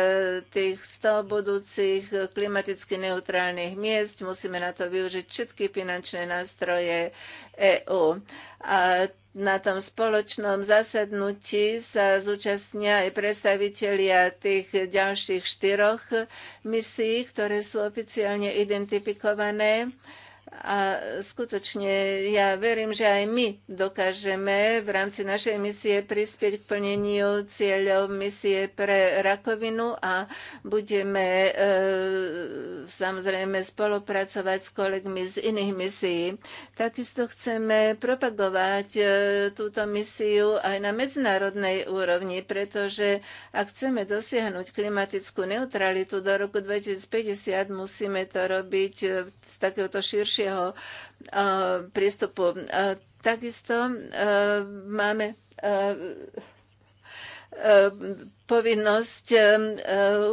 tých 100 budúcich klimaticky neutrálnych miest. Musíme na to využiť všetky finančné nástroje EÚ. A na tom spoločnom zasadnutí sa zúčastnia aj predstavitelia tých ďalších štyroch misií, ktoré sú oficiálne identifikované. A skutočne ja verím, že aj my dokážeme v rámci našej misie prispieť k plneniu cieľov misie pre rakovinu a budeme e, samozrejme spolupracovať s kolegmi z iných misií. Takisto chceme propagovať e, túto misiu aj na medzinárodnej úrovni, pretože ak chceme dosiahnuť klimatickú neutralitu do roku 2050, musíme to robiť e, z takéhoto širšieho lepšieho eh, prístupu. Eh, takisto eh, máme povinnosť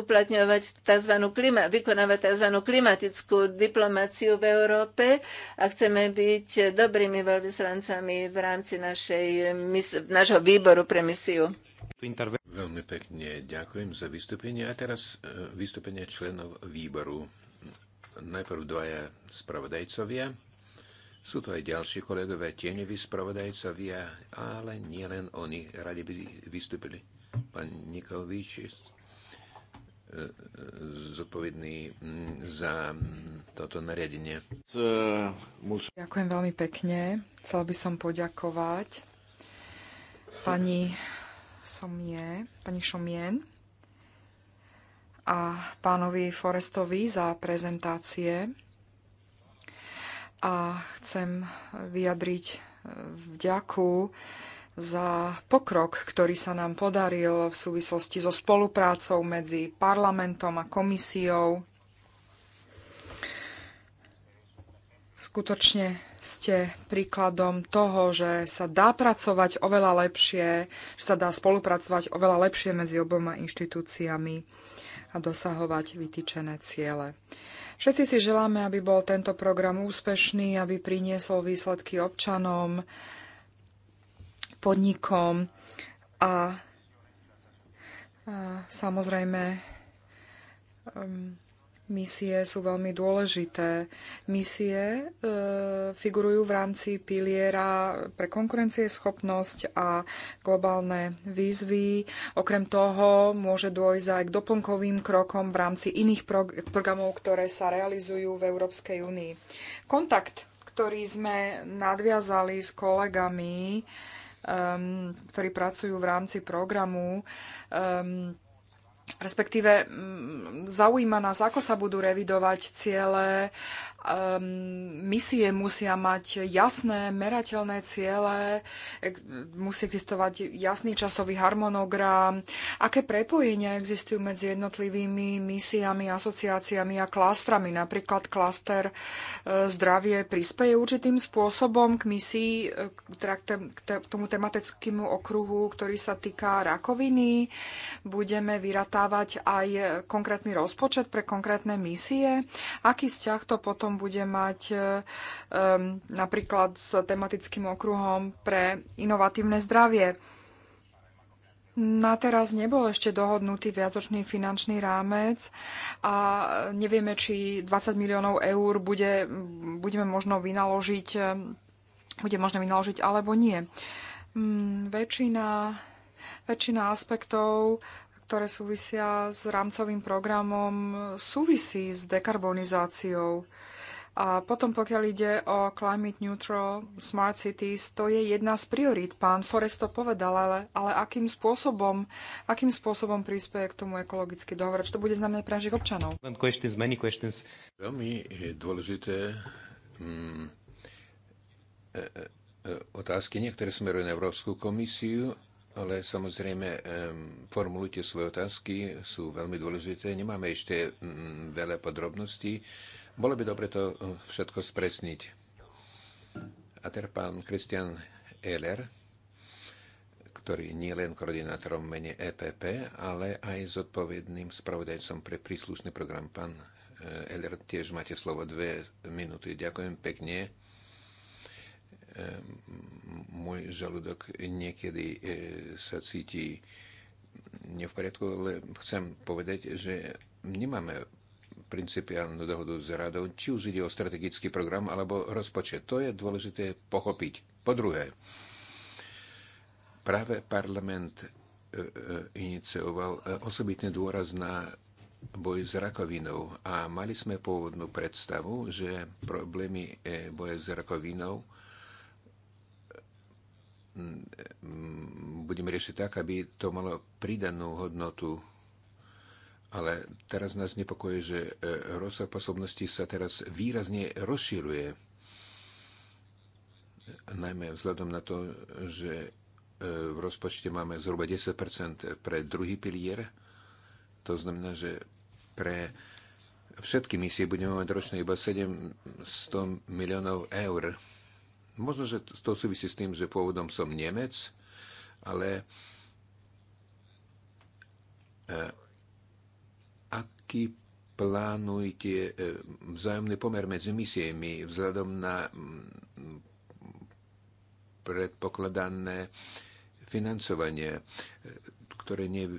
uplatňovať tzv. Klima, vykonávať tzv. klimatickú diplomáciu v Európe a chceme byť dobrými veľvyslancami v rámci našej, našho výboru pre misiu. Veľmi pekne ďakujem za vystúpenie a teraz vystúpenie členov výboru najprv dvaja spravodajcovia. Sú to aj ďalší kolegovia, tieňoví spravodajcovia, ale nielen oni. Radi by vystúpili. Pán Nikovič, e, e, zodpovedný mm, za toto nariadenie. Ďakujem veľmi pekne. Chcel by som poďakovať pani Somie, pani Šomien a pánovi Forestovi za prezentácie a chcem vyjadriť e, vďaku za pokrok, ktorý sa nám podaril v súvislosti so spoluprácou medzi parlamentom a komisiou. Skutočne ste príkladom toho, že sa dá pracovať oveľa lepšie, že sa dá spolupracovať oveľa lepšie medzi oboma inštitúciami a dosahovať vytýčené ciele. Všetci si želáme, aby bol tento program úspešný, aby priniesol výsledky občanom, podnikom a, a samozrejme um, Misie sú veľmi dôležité. Misie e, figurujú v rámci piliera pre konkurencieschopnosť a globálne výzvy. Okrem toho môže dôjsť aj k doplnkovým krokom v rámci iných prog- programov, ktoré sa realizujú v Európskej únii. Kontakt, ktorý sme nadviazali s kolegami, um, ktorí pracujú v rámci programu, um, respektíve mm, zaujíma nás, ako sa budú revidovať ciele. Ehm, misie musia mať jasné, merateľné ciele, musí existovať jasný časový harmonogram, aké prepojenia existujú medzi jednotlivými misiami, asociáciami a klástrami. Napríklad klaster e, zdravie prispieje určitým spôsobom k misii, e, teda k tomu tematickému okruhu, ktorý sa týka rakoviny. Budeme vyratať dostávať aj konkrétny rozpočet pre konkrétne misie? Aký vzťah to potom bude mať um, napríklad s tematickým okruhom pre inovatívne zdravie? Na teraz nebol ešte dohodnutý viacočný finančný rámec a nevieme, či 20 miliónov eur bude, budeme možno vynaložiť, e, bude možno vynaložiť alebo nie. Mm, väčšina, väčšina aspektov ktoré súvisia s rámcovým programom, súvisí s dekarbonizáciou. A potom, pokiaľ ide o Climate Neutral Smart Cities, to je jedna z priorít. Pán Forest to povedal, ale, ale akým, spôsobom, akým spôsobom prispieje k tomu ekologický dohovor? Čo to bude znamenať pre našich občanov? Questions, many Veľmi dôležité mm, e, e, e otázky. Niektoré smerujú na Európsku komisiu ale samozrejme, formulujte svoje otázky, sú veľmi dôležité. Nemáme ešte veľa podrobností. Bolo by dobre to eh, všetko spresniť. A teraz pán Kristian Eller, ktorý nie len koordinátorom mene EPP, ale aj zodpovedným spravodajcom pre príslušný program. Pán Eller, eh, tiež máte slovo dve minúty. Ďakujem pekne. Ehm, môj žalúdok niekedy e, sa cíti nie v poriadku, ale chcem povedať, že nemáme principiálnu dohodu s radou, či už ide o strategický program alebo rozpočet. To je dôležité pochopiť. Po druhé, práve parlament e, e, inicioval osobitný dôraz na boj s rakovinou a mali sme pôvodnú predstavu, že problémy boja s rakovinou Mm, mm, budeme riešiť tak, aby to malo pridanú hodnotu. Ale teraz nás nepokoje, že e, rozsah posobnosti sa teraz výrazne rozširuje. Najmä vzhľadom na to, že e, v rozpočte máme zhruba 10 pre druhý pilier. To znamená, že pre všetky misie budeme mať ročne iba 700 miliónov eur Možno, že to súvisí s tým, že pôvodom som Nemec, ale e, aký plánujete e, vzájomný pomer medzi misiemi vzhľadom na mm, predpokladané financovanie, e, ktoré nie je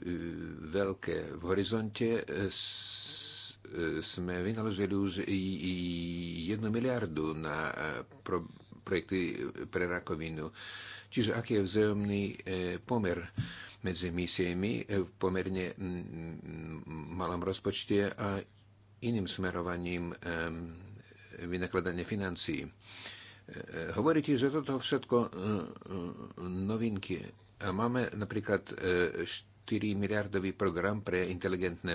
veľké. V horizonte sme vynaložili už i jednu miliardu na projekty eh, pre rakovinu. Čiže aký je vzájomný eh, pomer medzi misiemi v eh, pomerne mm, mm, mm, malom rozpočte a iným smerovaním vynakladania financií. Hovoríte, že toto všetko novinky. A máme napríklad 4 miliardový program pre inteligentné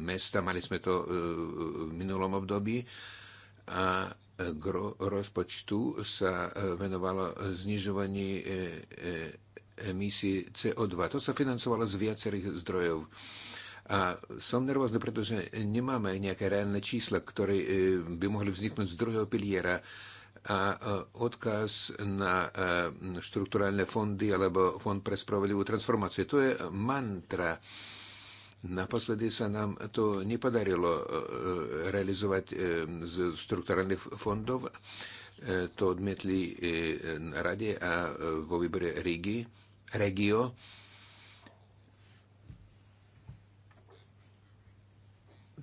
mesta. Mali sme to v minulom období. A gro rozpočtu sa e, venovalo znižovaní e, e, emisie CO2. To sa financovalo z viacerých zdrojov. A som nervózny, pretože nemáme nejaké reálne čísla, ktoré by mohli vzniknúť z druhého piliera a odkaz na štruktúrálne fondy alebo fond pre spravodlivú transformáciu. To je mantra Naposledy sa nám to nepodarilo e, e, realizovať e, z štrukturálnych fondov. To odmietli na rade a vo výbore Rigi, Regio.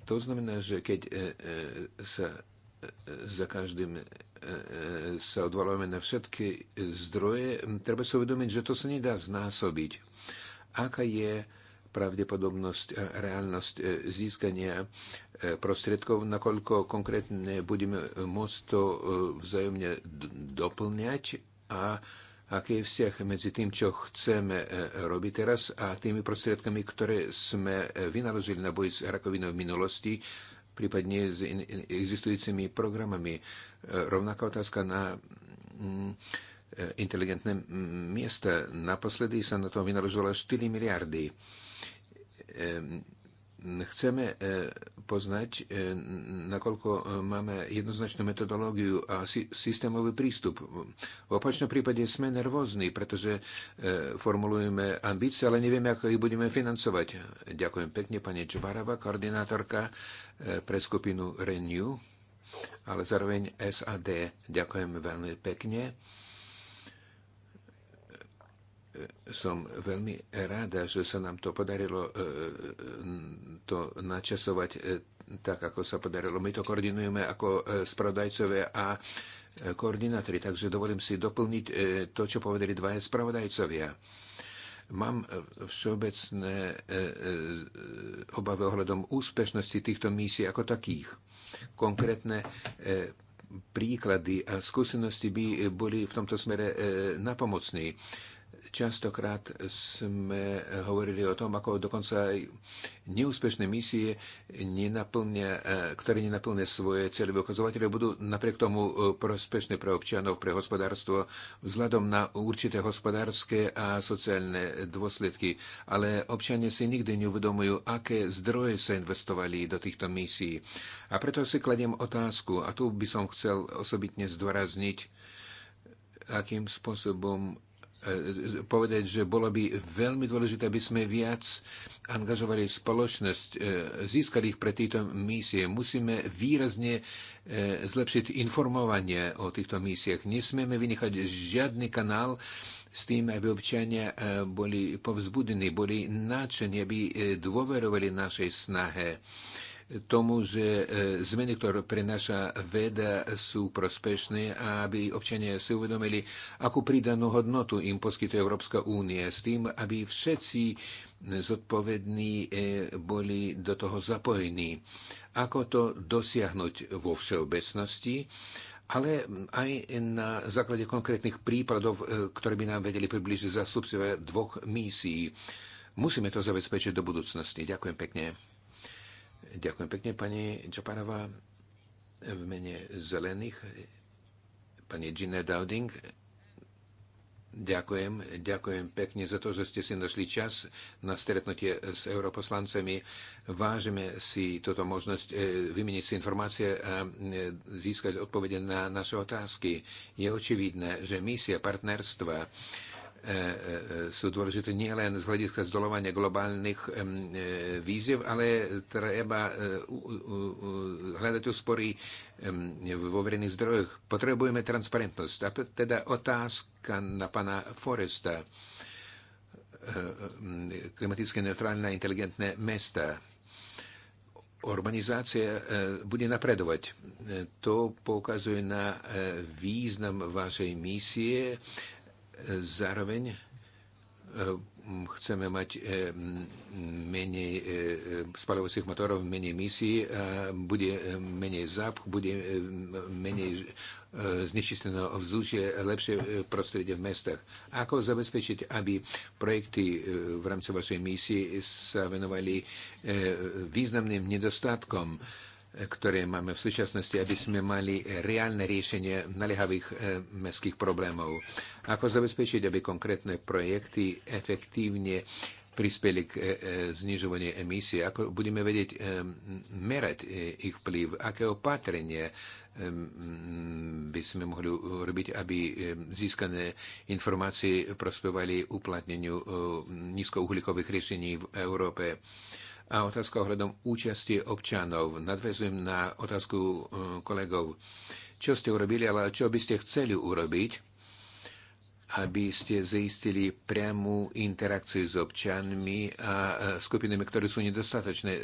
To znamená, že keď sa za každým sa odvolávame na všetky zdroje, treba sa uvedomiť, že to sa nedá znásobiť. Aká je pravdepodobnosť a e, reálnosť e, získania e, prostriedkov, nakoľko konkrétne budeme môcť to vzájomne doplňať a aký je vzťah medzi tým, čo chceme robiť teraz a tými prostriedkami, ktoré sme vynaložili na boj s rakovinou v minulosti, prípadne s existujúcimi programami. Rovnaká otázka na mm, inteligentné mm, miesta. Naposledy sa na to vynaložilo 4 miliardy. Ehm, chceme e, poznať, e, nakoľko e, máme jednoznačnú metodológiu a systémový prístup. V opačnom prípade sme nervózni, pretože formulujeme ambície, ale nevieme, ako ich budeme financovať. Ďakujem pekne, pani Čubárova, koordinátorka pre skupinu Renew, ale zároveň SAD. Ďakujem veľmi pekne som veľmi rada, že sa nám to podarilo e, e, to načasovať e, tak, ako sa podarilo. My to koordinujeme ako spravodajcové a koordinátory, takže dovolím si doplniť to, čo povedali dvaja spravodajcovia. Mám všeobecné obavy ohľadom úspešnosti týchto misií ako takých. Konkrétne príklady a skúsenosti by boli v tomto smere napomocní. Častokrát sme hovorili o tom, ako dokonca aj neúspešné misie, nenaplnia, e, ktoré nenaplnia svoje cieľové ukazovatele, budú napriek tomu e, prospešné pre občanov, pre hospodárstvo, vzhľadom na určité hospodárske a sociálne dôsledky. Ale občania si nikdy neuvedomujú, aké zdroje sa investovali do týchto misií. A preto si kladiem otázku, a tu by som chcel osobitne zdôrazniť, akým spôsobom E, e, povedať, že bolo by veľmi dôležité, aby sme viac angažovali spoločnosť, e, získali ich pre tieto misie. Musíme výrazne zlepšiť informovanie o týchto misiach. Nesmieme vynechať žiadny kanál s tým, aby občania boli povzbudení, boli nadšení, aby dôverovali našej snahe tomu, že e, zmeny, ktoré prináša veda, sú prospešné a aby občania si uvedomili, akú pridanú hodnotu im poskytuje Európska únia s tým, aby všetci zodpovední e, boli do toho zapojení. Ako to dosiahnuť vo všeobecnosti? ale aj na základe konkrétnych prípadov, e, ktoré by nám vedeli približiť zastupcovia dvoch misií. Musíme to zabezpečiť do budúcnosti. Ďakujem pekne. Ďakujem pekne, pani Čaparová. V mene zelených, pani Gina Dowding, Ďakujem, ďakujem pekne za to, že ste si našli čas na stretnutie s europoslancemi. Vážime si túto možnosť eh, vymeniť si informácie a eh, získať odpovede na naše otázky. Je očividné, že misia partnerstva E, e, sú dôležité nielen z hľadiska zdolovania globálnych e, výziev, ale treba hľadať úspory vo verejných zdrojoch. Potrebujeme transparentnosť. A teda otázka na pana Foresta. Klimaticky neutrálne a inteligentné mesta urbanizácia bude napredovať. To poukazuje na význam vašej misie Zároveň e, chceme mať e, menej e, spalovacích motorov, menej misií, bude menej zápch, bude menej znečisteného vzdušie, lepšie prostredie v mestách. Ako zabezpečiť, aby projekty v rámci vašej misie sa venovali významným nedostatkom? ktoré máme v súčasnosti, aby sme mali reálne riešenie naliehavých e, mestských problémov. Ako zabezpečiť, aby konkrétne projekty efektívne prispeli k e, e, znižovaniu emisie, ako budeme vedieť merať ich vplyv, aké opatrenie by sme mohli robiť, aby získané informácie prospevali uplatneniu nízkouhlíkových riešení v Európe a otázka ohľadom účasti občanov. Nadvezujem na otázku e, kolegov. Čo ste urobili, ale čo by ste chceli urobiť, aby ste zistili priamu interakciu s občanmi a e, skupinami, ktoré sú nedostatočne e,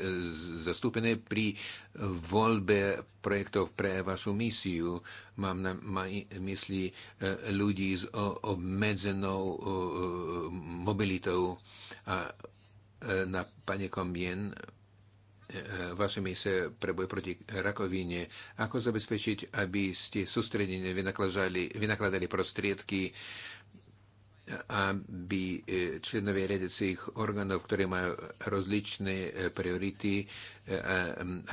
zastúpené pri voľbe projektov pre vašu misiu. Mám na mysli ľudí s obmedzenou mobilitou a E, na pani Komien e, e, vaše misie preboje proti rakovine. Ako zabezpečiť, aby ste sústredenie vynakladali, vynakladali prostriedky aby členovia riadiacich orgánov, ktoré majú rozličné priority,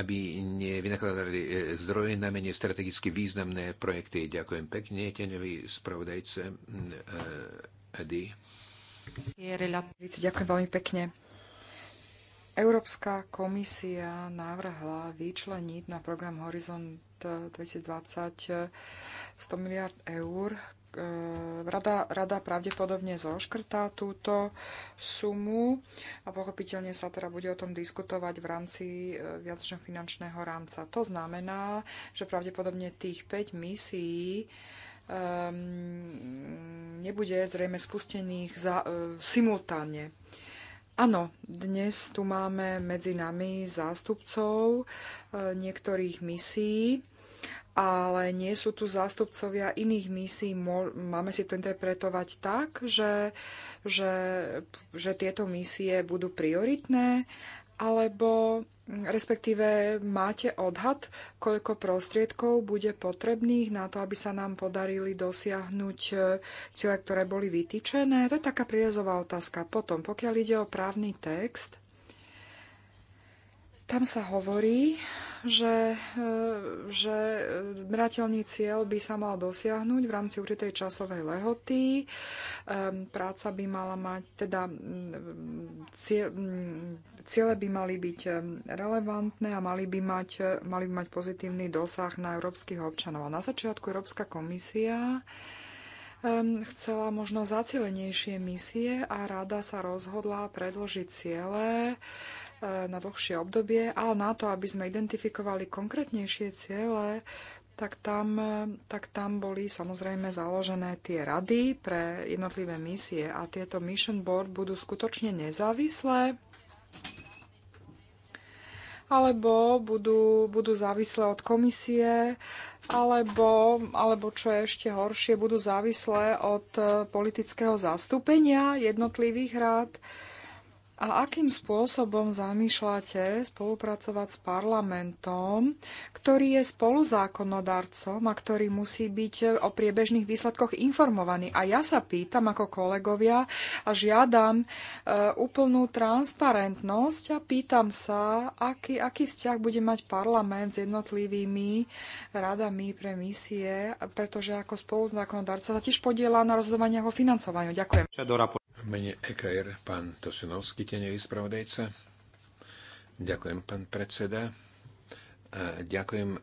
aby nevynakladali zdroje na menej strategicky významné projekty. Ďakujem pekne, teňový spravodajce Adi. Ďakujem veľmi pekne. Európska komisia navrhla vyčleniť na program Horizont 2020 eh, 100 eh, miliard eur. Eh, rada, rada pravdepodobne zoškrtá túto sumu a pochopiteľne sa teda bude o tom diskutovať v rámci viacročného finančného rámca. To znamená, že pravdepodobne tých 5 misií um, nebude zrejme spustených za, uh, simultánne. Uh, Áno, dnes tu máme medzi nami zástupcov e, niektorých misií, ale nie sú tu zástupcovia iných misií. Máme si to interpretovať tak, že, že, že tieto misie budú prioritné alebo mm, respektíve máte odhad, koľko prostriedkov bude potrebných na to, aby sa nám podarili dosiahnuť e, ciele, ktoré boli vytýčené? To je taká prírezová otázka. Potom, pokiaľ ide o právny text, tam sa hovorí, že, e, že merateľný cieľ by sa mal dosiahnuť v rámci určitej časovej lehoty. Práca by mala mať, teda ciele by mali byť relevantné a mali by mať, mali by mať pozitívny dosah na európskych občanov. A na začiatku Európska komisia chcela možno zacielenejšie misie a rada sa rozhodla predložiť ciele na dlhšie obdobie, ale na to, aby sme identifikovali konkrétnejšie ciele, tak tam, tak tam boli samozrejme založené tie rady pre jednotlivé misie a tieto mission board budú skutočne nezávislé alebo budú, budú závislé od komisie, alebo, alebo čo je ešte horšie, budú závislé od politického zastúpenia jednotlivých rád. A akým spôsobom zamýšľate spolupracovať s parlamentom, ktorý je spoluzákonodarcom a ktorý musí byť o priebežných výsledkoch informovaný? A ja sa pýtam ako kolegovia a žiadam e, úplnú transparentnosť a pýtam sa, aký, aký vzťah bude mať parlament s jednotlivými radami pre misie, pretože ako spoluzákonodarca sa tiež podiela na rozhodovaniach o financovaniu. Ďakujem. V mene EKR pán Tosinovský tieňový spravodajca. Ďakujem, pán predseda. A ďakujem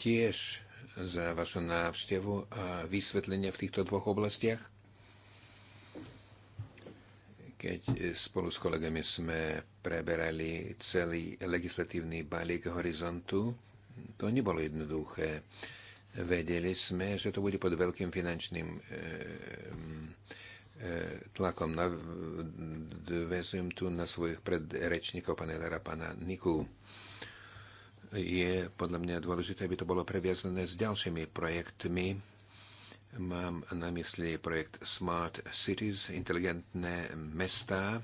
tiež za vašu návštevu a vysvetlenie v týchto dvoch oblastiach. Keď spolu s kolegami sme preberali celý legislatívny balík horizontu, to nebolo jednoduché. Vedeli sme, že to bude pod veľkým finančným e, tlakom. Vezujem tu na svojich predrečníkov, pana Elera, pana Niku. Je podľa mňa dôležité, aby to bolo previazané s ďalšími projektmi. Mám na mysli projekt Smart Cities, inteligentné mesta.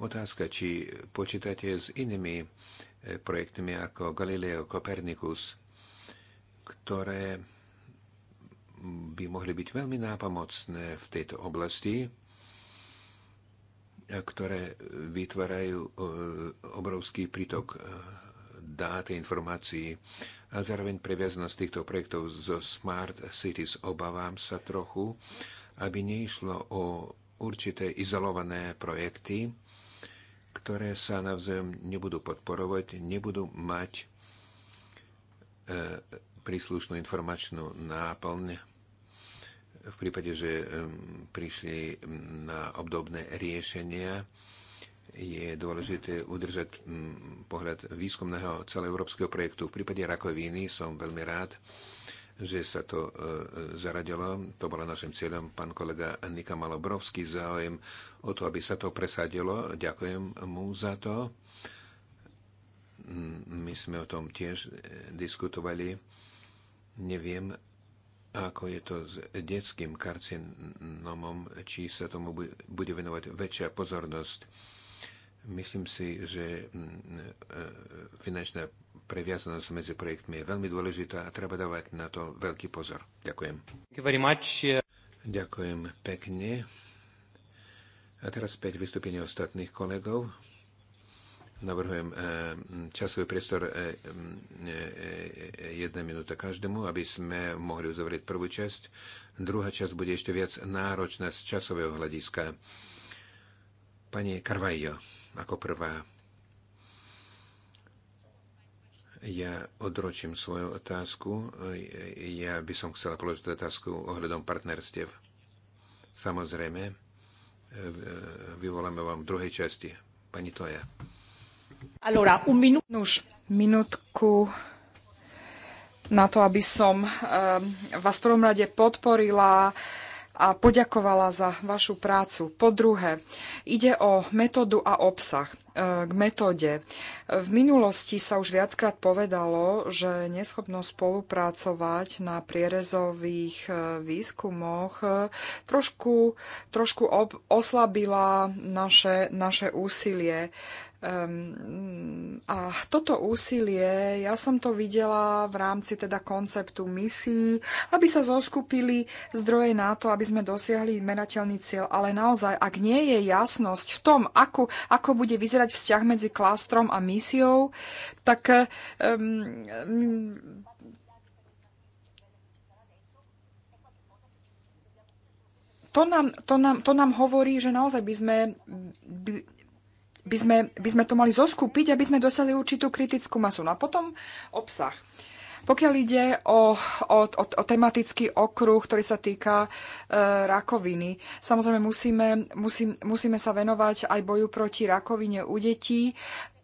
Otázka, či počítate s inými eh, projektami ako Galileo, Copernicus, ktoré by mohli byť veľmi nápomocné v tejto oblasti, ktoré vytvárajú e, obrovský prítok e, dát informácií a zároveň previaznosť týchto projektov zo Smart Cities. Obávam sa trochu, aby neišlo o určité izolované projekty, ktoré sa navzájom nebudú podporovať, nebudú mať e, príslušnú informačnú náplň v prípade, že prišli na obdobné riešenia, je dôležité udržať pohľad výskumného celoeurópskeho projektu. V prípade rakoviny som veľmi rád, že sa to e, zaradilo. To bolo našim cieľom. Pán kolega Nika Malobrovský záujem o to, aby sa to presadilo. Ďakujem mu za to. My sme o tom tiež e, diskutovali. Neviem, ako je to s detským karcinomom, či sa tomu bude venovať väčšia pozornosť. Myslím si, že mm, e, finančná previazanosť medzi projektmi je veľmi dôležitá a treba dávať na to veľký pozor. Ďakujem. Ďakujem pekne. A teraz späť vystúpenie ostatných kolegov. Navrhujem eh, časový priestor eh, eh, jedna minúta každému, aby sme mohli uzavrieť prvú časť. Druhá časť bude ešte viac náročná z časového hľadiska. Pani Carvajo, ako prvá. Ja odročím svoju otázku. Ja by som chcela položiť otázku ohľadom partnerstiev. Samozrejme, vyvoláme vám v druhej časti. Pani Toja. Allora, Nuž, minútku na to, aby som eh, vás v prvom rade podporila a poďakovala za vašu prácu. Po druhé, ide o metódu a obsah eh, k metóde. V minulosti sa už viackrát povedalo, že neschopnosť spolupracovať na prierezových eh, výskumoch trošku, trošku ob, oslabila naše, naše úsilie. Um, a toto úsilie, ja som to videla v rámci teda konceptu misií, aby sa zoskupili zdroje na to, aby sme dosiahli merateľný cieľ. Ale naozaj, ak nie je jasnosť v tom, ako, ako bude vyzerať vzťah medzi klastrom a misiou, tak um, um to nám, to, nám, to nám hovorí, že naozaj by sme, by, by sme, by sme to mali zoskupiť, aby sme dosiahli určitú kritickú masu. No a potom obsah. Pokiaľ ide o, o, o, o tematický okruh, ktorý sa týka e, rakoviny, samozrejme musíme, musí, musíme sa venovať aj boju proti rakovine u detí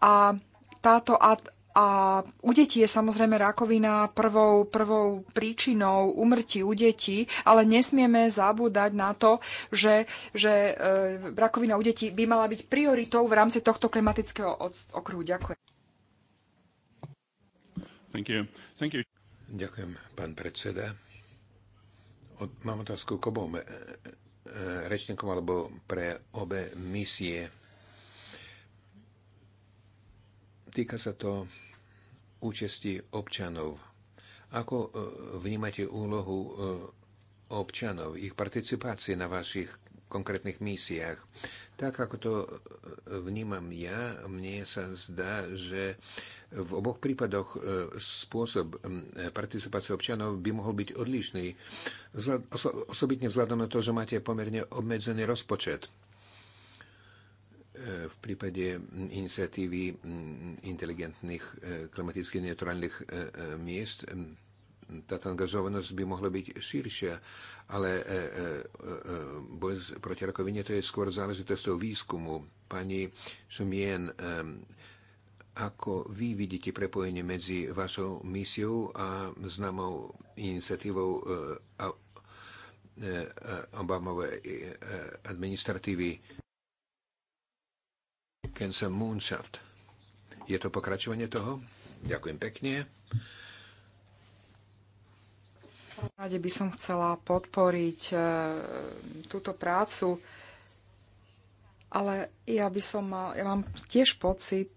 a táto a u detí je samozrejme rakovina prvou, prvou príčinou umrti u detí, ale nesmieme zabúdať na to, že, že e, rakovina u detí by mala byť prioritou v rámci tohto klimatického okruhu. Ďakujem. Thank you. Thank you. Ďakujem, pán predseda. Od, mám otázku k obom e, e, rečníkom alebo pre obe misie. Týka sa to účasti občanov. Ako e, vnímate úlohu e, občanov, ich participácie na vašich konkrétnych misiách. Tak ako to e, vnímam ja, mne sa zdá, že v oboch prípadoch spôsob participácie občanov by mohol byť odlišný, osobitne vzhľadom na to, že máte pomerne obmedzený rozpočet v prípade iniciatívy inteligentných e, klimaticky neutrálnych e, e, miest táto angažovanosť by mohla byť širšia, ale boj proti rakovine to je skôr záležitosťou výskumu. Pani Šumien, ako vy vidíte prepojenie medzi vašou misiou a známou iniciatívou Obamovej administratívy? Kenza Moonshaft. Je to pokračovanie toho? Ďakujem pekne. Rade by som chcela podporiť e, túto prácu, ale ja by som mal, ja mám tiež pocit,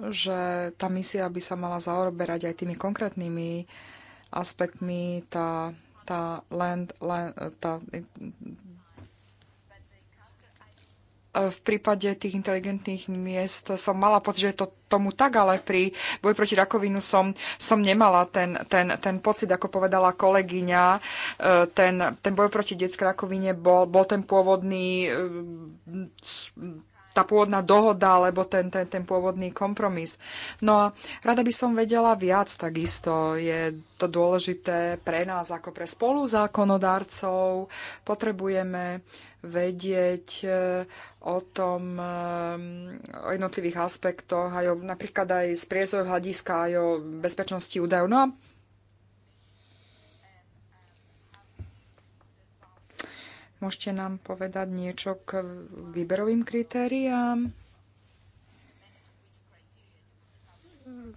že tá misia by sa mala zaoberať aj tými konkrétnymi aspektmi, tá, tá land, land e, tá, E, v prípade tých inteligentných miest som mala pocit, že je to tomu tak, ale pri boji proti rakovinu som, som nemala ten, ten, ten pocit, ako povedala kolegyňa. E, ten, ten boj proti detskej rakovine bol, bol ten pôvodný e, tá pôvodná dohoda alebo ten, ten, ten pôvodný kompromis. No a rada by som vedela viac takisto. Je to dôležité pre nás ako pre spoluzákonodárcov. Potrebujeme uh, vedieť e, o tom, e, o jednotlivých aspektoch, aj o, napríklad aj z priezov hľadiska, aj o bezpečnosti údajov. No a Môžete nám povedať niečo k výberovým kritériám?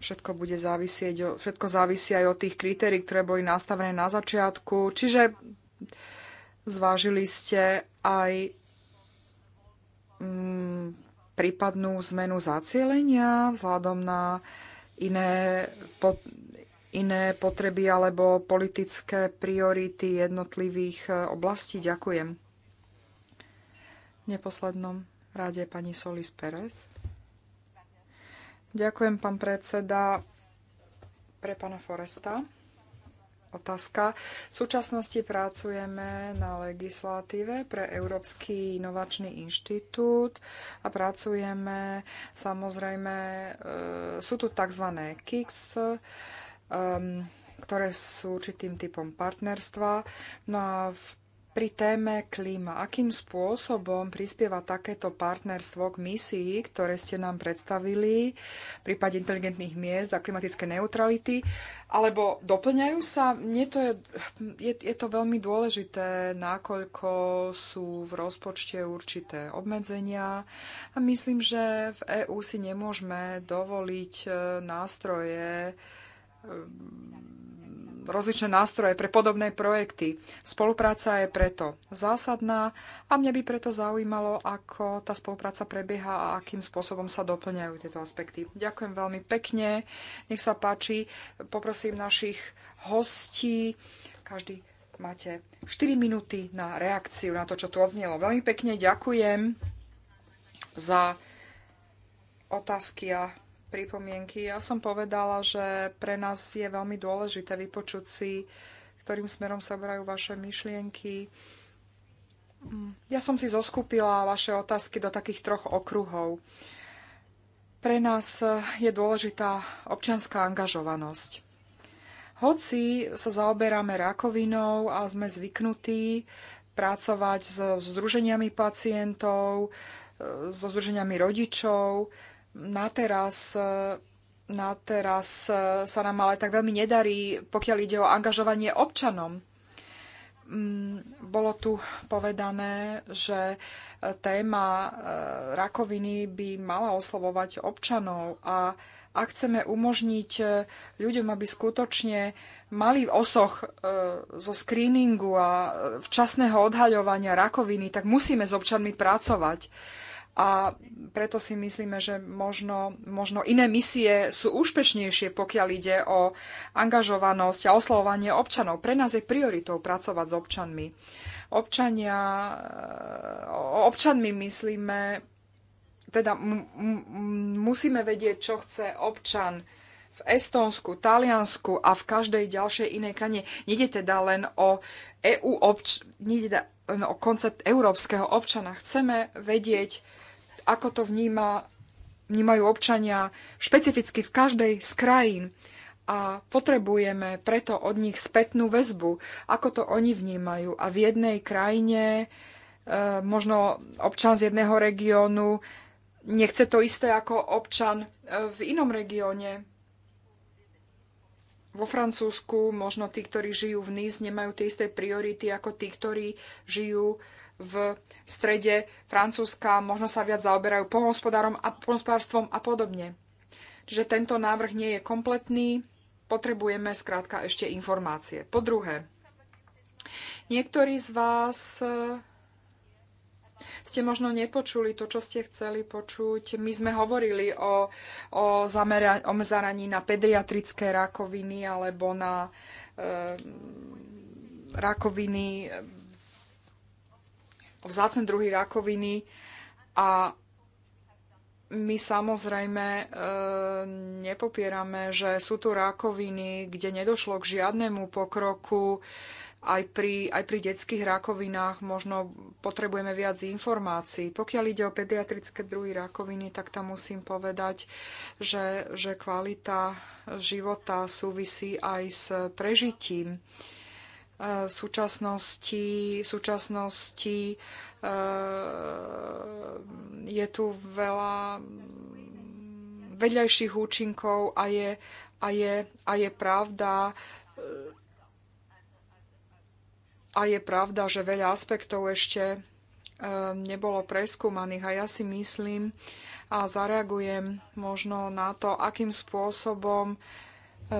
Všetko bude závisieť, všetko závisí aj od tých kritérií, ktoré boli nastavené na začiatku. Čiže Zvážili ste aj mm, prípadnú zmenu zacielenia vzhľadom na iné, pot, iné potreby alebo politické priority jednotlivých e, oblastí? Ďakujem. V neposlednom rade pani Solis Perez. Ďakujem, pán predseda, pre pána Foresta otázka. V súčasnosti pracujeme na legislatíve pre Európsky inovačný inštitút a pracujeme samozrejme, e, sú tu tzv. KICS, e, ktoré sú určitým typom partnerstva. No a v pri téme klíma. Akým spôsobom prispieva takéto partnerstvo k misii, ktoré ste nám predstavili v prípade inteligentných miest a klimatické neutrality? Alebo doplňajú sa? Mne to je, je, je to veľmi dôležité, nakoľko sú v rozpočte určité obmedzenia a myslím, že v EÚ si nemôžeme dovoliť e, nástroje e, rozličné nástroje pre podobné projekty. Spolupráca je preto zásadná a mňa by preto zaujímalo, ako tá spolupráca prebieha a akým spôsobom sa doplňajú tieto aspekty. Ďakujem veľmi pekne. Nech sa páči. Poprosím našich hostí. Každý máte 4 minúty na reakciu na to, čo tu odznelo. Veľmi pekne ďakujem za otázky a pripomienky. Ja som povedala, že pre nás je veľmi dôležité vypočuť si, ktorým smerom sa obrajú vaše myšlienky. Ja som si zoskupila vaše otázky do takých troch okruhov. Pre nás je dôležitá občianská angažovanosť. Hoci sa zaoberáme rakovinou a sme zvyknutí pracovať so združeniami pacientov, so združeniami rodičov, na teraz na teraz sa nám ale tak veľmi nedarí, pokiaľ ide o angažovanie občanom. Mm, bolo tu povedané, že téma eh, rakoviny by mala oslovovať občanov a ak chceme umožniť eh, ľuďom, aby skutočne mali osoch eh, zo screeningu a včasného odhaľovania rakoviny, tak musíme s občanmi pracovať a preto si myslíme, že možno, možno iné misie sú úspešnejšie, pokiaľ ide o angažovanosť a oslovovanie občanov. Pre nás je prioritou pracovať s občanmi. Občania, občanmi myslíme, teda musíme vedieť, čo chce občan v Estónsku, Taliansku a v každej ďalšej inej krajine. Nede teda len o EU obč- nede teda len o koncept európskeho občana. Chceme vedieť, ako to vníma, vnímajú občania špecificky v každej z krajín a potrebujeme preto od nich spätnú väzbu, ako to oni vnímajú. A v jednej krajine e, možno občan z jedného regiónu nechce to isté ako občan e, v inom regióne. Vo Francúzsku možno tí, ktorí žijú v Nice, nemajú tie isté priority ako tí, ktorí žijú v strede Francúzska, možno sa viac zaoberajú pohospodárom a pohospodárstvom a podobne. Čiže tento návrh nie je kompletný, potrebujeme skrátka ešte informácie. Po druhé, niektorí z vás eh, ste možno nepočuli to, čo ste chceli počuť. My sme hovorili o, o, zamera- o zaraní na pediatrické rakoviny alebo na e, rakoviny vzácne druhy rakoviny a my samozrejme e, nepopierame, že sú tu rakoviny, kde nedošlo k žiadnemu pokroku. Aj pri, aj pri detských rakovinách možno potrebujeme viac informácií. Pokiaľ ide o pediatrické druhy rakoviny, tak tam musím povedať, že, že kvalita života súvisí aj s prežitím. E, v e, súčasnosti, v súčasnosti e, je tu veľa vedľajších účinkov a je, a je, a je pravda, a je pravda, že veľa aspektov ešte e, nebolo preskúmaných. A ja si myslím a zareagujem možno na to, akým spôsobom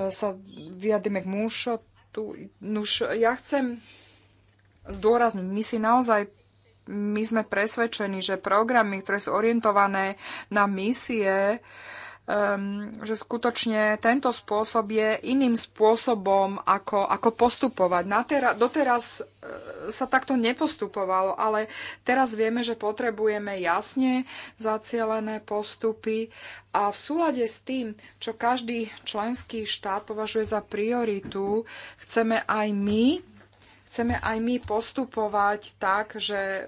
sa vyjadíme k mušot tu, nuž, ja chcem zdôrazniť, my si naozaj my sme presvedčení, že programy, ktoré sú orientované na misie, um, že skutočne tento spôsob je iným spôsobom, ako, ako postupovať. Na tera, doteraz e, sa takto nepostupovalo, ale teraz vieme, že potrebujeme jasne zacielené postupy a v súlade s tým, čo každý členský štát považuje za prioritu, chceme aj my chceme aj my postupovať tak, že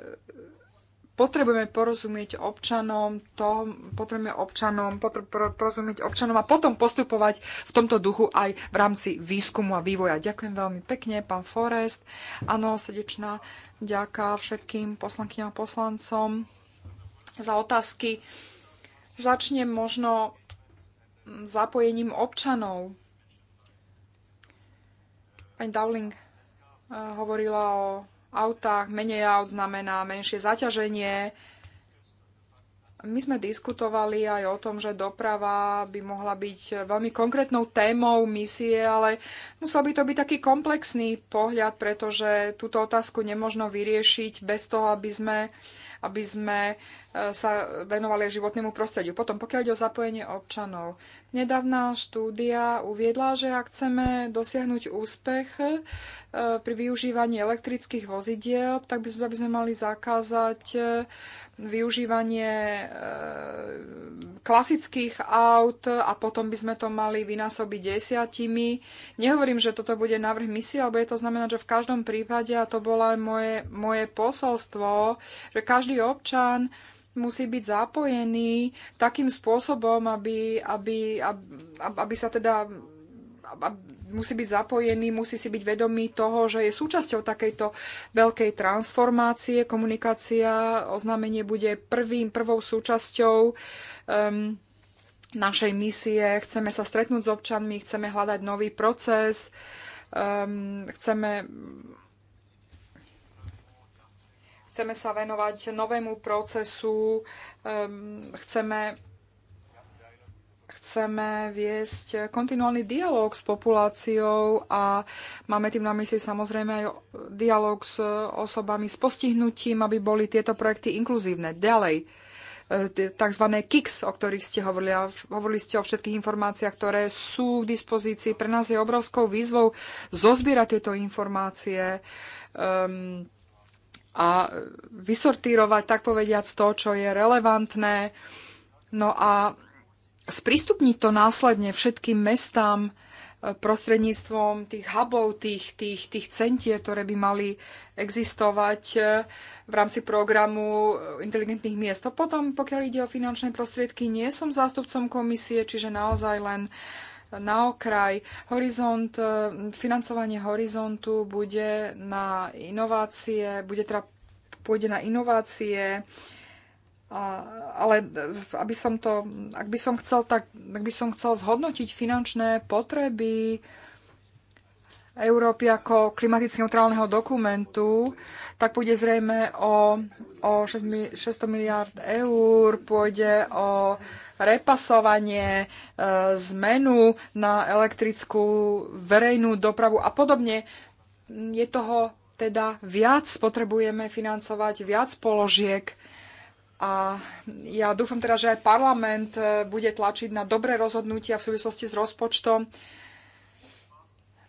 potrebujeme porozumieť občanom, to potrebujeme občanom, porozumieť občanom a potom postupovať v tomto duchu aj v rámci výskumu a vývoja. Ďakujem veľmi pekne, pán Forest. Áno, srdečná ďaká všetkým poslankyňam a poslancom za otázky. Začnem možno zapojením občanov. Pani Dowling eh, hovorila o autách. Menej aut znamená menšie zaťaženie. My sme diskutovali aj o tom, že doprava by mohla byť veľmi konkrétnou témou misie, ale musel by to byť taký komplexný pohľad, pretože túto otázku nemôžno vyriešiť bez toho, aby sme, aby sme sa venovali životnému prostrediu. Potom, pokiaľ ide o zapojenie občanov, nedávna štúdia uviedla, že ak chceme dosiahnuť úspech e, pri využívaní elektrických vozidiel, tak by sme, by sme mali zakázať e, využívanie e, klasických aut a potom by sme to mali vynásobiť desiatimi. Nehovorím, že toto bude návrh misie, alebo je to znamená, že v každom prípade, a to bolo aj moje, moje posolstvo, že každý občan musí byť zapojený takým spôsobom, aby, aby, aby, aby sa teda musí byť zapojený, musí si byť vedomý toho, že je súčasťou takejto veľkej transformácie. Komunikácia, oznámenie bude prvým, prvou súčasťou um, našej misie. Chceme sa stretnúť s občanmi, chceme hľadať nový proces, um, chceme chceme sa venovať novému procesu, chceme chceme viesť kontinuálny dialog s populáciou a máme tým na mysli samozrejme aj dialog s osobami s postihnutím, aby boli tieto projekty inkluzívne. Ďalej, e, tzv. KICS, o ktorých ste hovorili. A hovorili ste o všetkých informáciách, ktoré sú k dispozícii. Pre nás je obrovskou výzvou zozbierať tieto informácie, um, a vysortírovať, tak povediac, to, čo je relevantné. No a sprístupniť to následne všetkým mestám e, prostredníctvom tých hubov, tých, tých, tých centier, ktoré by mali existovať e, v rámci programu e, inteligentných miest. A potom, pokiaľ ide o finančné prostriedky, nie som zástupcom komisie, čiže naozaj len uh, na okraj. Horizont, e, financovanie horizontu bude na inovácie, bude teda, pôjde na inovácie, a, ale aby som to, ak by som chcel, tak, ak by som chcel zhodnotiť finančné potreby Európy ako klimaticky neutrálneho dokumentu, tak pôjde zrejme o, o 600 miliard eur, pôjde o repasovanie, e, zmenu na elektrickú verejnú dopravu a podobne. Je toho teda viac, potrebujeme financovať viac položiek. A ja dúfam teda, že aj parlament e, bude tlačiť na dobré rozhodnutia v súvislosti s rozpočtom.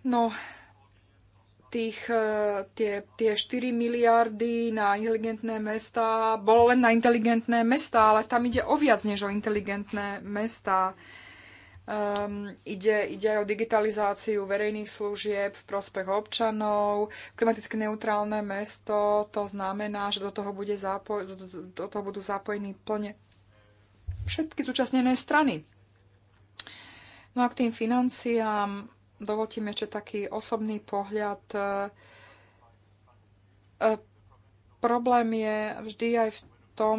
No, tých, e, tie, tie 4 miliardy na inteligentné mesta bolo len na inteligentné mesta, ale tam ide o viac než o inteligentné mesta. Um, ide, ide aj o digitalizáciu verejných služieb v prospech občanov, klimaticky neutrálne mesto, to znamená, že do toho, bude zapo- do toho budú zapojení plne všetky zúčastnené strany. No a k tým financiám dovolte mi ešte taký osobný pohľad. E, e, problém je vždy aj v tom,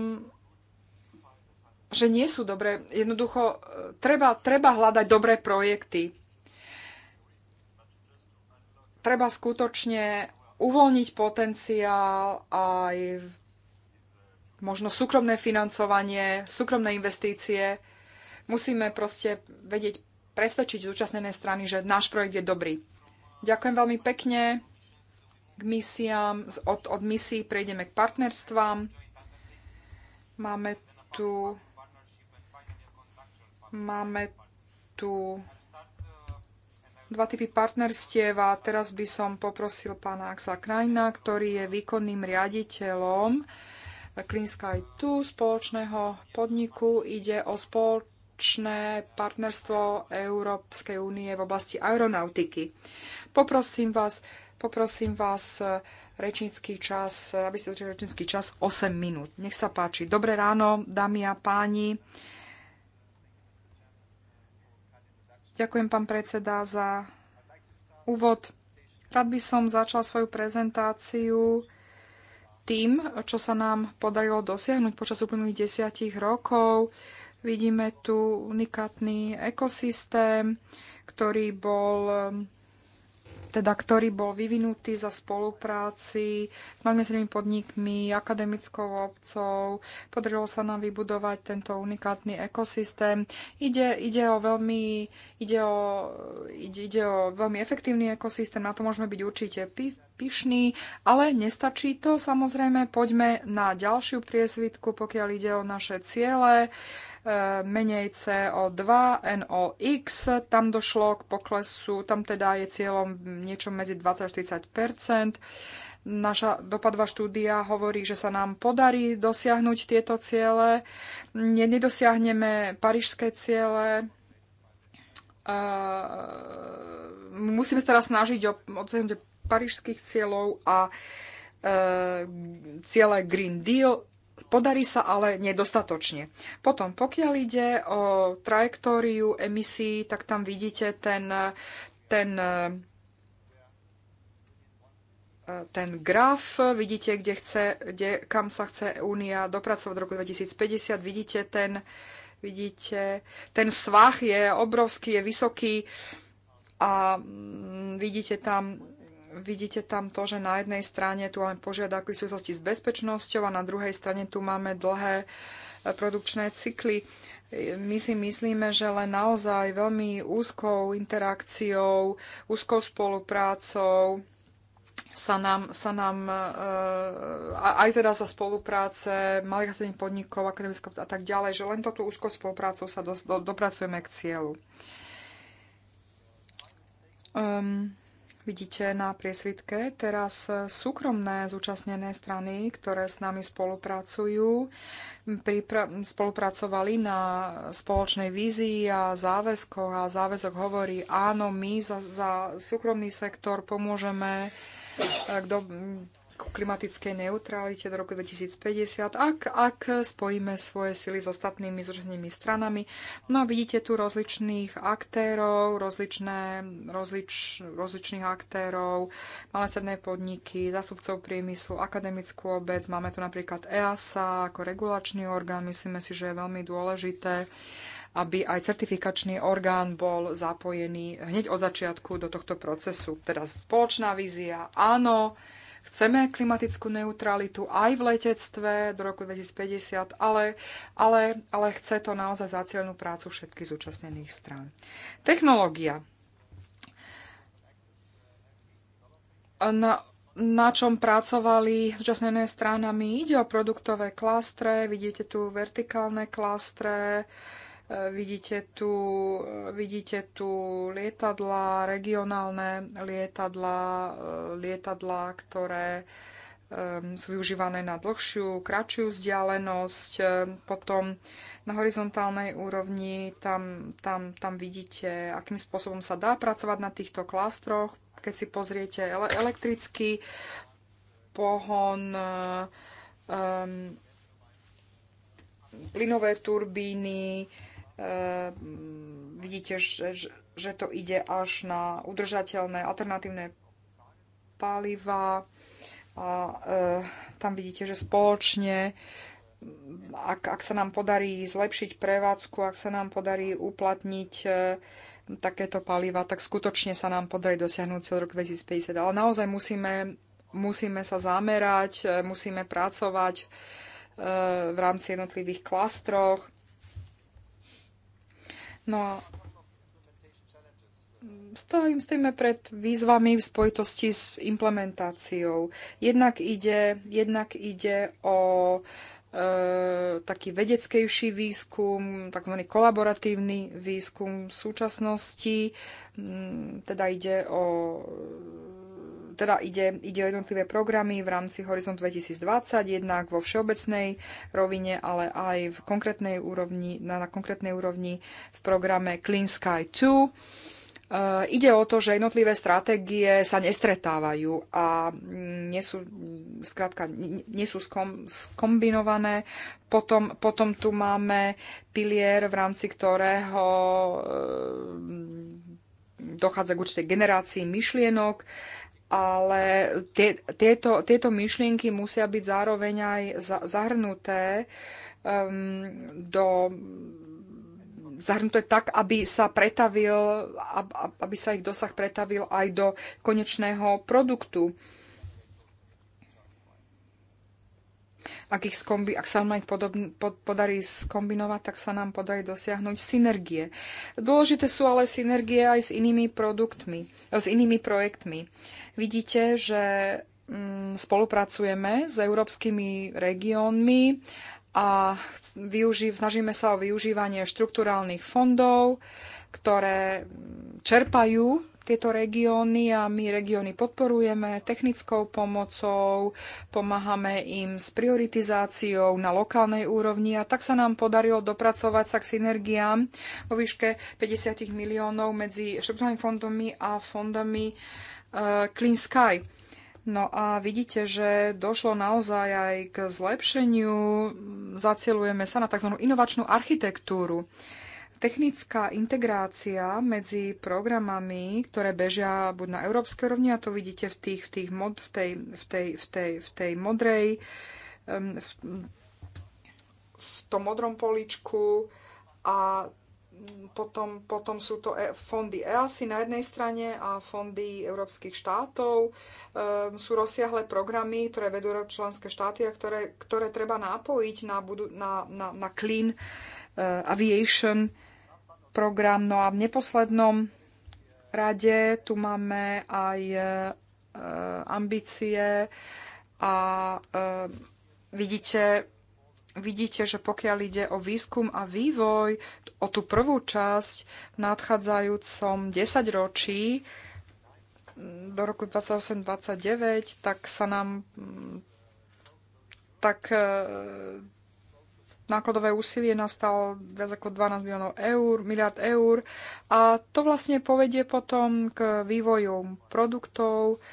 že nie sú dobré. Jednoducho, e, treba, treba hľadať dobré projekty. Treba skutočne uvoľniť potenciál aj možno súkromné financovanie, súkromné investície. Musíme proste vedieť presvedčiť zúčastnené strany, že náš projekt je dobrý. Ďakujem veľmi pekne. K misiám, od, od misií prejdeme k partnerstvám. Máme tu máme tu dva typy partnerstiev a teraz by som poprosil pána Axla Krajna, ktorý je výkonným riaditeľom Clean Sky 2 spoločného podniku. Ide o spoločnosť spoločné partnerstvo Európskej únie v oblasti aeronautiky. Poprosím vás, poprosím vás eh, rečnícky čas, eh, aby ste začali rečnícky čas 8 minút. Nech sa páči. Dobré ráno, dámy a páni. Ďakujem, pán predseda, za úvod. Rád by som začal svoju prezentáciu tým, čo sa nám podarilo dosiahnuť počas uplynulých desiatich rokov. Vidíme tu unikátny ekosystém, ktorý bol teda ktorý bol vyvinutý za spolupráci s malými podnikmi, akademickou obcov. Podarilo sa nám vybudovať tento unikátny ekosystém. Ide, ide, o, veľmi, ide, o, ide, ide o veľmi efektívny ekosystém, na to môžeme byť určite pyšní, ale nestačí to. Samozrejme, poďme na ďalšiu priesvitku, pokiaľ ide o naše ciele. E, menej CO2, NOx, tam došlo k poklesu, tam teda je cieľom niečo medzi 20 a 40 Naša dopadová štúdia hovorí, že sa nám podarí dosiahnuť tieto ciele. Nedosiahneme parížské ciele. E, musíme teraz snažiť o dosiahnutie parížských cieľov a e, ciele Green Deal Podarí sa ale nedostatočne. Potom, pokiaľ ide o trajektóriu emisí, tak tam vidíte ten, ten, eh, ten graf, vidíte, kde chce, kde, kam sa chce Únia dopracovať v roku 2050, vidíte ten, vidíte, ten svah je obrovský, je vysoký a mm, vidíte tam vidíte tam to, že na jednej strane tu máme požiadavky v súvislosti s bezpečnosťou a na druhej strane tu máme dlhé e, produkčné cykly. My si myslíme, že len naozaj veľmi úzkou interakciou, úzkou spoluprácou sa nám, sa nám e, aj teda za spolupráce malých a stredných podnikov, akademických a tak ďalej, že len toto úzkou spoluprácou sa do, do, dopracujeme k cieľu. Um, vidíte na priesvitke. Teraz súkromné zúčastnené strany, ktoré s nami spolupracujú, spolupracovali na spoločnej vízii a záväzkoch a záväzok hovorí, áno, my za, za súkromný sektor pomôžeme eh, ku klimatickej neutralite do roku 2050, ak, ak spojíme svoje sily s ostatnými zúčastnenými stranami. No a vidíte tu rozličných aktérov, rozličné, rozlič, rozličných aktérov, malé sedné podniky, zástupcov priemyslu, akademickú obec. Máme tu napríklad EASA ako regulačný orgán. Myslíme si, že je veľmi dôležité aby aj certifikačný orgán bol zapojený hneď od začiatku do tohto procesu. Teda spoločná vízia, áno, Chceme klimatickú neutralitu aj v letectve do roku 2050, ale, ale, ale chce to naozaj zacielenú prácu všetkých zúčastnených strán. Technológia. Na, na čom pracovali zúčastnené stranami. Ide o produktové klastre, vidíte tu vertikálne klastre, Vidíte tu, vidíte tu lietadla, regionálne lietadla, eh, lietadla, ktoré eh, sú využívané na dlhšiu, kratšiu vzdialenosť. Eh, potom na horizontálnej úrovni tam, tam, tam vidíte, akým spôsobom sa dá pracovať na týchto klastroch. Keď si pozriete elektrický pohon, um, plynové turbíny, Ehm, vidíte, že, že to ide až na udržateľné alternatívne paliva a eh, tam vidíte, že spoločne ak, ak sa nám podarí zlepšiť prevádzku, ak sa nám podarí uplatniť eh, takéto paliva, tak skutočne sa nám podarí dosiahnuť cieľ rok 2050. Ale naozaj musíme, musíme sa zamerať, eh, musíme pracovať v rámci jednotlivých klastroch. No a stojím, stojíme pred výzvami v spojitosti s implementáciou. Jednak ide, jednak ide o e, taký vedeckejší výskum, tzv. kolaboratívny výskum v súčasnosti. Mm, teda ide o teda ide, ide o jednotlivé programy v rámci Horizont 2020, jednak vo všeobecnej rovine, ale aj v konkrétnej úrovni, na, na konkrétnej úrovni v programe Clean Sky 2. Uh, e, ide o to, že jednotlivé stratégie sa nestretávajú a mm, nie sú, skrátka, nie sú skom, skombinované. Potom, potom tu máme pilier, v rámci ktorého uh, dochádza k určitej generácii myšlienok ale tie, tieto, tieto myšlienky musia byť zároveň aj zahrnuté um, do zahrnuté tak, aby sa pretavil, aby sa ich dosah pretavil aj do konečného produktu. Ak, ich skombi- ak sa nám ich podob- pod- podarí skombinovať, tak sa nám podarí dosiahnuť synergie. Dôležité sú ale synergie aj s inými produktmi, s inými projektmi. Vidíte, že mm, spolupracujeme s európskymi regiónmi a využi- snažíme sa o využívanie štrukturálnych fondov, ktoré mm, čerpajú tieto regióny a my regióny podporujeme technickou pomocou, pomáhame im s prioritizáciou na lokálnej úrovni a tak sa nám podarilo dopracovať sa k synergiám vo výške 50 miliónov medzi štruktúrnymi fondami a fondami e, Clean Sky. No a vidíte, že došlo naozaj aj k zlepšeniu. Zacielujeme sa na tzv. inovačnú architektúru technická integrácia medzi programami, ktoré bežia buď na európskej rovni, a to vidíte v, tých, v, tých mod, v, tej, v, tej, v, tej, v tej modrej, v, v tom modrom políčku a potom, potom sú to e, fondy EASI na jednej strane a fondy európskych štátov. Ehm, sú rozsiahle programy, ktoré vedú členské štáty a ktoré, ktoré treba nápojiť na, budu, na, na, na clean uh, aviation program. No a v neposlednom rade tu máme aj e, ambície a e, vidíte, vidíte, že pokiaľ ide o výskum a vývoj, o tú prvú časť v nadchádzajúcom ročí do roku 2028-2029, tak sa nám tak e, nákladové úsilie nastalo viac ako 12 miliónov eur, miliard eur a to vlastne povedie potom k vývoju produktov.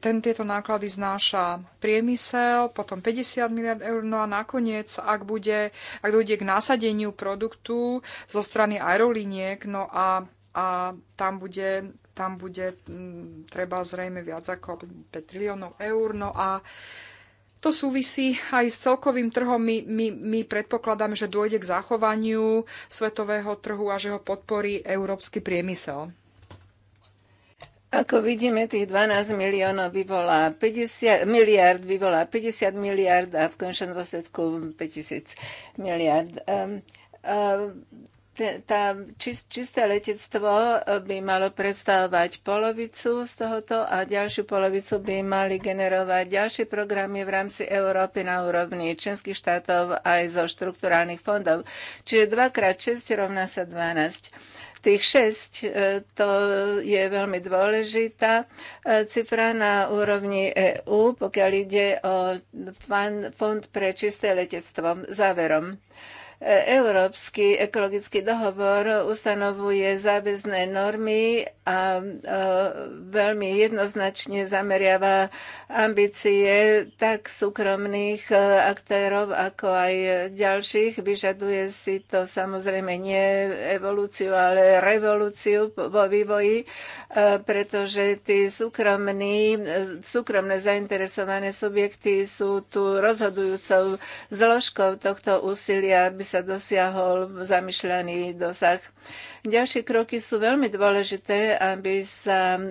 Ten tieto náklady znáša priemysel, potom 50 miliard eur, no a nakoniec, ak, bude, ak dojde k nasadeniu produktu zo strany aeroliniek, no a, a tam bude tam bude m, mm, treba zrejme viac ako 5 triliónov eur. No a uh, to súvisí aj s celkovým trhom. My, my, my predpokladáme, že dôjde k zachovaniu svetového trhu a že ho podporí európsky priemysel. Ako vidíme, tých 12 miliónov vyvolá 50 miliard, vyvolá 50 miliard a v končnom dôsledku 5000 miliard. Um, um, tá čist, čisté letectvo eh, by malo predstavovať polovicu z tohoto a ďalšiu polovicu by mali generovať ďalšie programy v rámci Európy na úrovni členských štátov aj zo štrukturálnych fondov. Čiže 2x6 rovná sa 12. Tých 6 eh, to je veľmi dôležitá eh, cifra na úrovni EÚ, pokiaľ ide o fond pre čisté letectvo. Záverom. Európsky ekologický dohovor ustanovuje záväzné normy a veľmi jednoznačne zameriava ambície tak súkromných e, aktérov, ako aj ďalších. Vyžaduje si to samozrejme nie evolúciu, ale revolúciu vo vývoji, e, pretože tí súkromní, e, súkromné zainteresované subjekty sú tu rozhodujúcou zložkou tohto úsilia, aby sa dosiahol zamýšľaný dosah. Ďalšie kroky sú veľmi dôležité, aby sa e,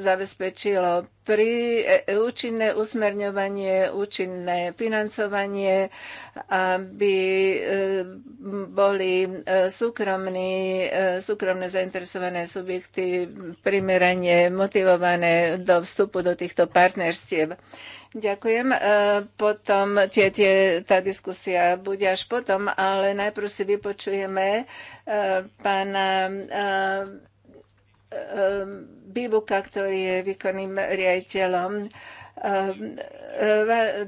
zabezpečilo pri e, účinné usmerňovanie, účinné financovanie, aby e, boli súkromní, súkromné zainteresované subjekty primerane motivované do vstupu do týchto partnerstiev. Ďakujem. E, potom tie, tie, tá diskusia bude až potom, ale najprv si vypočujeme e, pána e, Bibuka, ktorý je výkonným riaditeľom.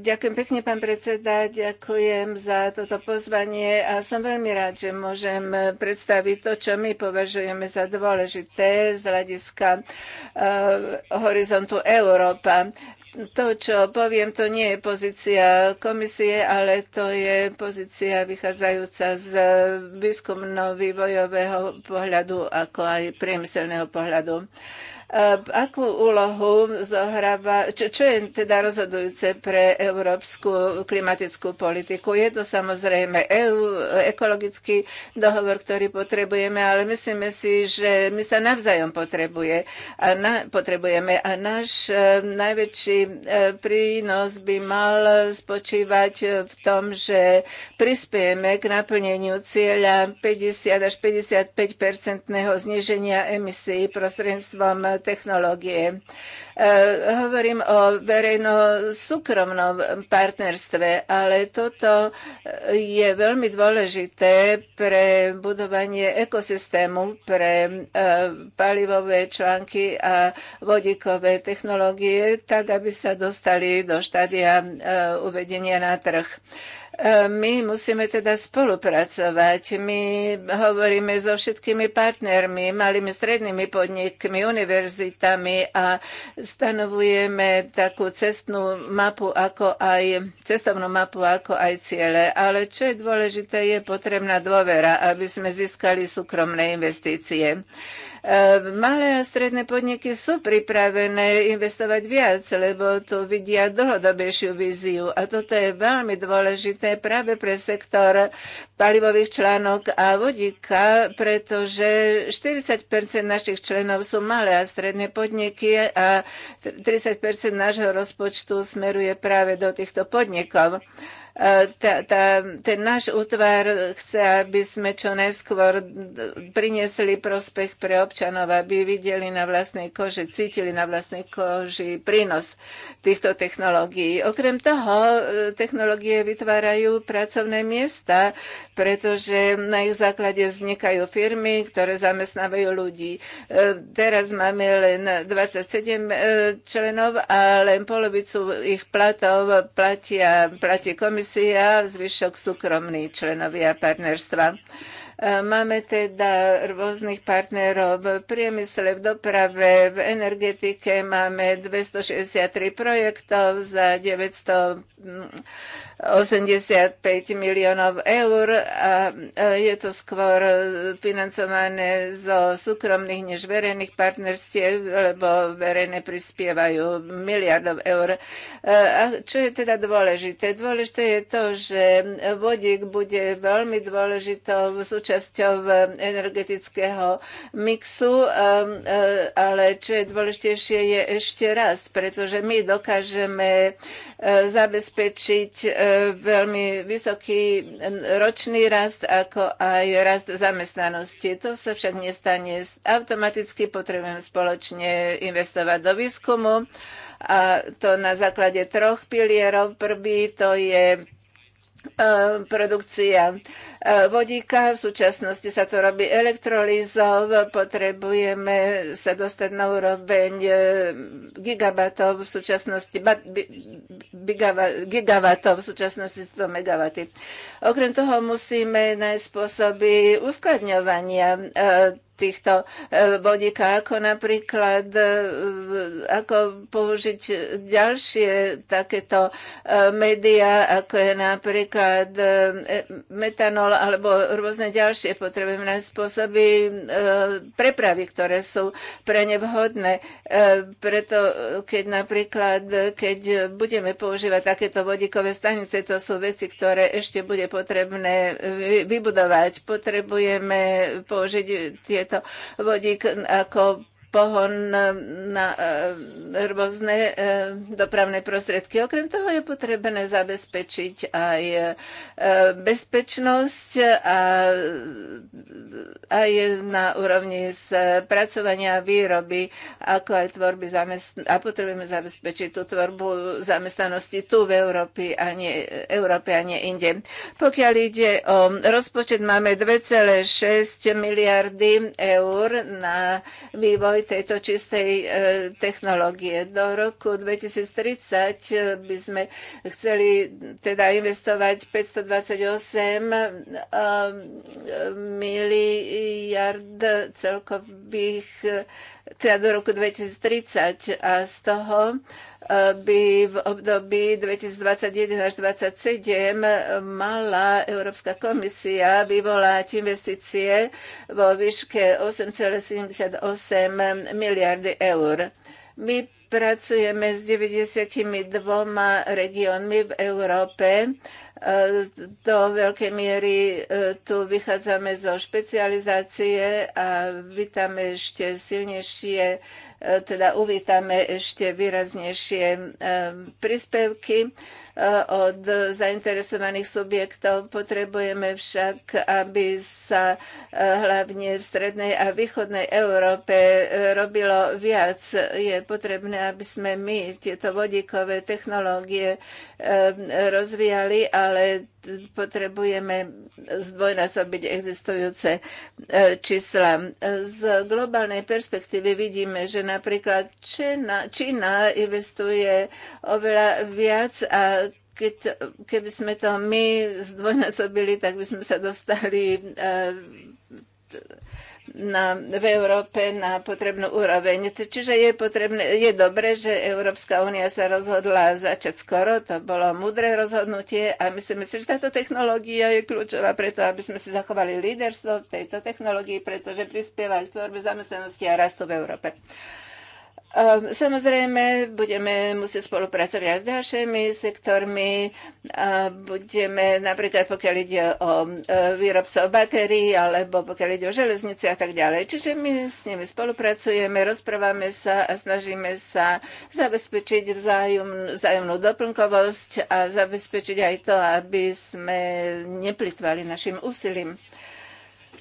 Ďakujem pekne, pán predseda, ďakujem za toto pozvanie a som veľmi rád, že môžem predstaviť to, čo my považujeme za dôležité z hľadiska horizontu Európa to, čo poviem, to nie je pozícia komisie, ale to je pozícia vychádzajúca z výskumno-vývojového pohľadu, ako aj priemyselného pohľadu. Ehm, akú úlohu zohráva, čo, čo je teda rozhodujúce pre európsku klimatickú politiku? Je to samozrejme EU, ekologický dohovor, ktorý potrebujeme, ale myslíme si, že my sa navzájom potrebuje a na, potrebujeme a náš ehm, najväčší ehm, prínos by mal spočívať v tom, že prispiejeme k naplneniu cieľa 50 až 55 percentného zniženia emisí prostredníctvom technológie. E, hovorím o verejno-súkromnom partnerstve, ale toto je veľmi dôležité pre budovanie ekosystému, pre e, palivové články a vodíkové technológie, tak aby sa dostali do štádia e, uvedenia na trh. E, my musíme teda spolupracovať. My hovoríme so všetkými partnermi, malými strednými podnikmi, univerzitami a stanovujeme takú cestnú mapu ako aj cestovnú mapu ako aj ciele. Ale čo je dôležité, je potrebná dôvera, aby sme získali súkromné investície. Ehm, malé a stredné podniky sú pripravené investovať viac, lebo tu vidia dlhodobejšiu víziu. A toto je veľmi dôležité práve pre sektor palivových článok a vodíka, pretože 40 našich členov sú malé a stredné podniky a 30 nášho rozpočtu smeruje práve do týchto podnikov tá, tá, ten náš útvar chce, aby sme čo najskôr priniesli prospech pre občanov, aby videli na vlastnej koži, cítili na vlastnej koži prínos týchto technológií. Okrem toho, technológie vytvárajú pracovné miesta, pretože na ich základe vznikajú firmy, ktoré zamestnávajú ľudí. Teraz máme len 27 e, členov a len polovicu ich platov platia, platí komisie komisia, zvyšok súkromní členovia partnerstva. E, máme teda rôznych partnerov v priemysle, v doprave, v energetike. Máme 263 projektov za 900 85 miliónov eur a je to skôr financované zo súkromných než verejných partnerstiev, lebo verejné prispievajú miliardov eur. A čo je teda dôležité? Dôležité je to, že vodík bude veľmi dôležitou súčasťou energetického mixu, ale čo je dôležitejšie je ešte rast, pretože my dokážeme e, zabezpečiť e, veľmi vysoký ročný rast, ako aj rast zamestnanosti. To sa však nestane. Automaticky potrebujeme spoločne investovať do výskumu a to na základe troch pilierov. Prvý to je Ehm, produkcia ehm, vodíka. V súčasnosti sa to robí elektrolízov. Potrebujeme sa dostať na úroveň ehm, gigabatov v súčasnosti, gigavatov v súčasnosti 100 megawaty. Okrem toho musíme nájsť spôsoby uskladňovania týchto bodíka, e, ako napríklad e, ako použiť ďalšie takéto e, médiá, ako je napríklad metanol alebo rôzne ďalšie potrebné spôsoby prepravy, ktoré sú pre ne vhodné. Preto keď napríklad, keď budeme používať takéto vodíkové stanice, to sú veci, ktoré ešte bude potrebné vybudovať. Potrebujeme použiť tie je to vodík ako pohon na e, rôzne e, dopravné prostriedky. Okrem toho je potrebné zabezpečiť aj e, bezpečnosť a aj na úrovni spracovania výroby, ako aj tvorby zamestn- a potrebujeme zabezpečiť tú tvorbu zamestnanosti tu v Európe a nie, Európe a nie inde. Pokiaľ ide o rozpočet, máme 2,6 miliardy eur na vývoj tejto čistej e, technológie. Do roku 2030 by sme chceli teda investovať 528 e, miliard celkových teda do roku 2030 a z toho e, by v období 2021 až 2027 mala Európska komisia vyvolať investície vo výške 8,78 miliardy eur. My pracujeme s 92 regiónmi v Európe do veľkej miery e, tu vychádzame zo špecializácie a vítame ešte silnejšie, e, teda uvítame ešte výraznejšie e, príspevky od zainteresovaných subjektov. Potrebujeme však, aby sa hlavne v strednej a východnej Európe robilo viac. Je potrebné, aby sme my tieto vodíkové technológie rozvíjali a ale potrebujeme zdvojnásobiť existujúce e, čísla. Z globálnej perspektívy vidíme, že napríklad Čína, Čína investuje oveľa viac a keď, keby sme to my zdvojnásobili, tak by sme sa dostali e, na, v Európe na potrebnú úroveň. Čiže je, potrebné, je dobre, že Európska únia sa rozhodla začať skoro, to bolo mudré rozhodnutie a myslím si, že táto technológia je kľúčová preto, aby sme si zachovali líderstvo v tejto technológii, pretože prispieva k tvorbe zamestnanosti a rastu v Európe. Ehm, samozrejme, budeme musieť spolupracovať aj s ďalšími sektormi. Ehm, budeme napríklad, pokiaľ ide o ehm, výrobcov batérií, alebo pokiaľ ide o železnice a tak ďalej. Čiže my s nimi spolupracujeme, rozprávame sa a snažíme sa zabezpečiť vzájom, vzájomnú doplnkovosť a zabezpečiť aj to, aby sme neplitvali našim úsilím.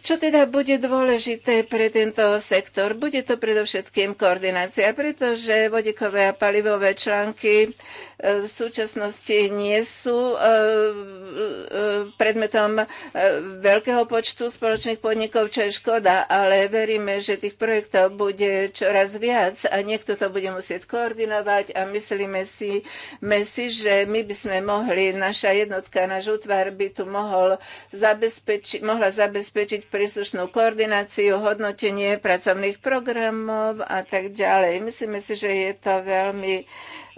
Čo teda bude dôležité pre tento sektor? Bude to predovšetkým koordinácia, pretože vodíkové a palivové články v súčasnosti nie sú e, e, predmetom e, veľkého počtu spoločných podnikov, čo je škoda, ale veríme, že tých projektov bude čoraz viac a niekto to bude musieť koordinovať a myslíme si, my si že my by sme mohli, naša jednotka, náš útvar by tu mohol zabezpeči, mohla zabezpečiť príslušnú koordináciu, hodnotenie pracovných programov a tak ďalej. Myslíme si, že je to veľmi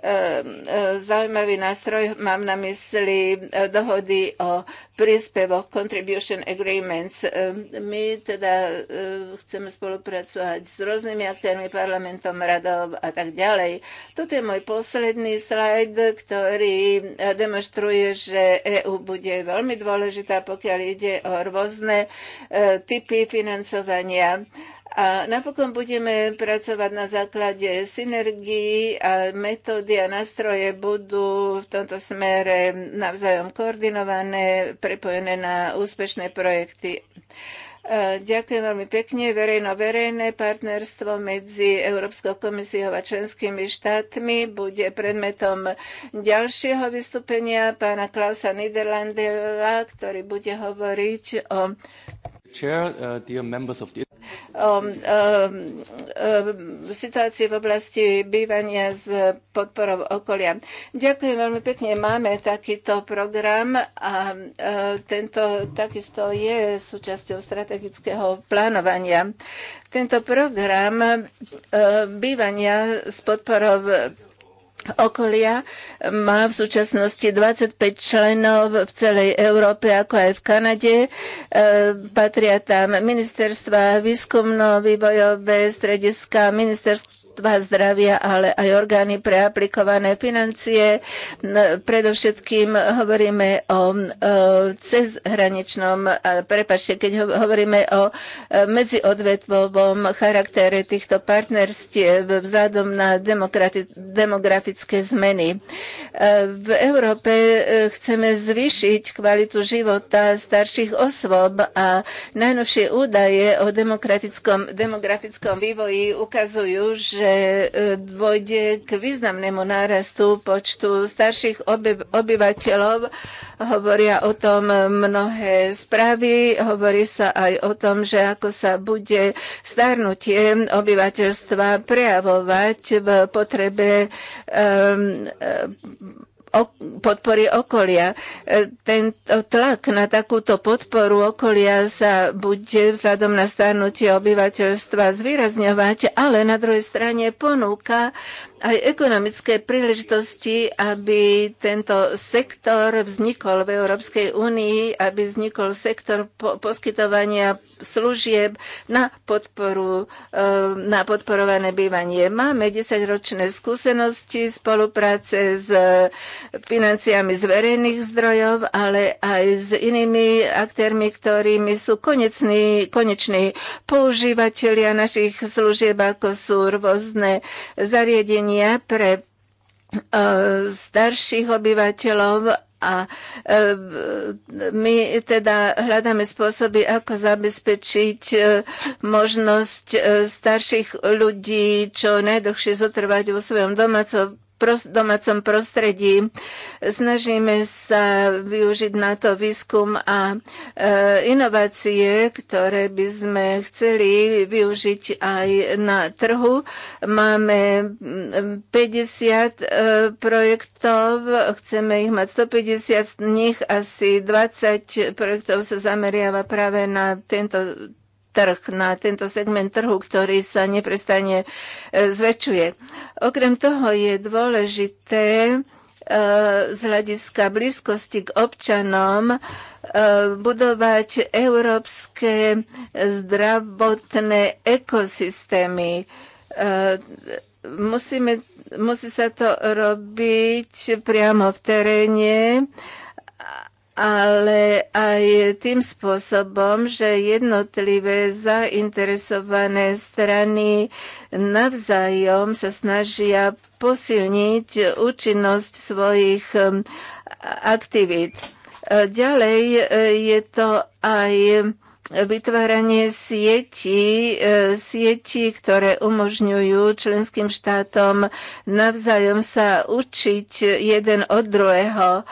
Ehm, e, zaujímavý nástroj, mám na mysli e, dohody o príspevoch Contribution Agreements. Ehm, my teda e, chceme spolupracovať s rôznymi aktérmi, parlamentom, radov a tak ďalej. Toto je môj posledný slajd, ktorý demonstruje, že EU bude veľmi dôležitá, pokiaľ ide o rôzne typy financovania. A napokon budeme pracovať na základe synergií a metódy a nástroje budú v tomto smere navzájom koordinované, prepojené na úspešné projekty. Ďakujem veľmi pekne. Verejno-verejné partnerstvo medzi Európskou komisiou a členskými štátmi bude predmetom ďalšieho vystúpenia pána Klausa Niederlandela, ktorý bude hovoriť o Chair, uh, dear members of the o um, um, um, situácii v oblasti bývania s podporou okolia. Ďakujem veľmi pekne. Máme takýto program a e, tento takisto je súčasťou strategického plánovania. Tento program e, bývania s podporou okolia má v súčasnosti 25 členov v celej Európe, ako aj v Kanade. E, patria tam ministerstva, výskumno-vývojové strediska, ministerstva ministerstva zdravia, ale aj orgány pre aplikované financie. No, predovšetkým hovoríme o cezhraničnom, prepačte, keď hovoríme o e, medziodvetvovom charaktere týchto partnerstiev vzhľadom na demografické zmeny. E, v Európe e, chceme zvýšiť kvalitu života starších osôb a najnovšie údaje o demokratickom, demografickom vývoji ukazujú, že že e, dôjde k významnému nárastu počtu starších obyvateľov. Hovoria o tom mnohé správy, hovorí sa aj o tom, že ako sa bude starnutie obyvateľstva prejavovať v potrebe um, podpory okolia. E, tento tlak na takúto podporu okolia sa bude vzhľadom na starnutie obyvateľstva zvýrazňovať, ale na druhej strane ponúka aj ekonomické príležitosti, aby tento sektor vznikol v Európskej únii, aby vznikol sektor po- poskytovania služieb na, podporu, eh, na podporované bývanie. Máme 10-ročné skúsenosti spolupráce s financiami z verejných zdrojov, ale aj s inými aktérmi, ktorými sú konecní, koneční používateľia našich služieb, ako sú rôzne zariadenia, riešenia pre e, starších obyvateľov a e, my teda hľadáme spôsoby, ako zabezpečiť e, možnosť starších ľudí čo najdlhšie zotrvať vo svojom domácom domácom prostredí. Snažíme sa využiť na to výskum a e, inovácie, ktoré by sme chceli využiť aj na trhu. Máme 50 e, projektov, chceme ich mať 150, z nich asi 20 projektov sa zameriava práve na tento trh, na tento segment trhu, ktorý sa neprestane e, zväčšuje. Okrem toho je dôležité e, z hľadiska blízkosti k občanom e, budovať európske zdravotné ekosystémy. Musíme, musí sa to robiť priamo v teréne ale aj tým spôsobom, že jednotlivé zainteresované strany navzájom sa snažia posilniť účinnosť svojich um, aktivít. E, ďalej e, je to aj vytváranie sietí, e, sietí, ktoré umožňujú členským štátom navzájom sa učiť jeden od druhého. E,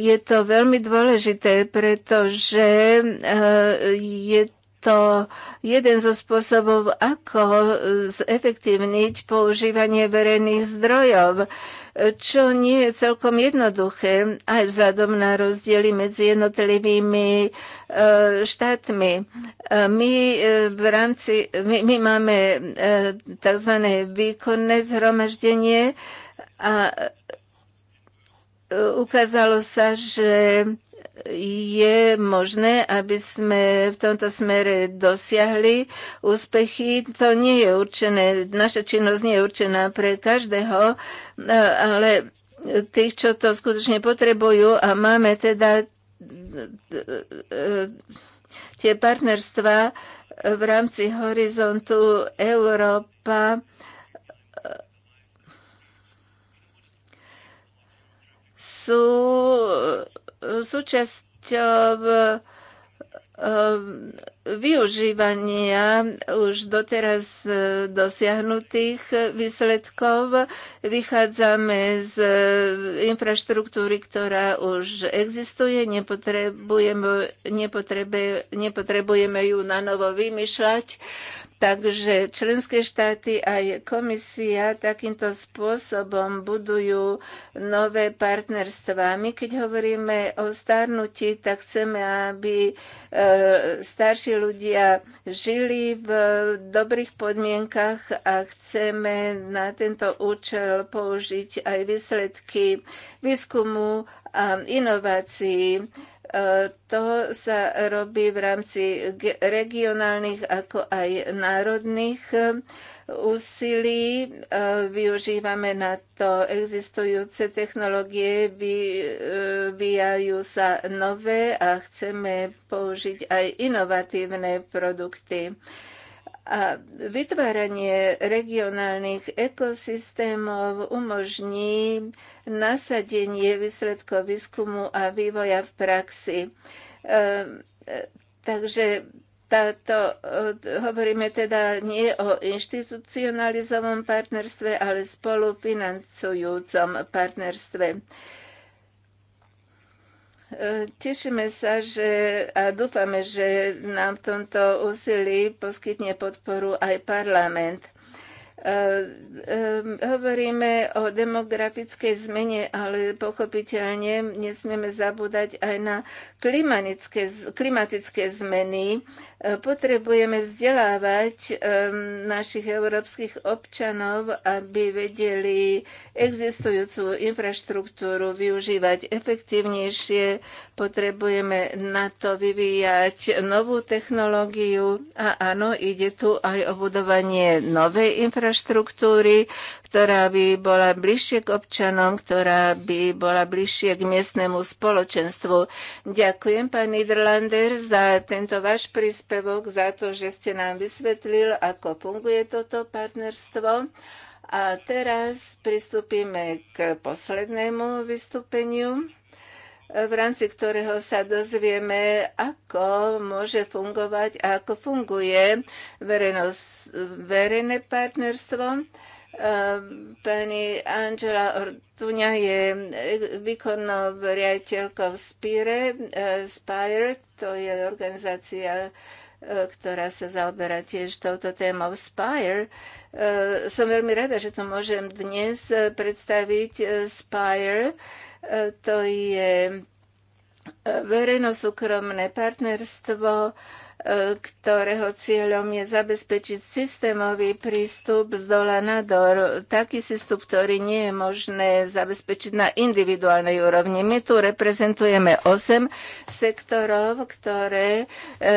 je to veľmi dôležité, pretože e, je to jeden zo spôsobov, ako zefektívniť používanie verejných zdrojov, čo nie je celkom jednoduché, aj vzhľadom na rozdiely medzi jednotlivými e, štátmi. E, my, e, v rámci, my, my máme tzv. výkonné zhromaždenie a ukázalo sa, že je možné, aby sme v tomto smere dosiahli úspechy. To nie je určené, naša činnosť nie je určená pre každého, ale tých, čo to skutočne potrebujú a máme teda e, e, tie partnerstva v rámci horizontu Európa e, sú súčasťou eh, eh, využívania už doteraz eh, dosiahnutých výsledkov. Vychádzame z infraštruktúry, ktorá už existuje, nepotrebujeme, nepotrebujeme ju na novo vymýšľať Takže členské štáty aj komisia takýmto spôsobom budujú nové partnerstvá. My keď hovoríme o starnutí, tak chceme, aby e, starší ľudia žili v dobrých podmienkach a chceme na tento účel použiť aj výsledky výskumu a inovácií to sa robí v rámci regionálnych ako aj národných e, úsilí. Využívame na to existujúce technológie, e, vyvíjajú sa nové a chceme použiť aj inovatívne produkty. A vytváranie regionálnych ekosystémov umožní nasadenie výsledkov výskumu a vývoja v praxi. E, e, takže táto, e, hovoríme teda nie o inštitucionalizovom partnerstve, ale spolufinancujúcom partnerstve. Tešíme sa že, a dúfame, že nám v tomto úsilí poskytne podporu aj parlament. Ehm, ehm, hovoríme o demografickej zmene, ale pochopiteľne nesmieme zabúdať aj na klimatické, klimatické zmeny. Ehm, potrebujeme vzdelávať našich európskych občanov, aby vedeli existujúcu infraštruktúru využívať efektívnejšie. Potrebujeme na to vyvíjať novú technológiu a áno, ide tu aj o budovanie novej infraštruktúry infraštruktúry, ktorá by bola bližšie k občanom, ktorá by bola bližšie k miestnemu spoločenstvu. Ďakujem, pán Niederlander, za tento váš príspevok, za to, že ste nám vysvetlil, ako funguje toto partnerstvo. A teraz pristúpime k poslednému vystúpeniu v rámci ktorého sa dozvieme, ako môže fungovať a ako funguje verejnosť, verejné partnerstvo. Ehm, pani Angela Ortuňa je výkonnou riaditeľkou Spire. Eh, Spire, to je organizácia, eh, ktorá sa zaoberá tiež touto témou Spire. Eh, som veľmi rada, že tu môžem dnes predstaviť Spire to je e, verejno-súkromné partnerstvo, e, ktorého cieľom je zabezpečiť systémový prístup z dola na dor, taký systém, ktorý nie je možné zabezpečiť na individuálnej úrovni. My tu reprezentujeme 8 sektorov, ktoré e,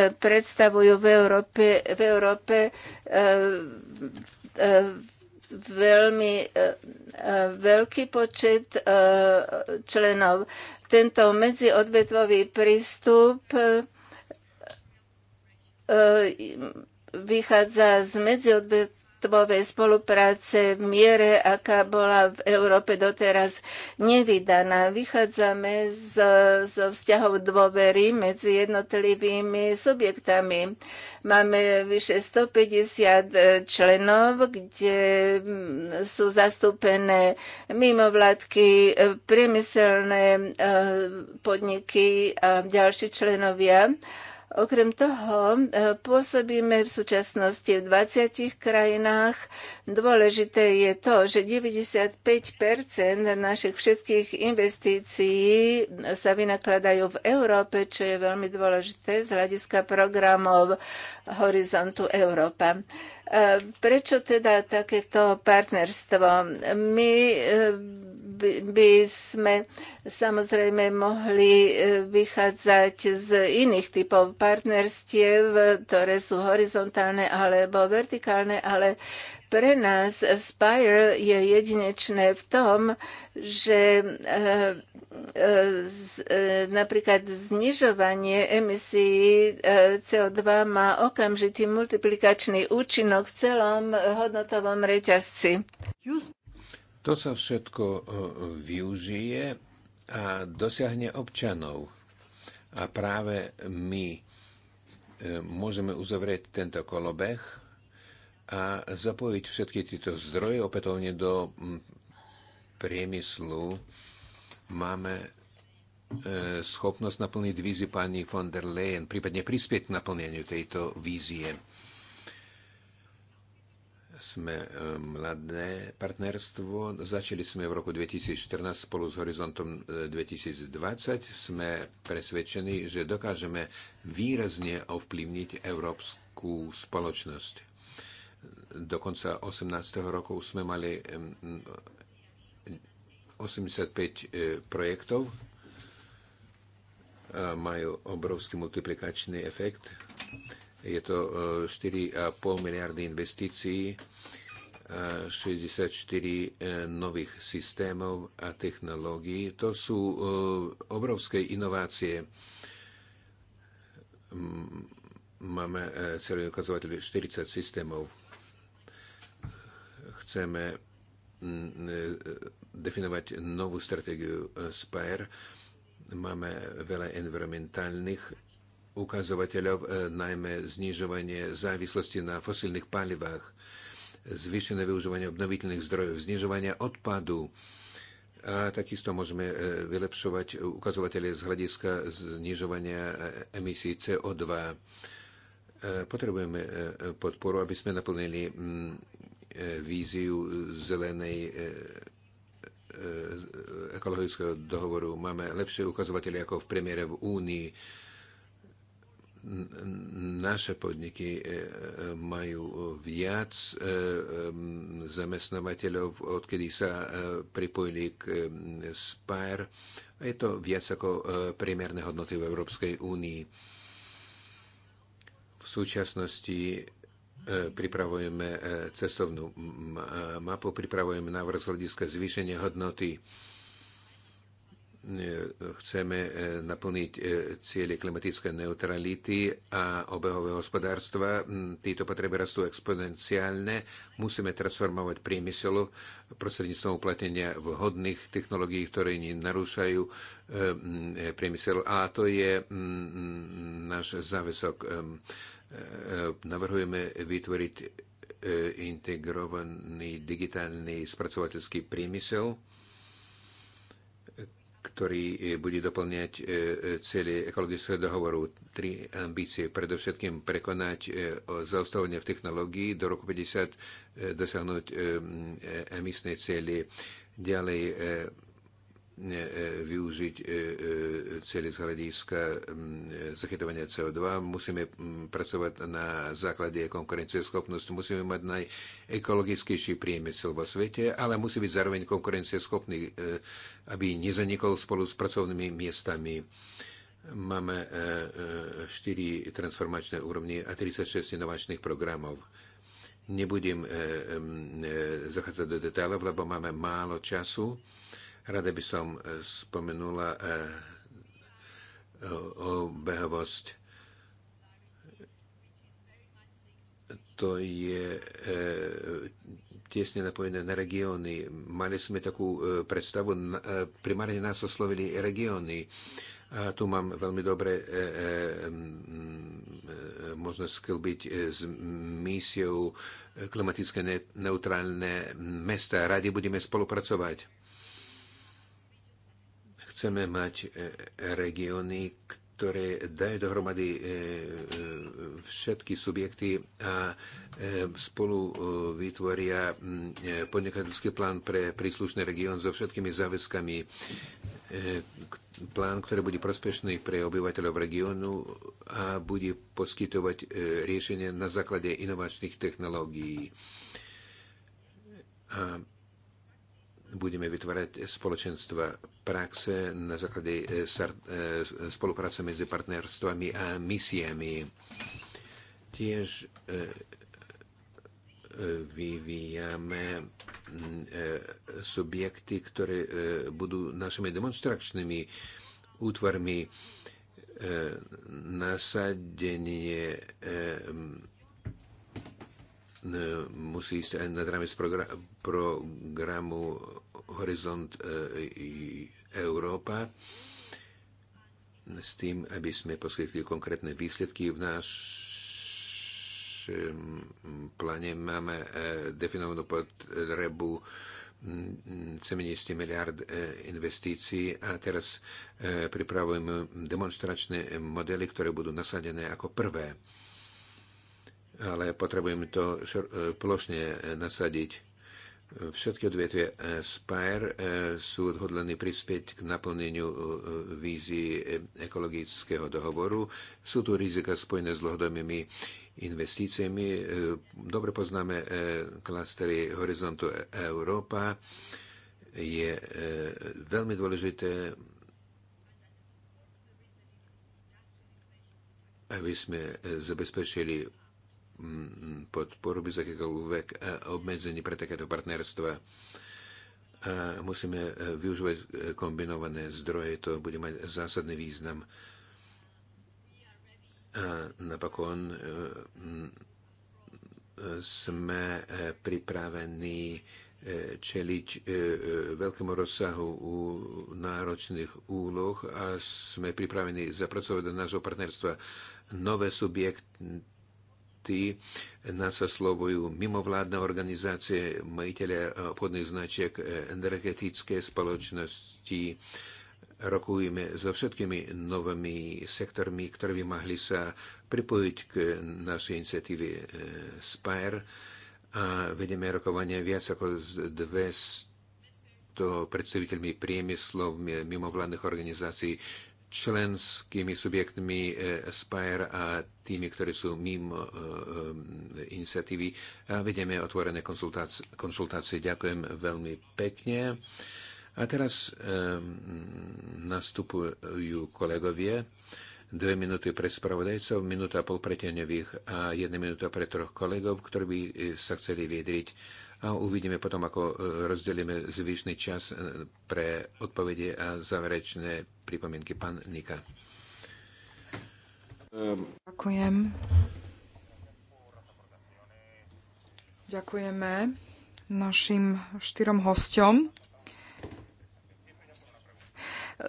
predstavujú v Európe, v Európe veľmi e, e, veľký počet e, členov. Tento medziodvetvový prístup vychádza z medziodvet vrstve spolupráce v miere, aká bola v Európe doteraz nevydaná. Vychádzame z, zo vzťahov dôvery medzi jednotlivými subjektami. Máme vyše 150 e, členov, kde mm, sú zastúpené mimovládky, e, priemyselné e, podniky a ďalší členovia. Okrem toho e, pôsobíme v súčasnosti v 20 krajinách. Dôležité je to, že 95 našich všetkých investícií sa vynakladajú v Európe, čo je veľmi dôležité z hľadiska programov Horizontu Európa. E, prečo teda takéto partnerstvo? My e, by sme samozrejme mohli e, vychádzať z iných typov partnerstiev, ktoré sú horizontálne alebo vertikálne, ale pre nás Spire je jedinečné v tom, že e, e, napríklad znižovanie emisí CO2 má okamžitý multiplikačný účinok v celom hodnotovom reťazci. To sa všetko e, využije a dosiahne občanov. A práve my e, môžeme uzavrieť tento kolobeh a zapojiť všetky tieto zdroje opätovne do priemyslu. Máme e, schopnosť naplniť vízi pani von der Leyen, prípadne prispieť k naplneniu tejto vízie sme e, mladé partnerstvo. Začali sme v roku 2014 spolu s Horizontom 2020. E, sme presvedčení, že dokážeme výrazne ovplyvniť európsku spoločnosť. Do konca 18. roku sme mali 85 e, projektov. Majú obrovský multiplikačný efekt je to 4,5 e, miliardy investícií, 64 e, e, nových systémov a technológií. To sú obrovské inovácie. Máme celý ukazovateľ 40 systémov. Chceme definovať novú stratégiu SPIRE. Máme veľa environmentálnych ukazovateľov, e, najmä znižovanie závislosti na fosílnych palivách, zvýšené využívanie obnoviteľných zdrojov, znižovanie odpadu. A takisto môžeme e, vylepšovať ukazovatele z hľadiska znižovania e, emisí CO2. Potrebujeme podporu, aby sme naplnili víziu zelenej ekologického dohovoru máme lepšie ukazovatele ako v premiére v Únii naše podniky e, e, majú viac e, zamestnávateľov, odkedy sa pripojili k SPAR. Je to viac ako priemerné hodnoty v Európskej únii. V súčasnosti pripravujeme cestovnú mapu, pripravujeme návrh z hľadiska zvýšenia hodnoty E, chceme e, naplniť e, cieľe klimatické neutrality a obehového hospodárstva. Títo potreby rastú exponenciálne. Musíme transformovať priemysel prostredníctvom uplatnenia vhodných technológií, ktoré narúšajú priemysel. A to je náš záväzok. Navrhujeme vytvoriť integrovaný digitálny spracovateľský priemysel ktorý e, bude doplňať e, e, cieľe ekologického dohovoru. Tri ambície, predovšetkým prekonať zaostávanie v technológii, do roku 50 dosiahnuť emisné cieľe, ďalej E, využiť e, e, cieľe z hľadiska zachytovania CO2, musíme pracovať na základe konkurencieschopnosti, musíme mať najekologickejší priemysel vo svete, ale musí byť zároveň konkurencieschopný, aby nezanikol spolu s pracovnými miestami. Máme 4 transformačné úrovni a 36 inovačných programov. Nebudem zachádzať do detailov, lebo máme málo času Rada by som e, spomenula e, o behavosť. To je e, tiesne napojené na regióny. Mali sme takú predstavu, primárne nás oslovili regióny. A tu mám veľmi dobré možnosť sklbiť s misiou klimatické neutrálne mesta. Radi budeme spolupracovať Chceme mať e, regióny, ktoré dajú dohromady e, e, všetky subjekty a spolu vytvoria podnikateľský plán pre príslušný región so všetkými záväzkami. Plán, ktorý bude prospešný pre obyvateľov regiónu a bude poskytovať riešenie na základe inovačných technológií. A budeme vytvárať spoločenstva praxe na základe eh, eh, spolupráce medzi partnerstvami a misiami. Tiež eh, vyvíjame subjekty, ktoré budú našimi demonstračnými útvarmi nasadenie musí ísť aj nad rámec programu Horizont e, Európa s tým, aby sme poskytli konkrétne výsledky. V náš pláne máme e, definovanú potrebu 70 miliard e, investícií a teraz pripravujeme demonstračné modely, ktoré budú nasadené ako prvé. Ale potrebujeme to plošne nasadiť Všetky odvetvie eh, SPIRE eh, sú odhodlení prispieť k naplneniu eh, vízii ekologického dohovoru. Sú tu rizika spojené s dlhodobými investíciami. Dobre poznáme klastery Horizontu Európa. Je veľmi dôležité aby sme zabezpečili podporu bez akékoľvek e, obmedzení pre takéto partnerstva. A e, musíme e, využívať kombinované zdroje, to bude mať zásadný význam. A napokon sme pripravení čeliť veľkému rozsahu u náročných úloh a sme pripravení zapracovať do nášho partnerstva nové subjekty, produkty nás oslovujú mimovládne organizácie, majiteľe obchodných značiek, energetické spoločnosti. Rokujeme so všetkými novými sektormi, ktoré by mohli sa pripojiť k našej iniciatíve eh, SPIRE a vedeme rokovania viac ako z 200 to predstaviteľmi priemyslov, mimovládnych organizácií, členskými subjektmi eh, Spire a tými, ktorí sú mimo eh, eh, iniciatívy. A vedeme otvorené konsultácie, konsultácie. Ďakujem veľmi pekne. A teraz nastupujú kolegovie. Dve minúty pre spravodajcov, minúta a pol pre teňových a jedna minúta pre troch kolegov, ktorí by sa chceli vyjadriť a uvidíme potom, ako e, rozdelíme zvyšný čas e, pre odpovede a záverečné pripomienky. Pán Nika. Ehm. Ďakujem. Ďakujeme našim štyrom hosťom.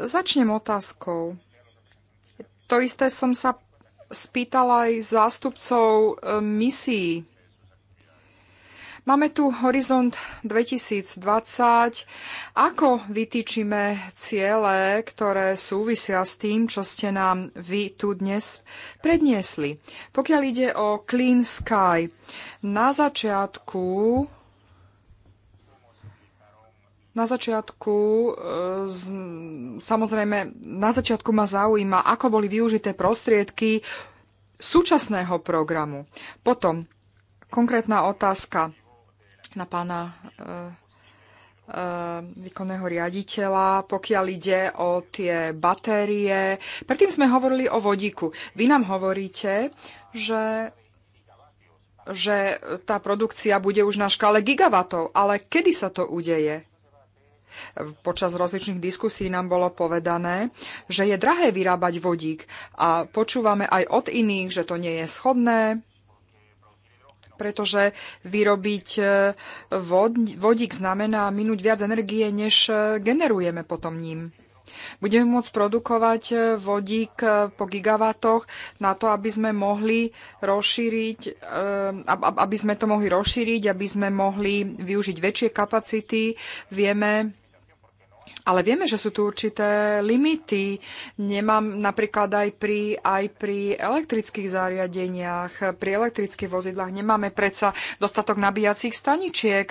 Začnem otázkou. To isté som sa spýtala aj zástupcov e, misií Máme tu horizont 2020. Ako vytýčime ciele, ktoré súvisia s tým, čo ste nám vy tu dnes predniesli? Pokiaľ ide o Clean Sky, na začiatku na začiatku, e, samozrejme, na začiatku ma zaujíma, ako boli využité prostriedky súčasného programu. Potom konkrétna otázka na pána e, e, výkonného riaditeľa, pokiaľ ide o tie batérie. Predtým sme hovorili o vodíku. Vy nám hovoríte, že že tá produkcia bude už na škále gigavatov. Ale kedy sa to udeje? Počas rozličných diskusí nám bolo povedané, že je drahé vyrábať vodík a počúvame aj od iných, že to nie je schodné, pretože vyrobiť e, vodík znamená minúť viac energie, než e, generujeme potom ním. Budeme môcť produkovať e, vodík po gigavatoch na to, aby sme mohli rozšíriť, aby sme to mohli rozšíriť, aby sme mohli využiť väčšie kapacity. Vieme, ale vieme, že sú tu určité limity. Nemám napríklad aj pri, aj pri elektrických zariadeniach, pri elektrických vozidlách nemáme predsa dostatok nabíjacích staničiek.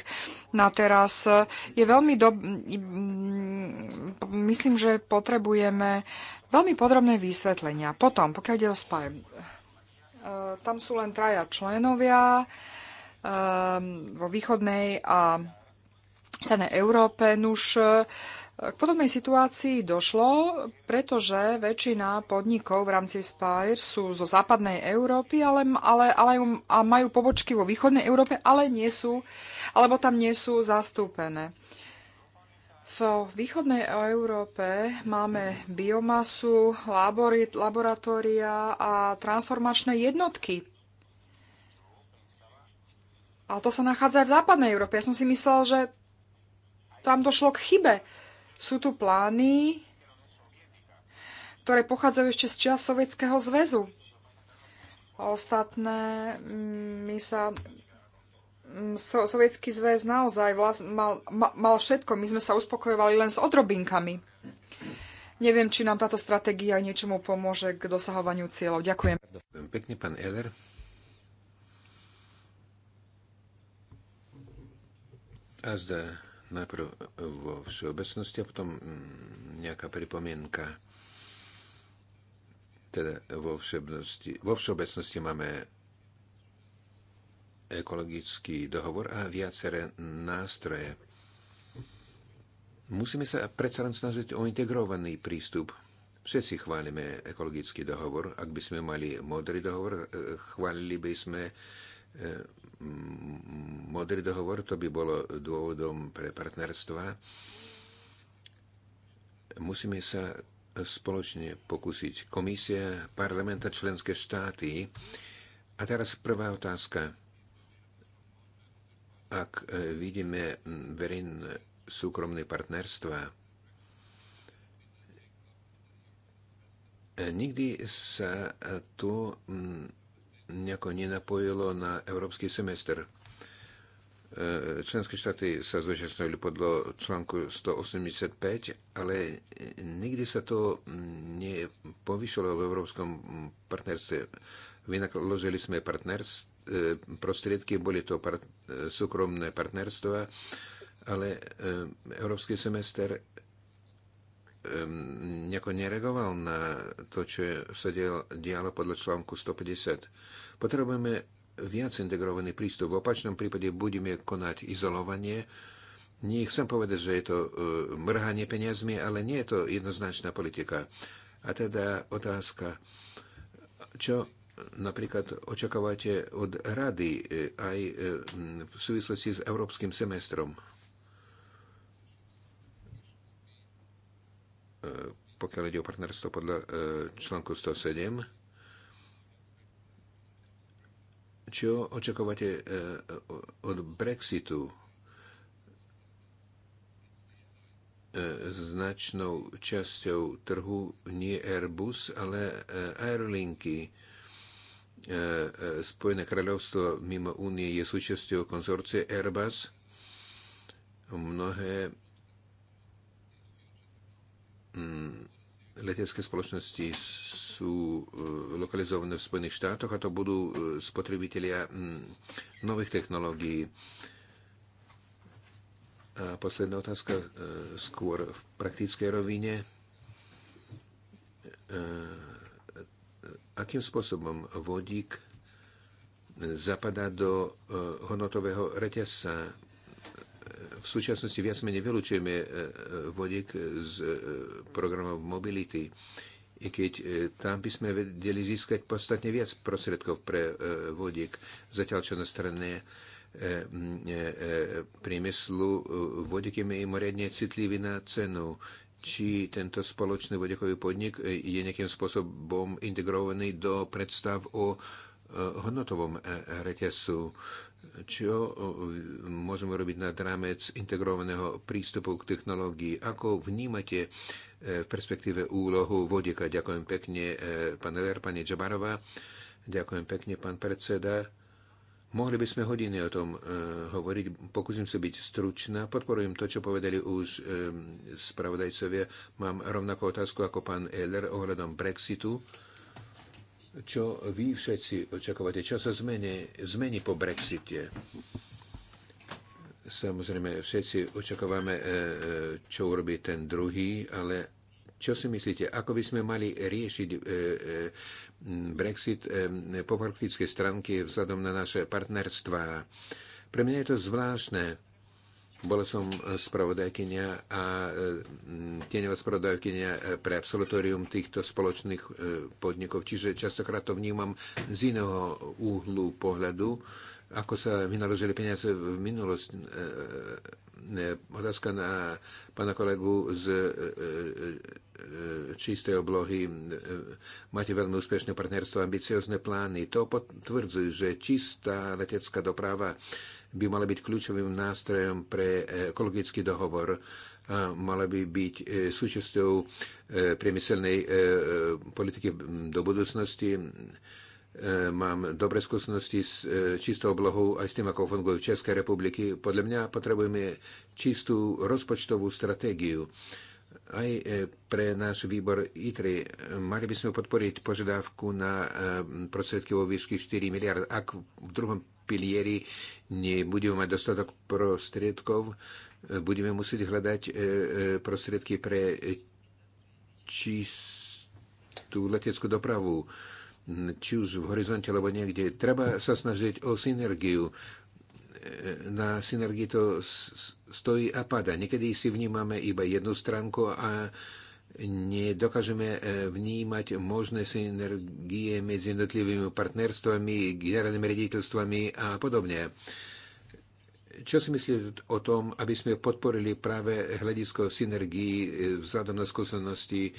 Na teraz je veľmi do... Mm, myslím, že potrebujeme veľmi podrobné vysvetlenia. Potom, pokiaľ ide o SPAR, eh, tam sú len traja členovia eh, vo východnej a v Európe. Nuž, eh, k podobnej situácii došlo, pretože väčšina podnikov v rámci Spire sú zo západnej Európy, ale, ale, ale a majú pobočky vo východnej Európe, ale nie sú, alebo tam nie sú zastúpené. V východnej Európe máme biomasu, laboratória a transformačné jednotky. A to sa nachádza aj v západnej Európe. Ja som si myslel, že tam došlo k chybe sú tu plány, ktoré pochádzajú ešte z čias Sovietskeho zväzu. A ostatné mm, my sa mm, so, Sovietský zväz naozaj vlast, mal, ma, mal všetko. My sme sa uspokojovali len s odrobinkami. Neviem, či nám táto stratégia niečomu pomôže k dosahovaniu cieľov. Ďakujem. Pekne, pán Eller najprv eh, vo všeobecnosti a potom mm, nejaká pripomienka. Teda vo všeobecnosti, vo všeobecnosti máme ekologický dohovor a viaceré nástroje. Musíme sa predsa len snažiť o integrovaný prístup. Všetci chválime ekologický dohovor. Ak by sme mali modrý dohovor, eh, chválili by sme eh, modrý dohovor, to by bolo dôvodom pre partnerstva. Musíme sa spoločne pokúsiť. Komisia, parlament a členské štáty. A teraz prvá otázka. Ak e, vidíme verejné súkromné partnerstva, e, Nikdy sa tu nejako nenapojilo na európsky semester. E, členské štáty sa zúčastnili podľa článku 185, ale nikdy sa to nepovyšilo v európskom partnerstve. Vynakložili sme e, prostriedky, boli to part, e, súkromné partnerstva, ale európsky semester nejako nereagoval na to, čo sa dialo podľa článku 150. Potrebujeme viac integrovaný prístup. V opačnom prípade budeme konať izolovanie. Nechcem povedať, že je to e, mrhanie peniazmi, ale nie je to jednoznačná politika. A teda otázka, čo napríklad očakávate od rady e, aj e, v súvislosti s európskym semestrom? E, pokiaľ ide o partnerstvo podľa e, článku 107. Čo očakávate e, od Brexitu? Značnou časťou trhu nie Airbus, ale aerolinky. Spojené kráľovstvo mimo únie je súčasťou konzorcie Airbus. Mnohé Mm, letecké spoločnosti sú eh, lokalizované v Spojených štátoch a to budú eh, spotrebitelia mm, nových technológií. A posledná otázka eh, skôr v praktickej rovine. Akým spôsobom vodík zapadá do hodnotového reťazca v súčasnosti viac menej vylúčujeme e, e, vodík z e, programov mobility, i keď tam by sme vedeli získať podstatne viac prostriedkov pre vodík, zatiaľ čo na strane priemyslu vodík je mimoriadne citlivý na cenu či tento spoločný vodíkový podnik je nejakým spôsobom integrovaný do predstav o hodnotovom reťazcu čo môžeme robiť nad rámec integrovaného prístupu k technológii. Ako vnímate e, v perspektíve úlohu vodika? Ďakujem pekne, e, pán Ler, pani Džabarová. Ďakujem pekne, pán predseda. Mohli by sme hodiny o tom e, hovoriť, pokúsim sa byť stručná, podporujem to, čo povedali už e, spravodajcovia. Mám rovnakú otázku ako pán Eller ohľadom Brexitu. E, čo vy všetci očakávate, čo sa zmení, zmení po Brexite. Samozrejme, všetci očakávame, e, e, čo urobí ten druhý, ale čo si myslíte, ako by sme mali riešiť e, Brexit po praktickej stránke vzhľadom na naše partnerstva? Pre mňa je to zvláštne. Bola som spravodajkynia a mm, tieňová spravodajkynia pre absolutórium týchto spoločných e, podnikov, čiže častokrát to vnímam z iného úhlu pohľadu, ako sa vynaložili peniaze v minulosti. E, e, otázka na pána kolegu z čistej oblohy. Máte veľmi úspešné partnerstvo, ambiciozne plány. To potvrdzujú, že čistá letecká doprava by mala byť kľúčovým nástrojom pre e, ekologický dohovor a e, mala by byť e, súčasťou priemyselnej politiky do budúcnosti. Mám dobré skúsenosti s čistou oblohou aj s tým, ako fungujú Českej republiky. Podľa mňa potrebujeme čistú rozpočtovú stratégiu aj pre náš výbor ITRI. Mali by sme podporiť požiadavku na prostriedky vo výšky 4 miliard. Ak v druhom pilieri nebudeme mať dostatok prostriedkov, budeme musieť hľadať e, e, prostriedky pre čistú leteckú dopravu, či už v horizonte alebo niekde. Treba sa snažiť o synergiu. E, na synergii to stojí a pada. Niekedy si vnímame iba jednu stránku a nedokážeme e, vnímať možné synergie medzi jednotlivými partnerstvami, generálnymi rediteľstvami a podobne. Čo si myslíte o tom, aby sme podporili práve hľadisko synergii e, vzhľadom na skúsenosti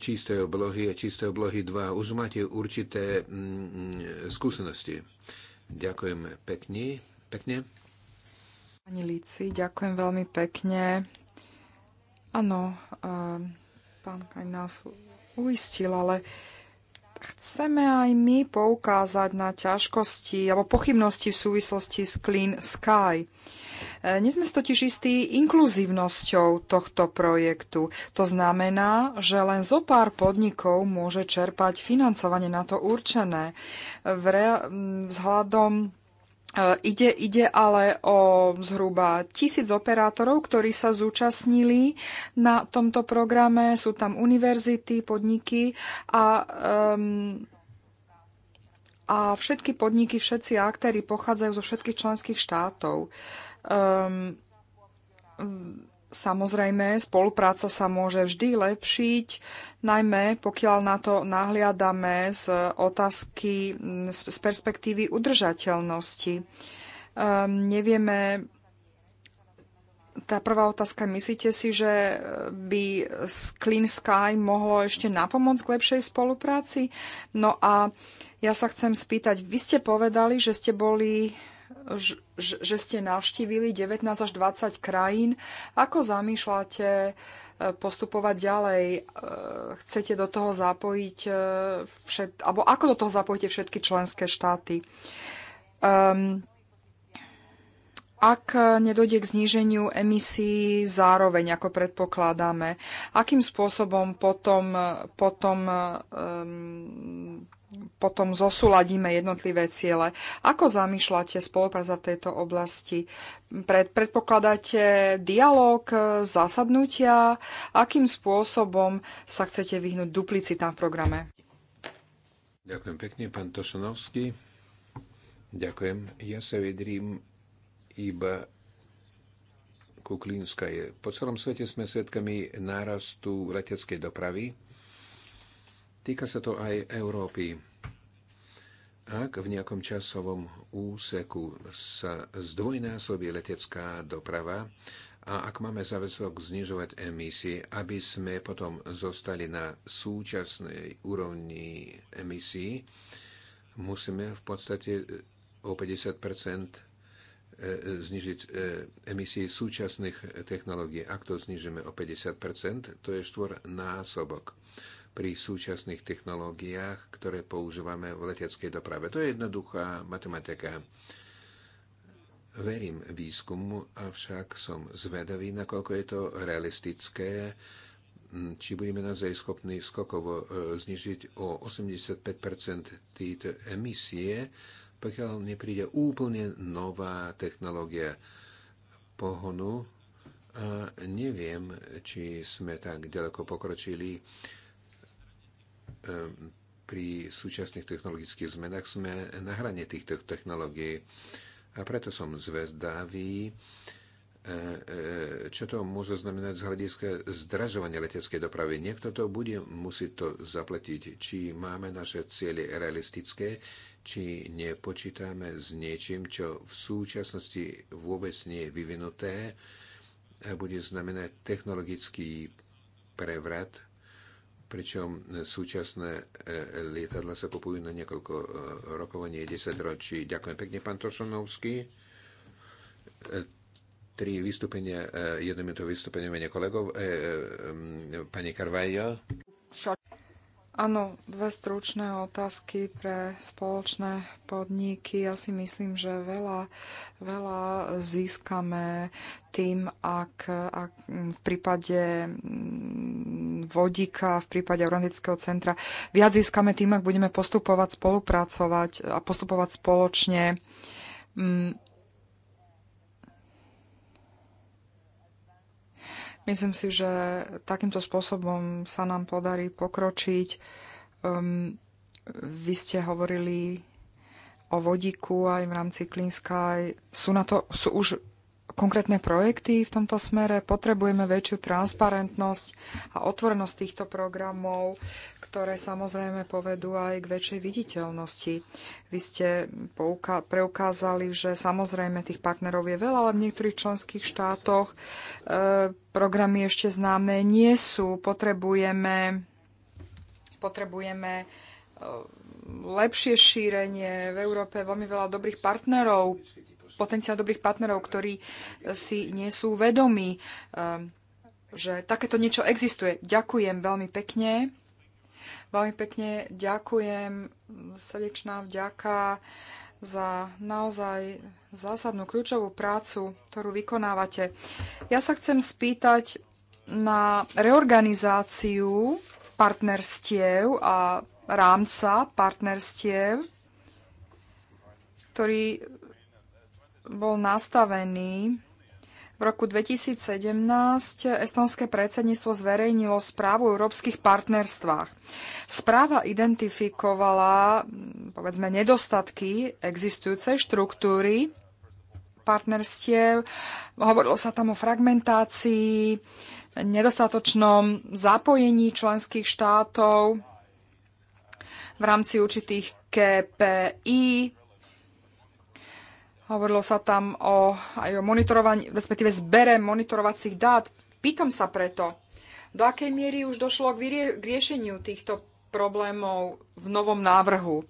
čistej oblohy a čistej oblohy 2? Už máte určité mm, skúsenosti. Ďakujem pekne. pekne. Pani Líci, ďakujem veľmi pekne. Áno, um pán aj nás uistil, ale chceme aj my poukázať na ťažkosti alebo pochybnosti v súvislosti s Clean Sky. E, nie sme totiž istí inkluzívnosťou tohto projektu. To znamená, že len zo pár podnikov môže čerpať financovanie na to určené. vzhľadom E, ide, ide ale o zhruba tisíc operátorov, ktorí sa zúčastnili na tomto programe. Sú tam univerzity, podniky a, um, a všetky podniky, všetci aktéry pochádzajú zo všetkých členských štátov. Um, Samozrejme, spolupráca sa môže vždy lepšiť, najmä pokiaľ na to nahliadame z otázky z perspektívy udržateľnosti. Um, nevieme, tá prvá otázka, myslíte si, že e, by Clean Sky mohlo ešte napomôcť k lepšej spolupráci? No a ja sa chcem spýtať, vy ste povedali, že ste boli že ste navštívili 19 až 20 krajín. Ako zamýšľate e, postupovať ďalej? E, chcete do toho zapojiť e, všet, alebo ako do toho zapojíte všetky členské štáty? Um, ak nedojde k zníženiu emisí zároveň, ako predpokladáme, akým spôsobom potom, potom um, potom zosúladíme jednotlivé ciele. Ako zamýšľate spolupráca v tejto oblasti? Pred, predpokladáte dialog, zasadnutia? Akým spôsobom sa chcete vyhnúť duplicitám v programe? Ďakujem pekne, pán Tošanovský. Ďakujem. Ja sa vedrím iba ku Klínskej. Po celom svete sme svedkami nárastu leteckej dopravy Týka sa to aj Európy. Ak v nejakom časovom úseku sa zdvojnásobí letecká doprava a ak máme záväzok znižovať emisie, aby sme potom zostali na súčasnej úrovni emisí, musíme v podstate o 50 e, znižiť e, emisie súčasných technológií. Ak to znižíme o 50 to je štvornásobok. násobok pri súčasných technológiách, ktoré používame v leteckej doprave. To je jednoduchá matematika. Verím výskumu, avšak som zvedavý, nakoľko je to realistické, mm, či budeme naozaj schopní skokovo e, znižiť o 85 tieto emisie, pokiaľ nepríde úplne nová technológia pohonu. A neviem, či sme tak ďaleko pokročili pri súčasných technologických zmenách sme na hrane týchto technológií. A preto som zvedavý, e, e, čo to môže znamenať z hľadiska zdražovania leteckej dopravy. Niekto to bude musieť to zaplatiť. Či máme naše ciele realistické, či nepočítame s niečím, čo v súčasnosti vôbec nie je vyvinuté bude znamenať technologický prevrat pričom e, súčasné e, lietadla sa kupujú na niekoľko e, rokov, nie 10 ročí. Ďakujem pekne, pán Tošanovský. Tri vystúpenia, jednominútové vystúpenie mene kolegov. Pani Carvajo. Áno, dve stručné otázky pre spoločné podniky. Ja si myslím, že veľa, veľa získame tým, ak, ak v prípade mm, vodíka, v prípade Orlandického centra, viac získame tým, ak budeme postupovať, spolupracovať a postupovať spoločne. Mm, Myslím si, že takýmto spôsobom sa nám podarí pokročiť. Um, vy ste hovorili o vodíku aj v rámci Clean Sky. Sú, na to, sú už konkrétne projekty v tomto smere, potrebujeme väčšiu transparentnosť a otvorenosť týchto programov, ktoré samozrejme povedú aj k väčšej viditeľnosti. Vy ste preukázali, že samozrejme tých partnerov je veľa, ale v niektorých členských štátoch e, programy ešte známe nie sú. Potrebujeme, potrebujeme e, lepšie šírenie. V Európe veľmi veľa dobrých partnerov potenciál dobrých partnerov, ktorí si nie sú vedomí, eh, že takéto niečo existuje. Ďakujem veľmi pekne. Veľmi pekne ďakujem, srdečná vďaka za naozaj zásadnú kľúčovú prácu, ktorú vykonávate. Ja sa chcem spýtať na reorganizáciu partnerstiev a rámca partnerstiev, ktorý bol nastavený. V roku 2017 estonské predsedníctvo zverejnilo správu o európskych partnerstvách. Správa identifikovala, povedzme, nedostatky existujúcej štruktúry partnerstiev. Hovorilo sa tam o fragmentácii, nedostatočnom zapojení členských štátov v rámci určitých KPI, Hovorilo sa tam o, aj o monitorovaní, respektíve zbere monitorovacích dát. Pýtam sa preto, do akej miery už došlo k, vyrie, k riešeniu týchto problémov v novom návrhu?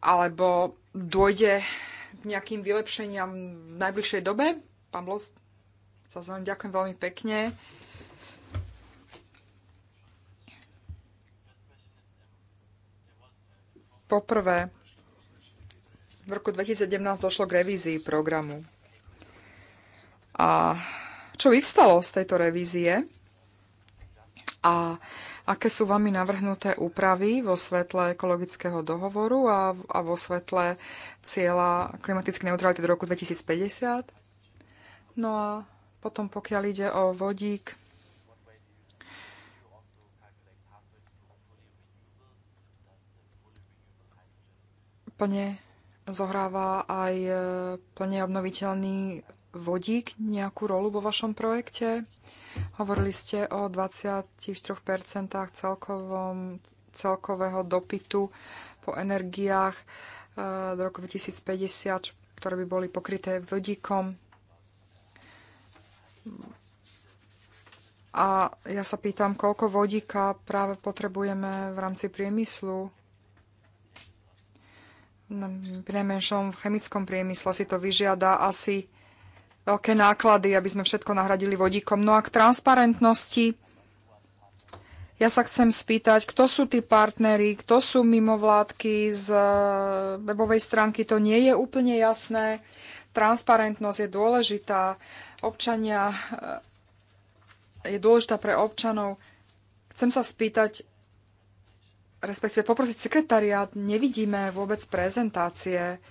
Alebo dôjde k nejakým vylepšeniam v najbližšej dobe? Pán Blos, sa vám ďakujem veľmi pekne. Poprvé, v roku 2017 došlo k revízii programu. A čo vyvstalo z tejto revízie? A aké sú vami navrhnuté úpravy vo svetle ekologického dohovoru a, a vo svetle cieľa klimatickej neutrality do roku 2050? No a potom pokiaľ ide o vodík, plne zohráva aj e, plne obnoviteľný vodík nejakú rolu vo vašom projekte? Hovorili ste o 24% celkovom, celkového dopytu po energiách e, do roku 2050, ktoré by boli pokryté vodíkom. A ja sa pýtam, koľko vodíka práve potrebujeme v rámci priemyslu pri najmenšom v chemickom priemysle si to vyžiada asi veľké náklady, aby sme všetko nahradili vodíkom. No a k transparentnosti, ja sa chcem spýtať, kto sú tí partnery, kto sú mimovládky z e, webovej stránky, to nie je úplne jasné. Transparentnosť je dôležitá. Občania e, je dôležitá pre občanov. Chcem sa spýtať, respektíve poprosiť sekretariát, nevidíme vôbec prezentácie.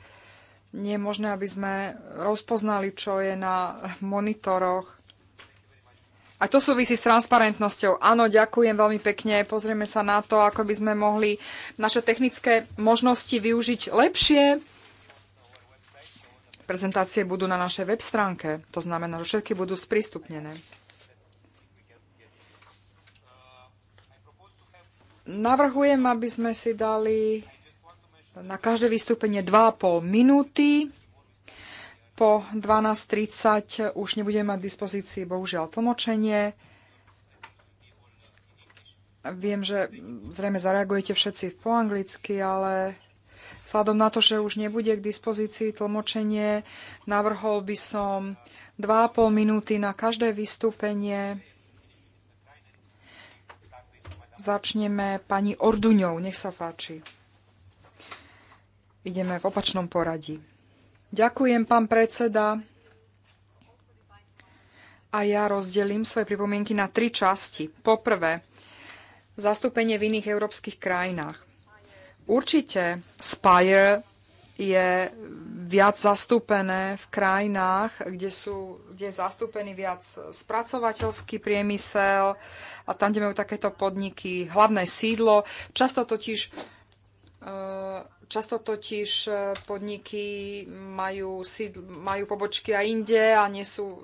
Nie je možné, aby sme rozpoznali, čo je na monitoroch. A to súvisí s transparentnosťou. Áno, ďakujem veľmi pekne. Pozrieme sa na to, ako by sme mohli naše technické možnosti využiť lepšie. Prezentácie budú na našej web stránke. To znamená, že všetky budú sprístupnené. Navrhujem, aby sme si dali na každé vystúpenie 2,5 minúty. Po 12.30 už nebudeme mať dispozícii bohužiaľ tlmočenie. Viem, že zrejme zareagujete všetci po anglicky, ale vzhľadom na to, že už nebude k dispozícii tlmočenie, navrhol by som 2,5 minúty na každé vystúpenie. Začneme pani Orduňou, nech sa páči. Ideme v opačnom poradí. Ďakujem, pán predseda. A ja rozdelím svoje pripomienky na tri časti. Poprvé, zastúpenie v iných európskych krajinách. Určite Spire je viac zastúpené v krajinách, kde, sú, kde je zastúpený viac spracovateľský priemysel, a tam, kde majú takéto podniky hlavné sídlo. Často totiž e, Často totiž e, podniky majú, sídl, majú pobočky aj inde a nie sú e,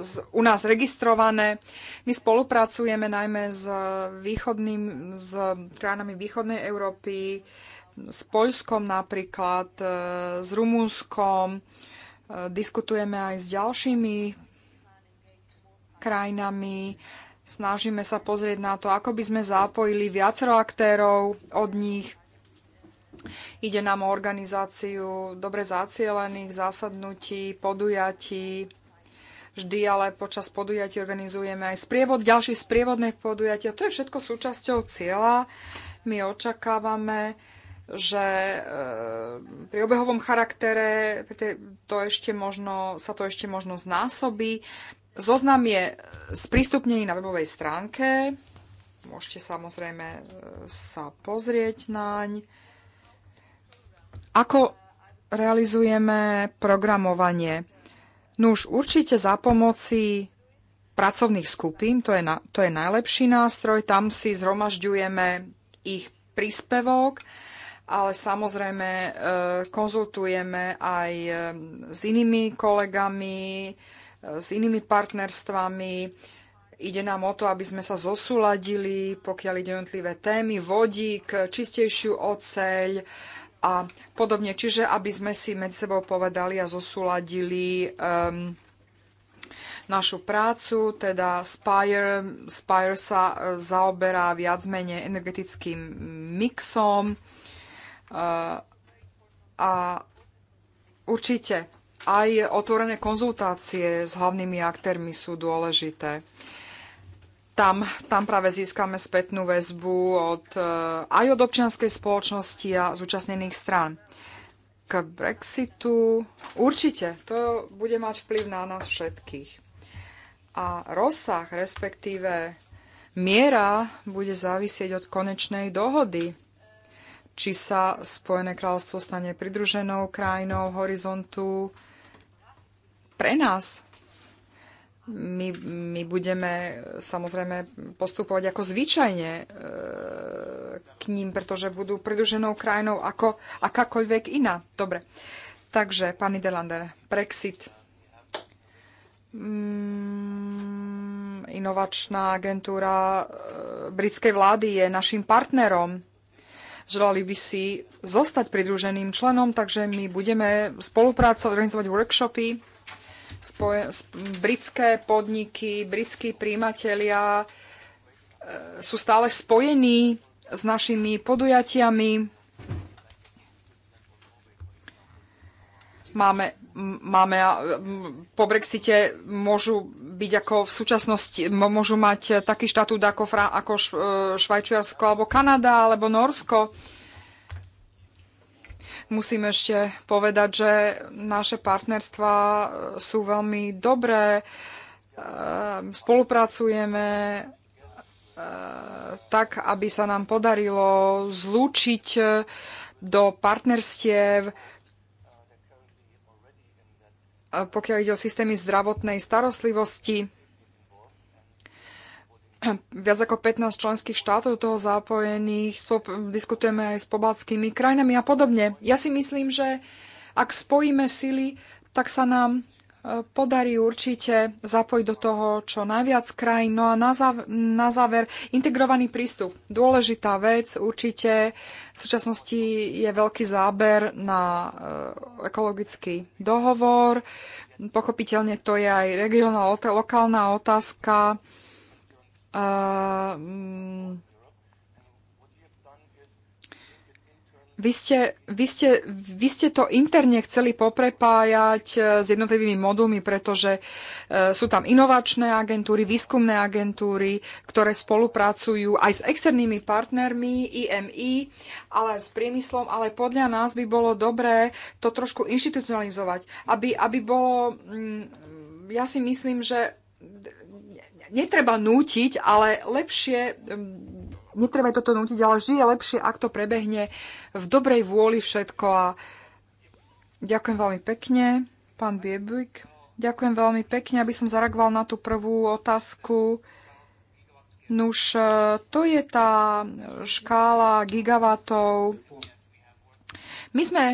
z, u nás registrované. My spolupracujeme najmä s, východným, s krajinami východnej Európy, s Poľskom napríklad, s Rumunskom. Diskutujeme aj s ďalšími krajinami. Snažíme sa pozrieť na to, ako by sme zapojili viacero aktérov od nich. Ide nám o organizáciu dobre zacielených zásadnutí, podujatí, vždy, ale počas podujatí organizujeme aj sprievod, ďalšie sprievodné podujatia. To je všetko súčasťou cieľa. My očakávame, že e, pri obehovom charaktere to ešte možno, sa to ešte možno znásobí. Zoznam je e, sprístupnený na webovej stránke. Môžete samozrejme e, sa pozrieť naň. Ako realizujeme programovanie? No už určite za pomoci pracovných skupín, to je, na, to je najlepší nástroj, tam si zhromažďujeme ich príspevok, ale samozrejme e, konzultujeme aj e, s inými kolegami, s inými partnerstvami. Ide nám o to, aby sme sa zosúladili, pokiaľ ide jednotlivé témy, vodík, čistejšiu oceľ a podobne. Čiže aby sme si medzi sebou povedali a zosúladili um, našu prácu, teda Spire, Spire sa eh, zaoberá viac menej energetickým mixom uh, a určite aj otvorené konzultácie s hlavnými aktérmi sú dôležité. Tam, tam práve získame spätnú väzbu od, eh, aj od občianskej spoločnosti a zúčastnených strán. K Brexitu určite to bude mať vplyv na nás všetkých. A rozsah, respektíve miera, bude závisieť od konečnej dohody či sa Spojené kráľovstvo stane pridruženou krajinou horizontu pre nás. My, my budeme samozrejme postupovať ako zvyčajne e, k ním, pretože budú pridruženou krajinou ako akákoľvek iná. Dobre. Takže, pani Delander, Brexit. Mm, inovačná agentúra e, britskej vlády je našim partnerom. Želali by si zostať pridruženým členom, takže my budeme spolupracovať, organizovať workshopy britské podniky, britskí príjimatelia e, sú stále spojení s našimi podujatiami. Máme, máme po Brexite môžu byť ako v súčasnosti, môžu mať taký štatút ako, Fra, ako e, Švajčiarsko alebo Kanada alebo Norsko. Musím ešte povedať, že naše partnerstva e, sú veľmi dobré, e, spolupracujeme e, tak, aby sa nám podarilo zlúčiť do partnerstiev, pokiaľ ide o systémy zdravotnej starostlivosti. (clears throat) viac ako 15 členských štátov toho zapojených, diskutujeme aj s pobaltskými krajinami a podobne. Ja si myslím, že ak spojíme sily, tak sa nám e, podarí určite zapojiť do toho čo najviac krajín. No a na záver, na záver integrovaný prístup. Dôležitá vec, určite v súčasnosti je veľký záber na e, ekologický dohovor. Pochopiteľne to je aj regionálna, lokálna otázka a, mm, Vy ste, vy, ste, vy ste to interne chceli poprepájať e, s jednotlivými modulmi, pretože e, sú tam inovačné agentúry, výskumné agentúry, ktoré spolupracujú aj s externými partnermi, IMI, ale s priemyslom, ale podľa nás by bolo dobré to trošku inštitucionalizovať, aby, aby bolo... Mm, ja si myslím, že netreba nútiť, ale lepšie, mm, netreba toto nútiť, ale vždy je lepšie, ak to prebehne v dobrej vôli všetko a ďakujem veľmi pekne, pán Biebuik. Ďakujem veľmi pekne, aby som zareagoval na tú prvú otázku. Nuž, e, to je tá škála gigavatov. My sme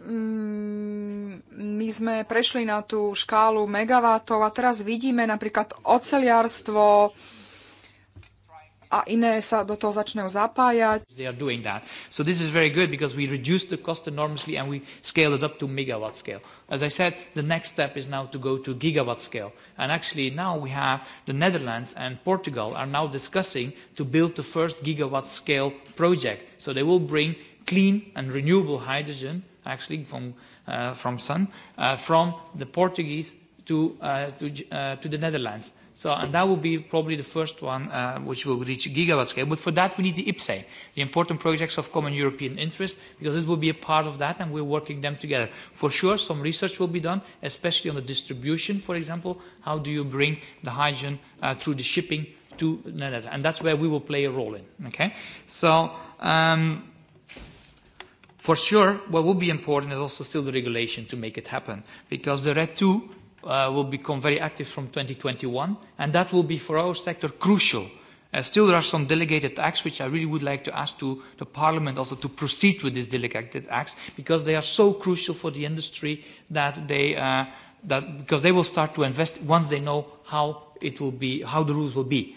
Mm, my sme prešli na tú škálu megawátov a teraz vidíme napríklad oceliarstvo a iné sa do toho začnú zapájať. They are doing that. So this is very good because we reduce the cost enormously and we scale it up to megawatt scale. As I said, the next step is now to go to gigawatt scale. And actually now we have the Netherlands and Portugal are now discussing to build the first gigawatt scale project. So they will bring clean and renewable hydrogen actually from uh, from Sun uh, from the Portuguese to uh, to uh, to the Netherlands. So and that will be probably the first one uh, which will reach gigawatt scale. But for that we need the IPSE, the important projects of common European interest, because this will be a part of that, and we're working them together. For sure, some research will be done, especially on the distribution, for example, how do you bring the hydrogen uh, through the shipping to Netherlands, and that's where we will play a role in. Okay, so. Um, For sure, what would be important is also still the regulation to make it happen, because the RED II uh, will become very active from 2021, and that will be for our sector crucial. Uh, still, there are some delegated acts which I really would like to ask to the Parliament also to proceed with these delegated acts, because they are so crucial for the industry that they, uh, that, because they will start to invest once they know how it will be, how the rules will be.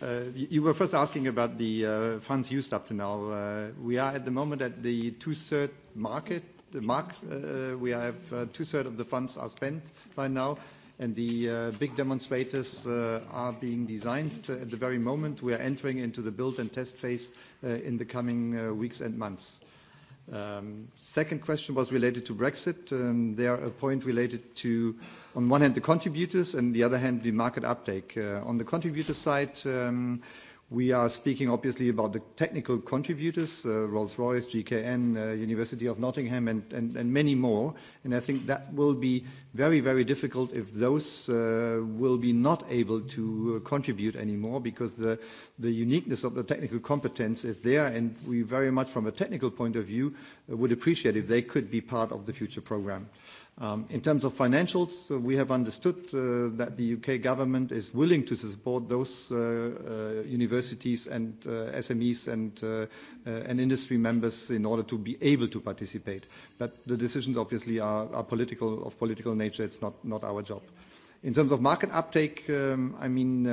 Uh, you were first asking about the uh, funds used up to now. Uh, we are at the moment at the two-third market. The mark, uh, uh, we have uh, two thirds of the funds are spent by now, and the big demonstrators are being designed at the very moment. We are entering into the build and test phase in the coming weeks and months. Um, second question was related to Brexit. Um, there, a point related to on one hand, the contributors, and the other hand, the market uptake. Uh, on the contributor side, um, we are speaking obviously about the technical contributors, uh, Rolls-Royce, GKN, uh, University of Nottingham, and, and, and many more. And I think that will be very, very difficult if those uh, will be not able to uh, contribute anymore because the, the uniqueness of the technical competence is there. And we very much, from a technical point of view, uh, would appreciate if they could be part of the future program. Um, in terms of financials, so uh, we have understood uh, that the U.K. government is willing to support those uh, uh universities and uh, SMEs and, and industry members in order to be able to participate. But The decisions obviously are are political, of political nature. It's not not our job. In terms of market uptake, um, I mean,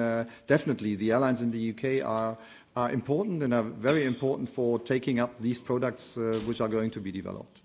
definitely the airlines in the U.K. are are important and are very important for taking up these products which are going to be developed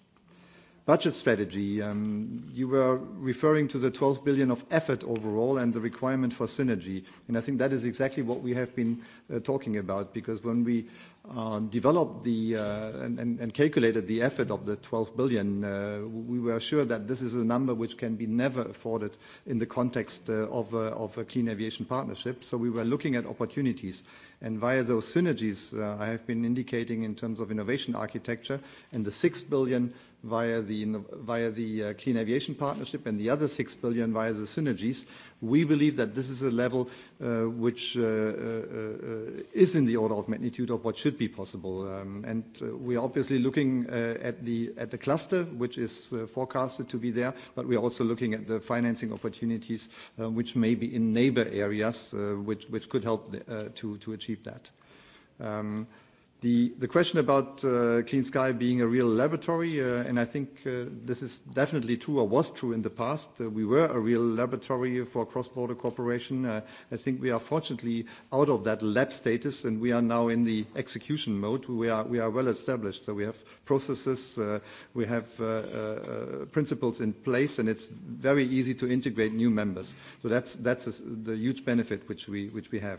budget strategy, um, you were referring to the 12 billion of effort overall and the requirement for synergy. And I think that is exactly what we have been uh, talking about, because when we uh, developed the uh, and, and, and calculated the effort of the 12 billion, uh, we were sure that this is a number which can be never afforded in the context uh, of, uh, of a clean aviation partnership. So we were looking at opportunities. And via those synergies, uh, I have been indicating in terms of innovation architecture and the 6 billion via the, via the uh, Clean Aviation Partnership and the other 6 billion via the synergies, we believe that this is a level uh, which uh, uh, uh is in the order of magnitude of what should be possible. Um, and uh, we are obviously looking at the, at the cluster, which is forecasted to be there, but we're also looking at the financing opportunities, which may be in neighbor areas, which, which could help the, to, to achieve that. Um, The, the question about uh, Clean Sky being a real laboratory, uh, and I think uh, this is definitely true or was true in the past. Uh, we were a real laboratory for cross-border cooperation. Uh, I think we are fortunately out of that lab status, and we are now in the execution mode. We are, we are well established, so we have processes, uh, we have uh, uh, uh principles in place, and it's very easy to integrate new members. So that's, that's the huge benefit which we, which we have.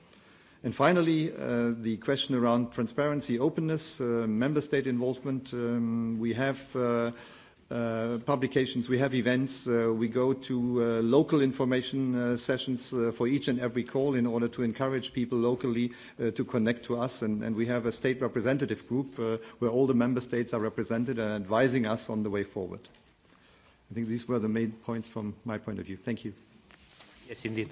And finally, uh, the question around transparency, openness, uh, member state involvement. Um, we have uh, uh, publications, we have events, uh, we go to uh, local information uh, sessions uh, for each and every call in order to encourage people locally uh, to connect to us. And, and we have a state representative group uh, where all the member states are represented and advising us on the way forward. I think these were the main points from my point of view. Thank you. Yes, indeed.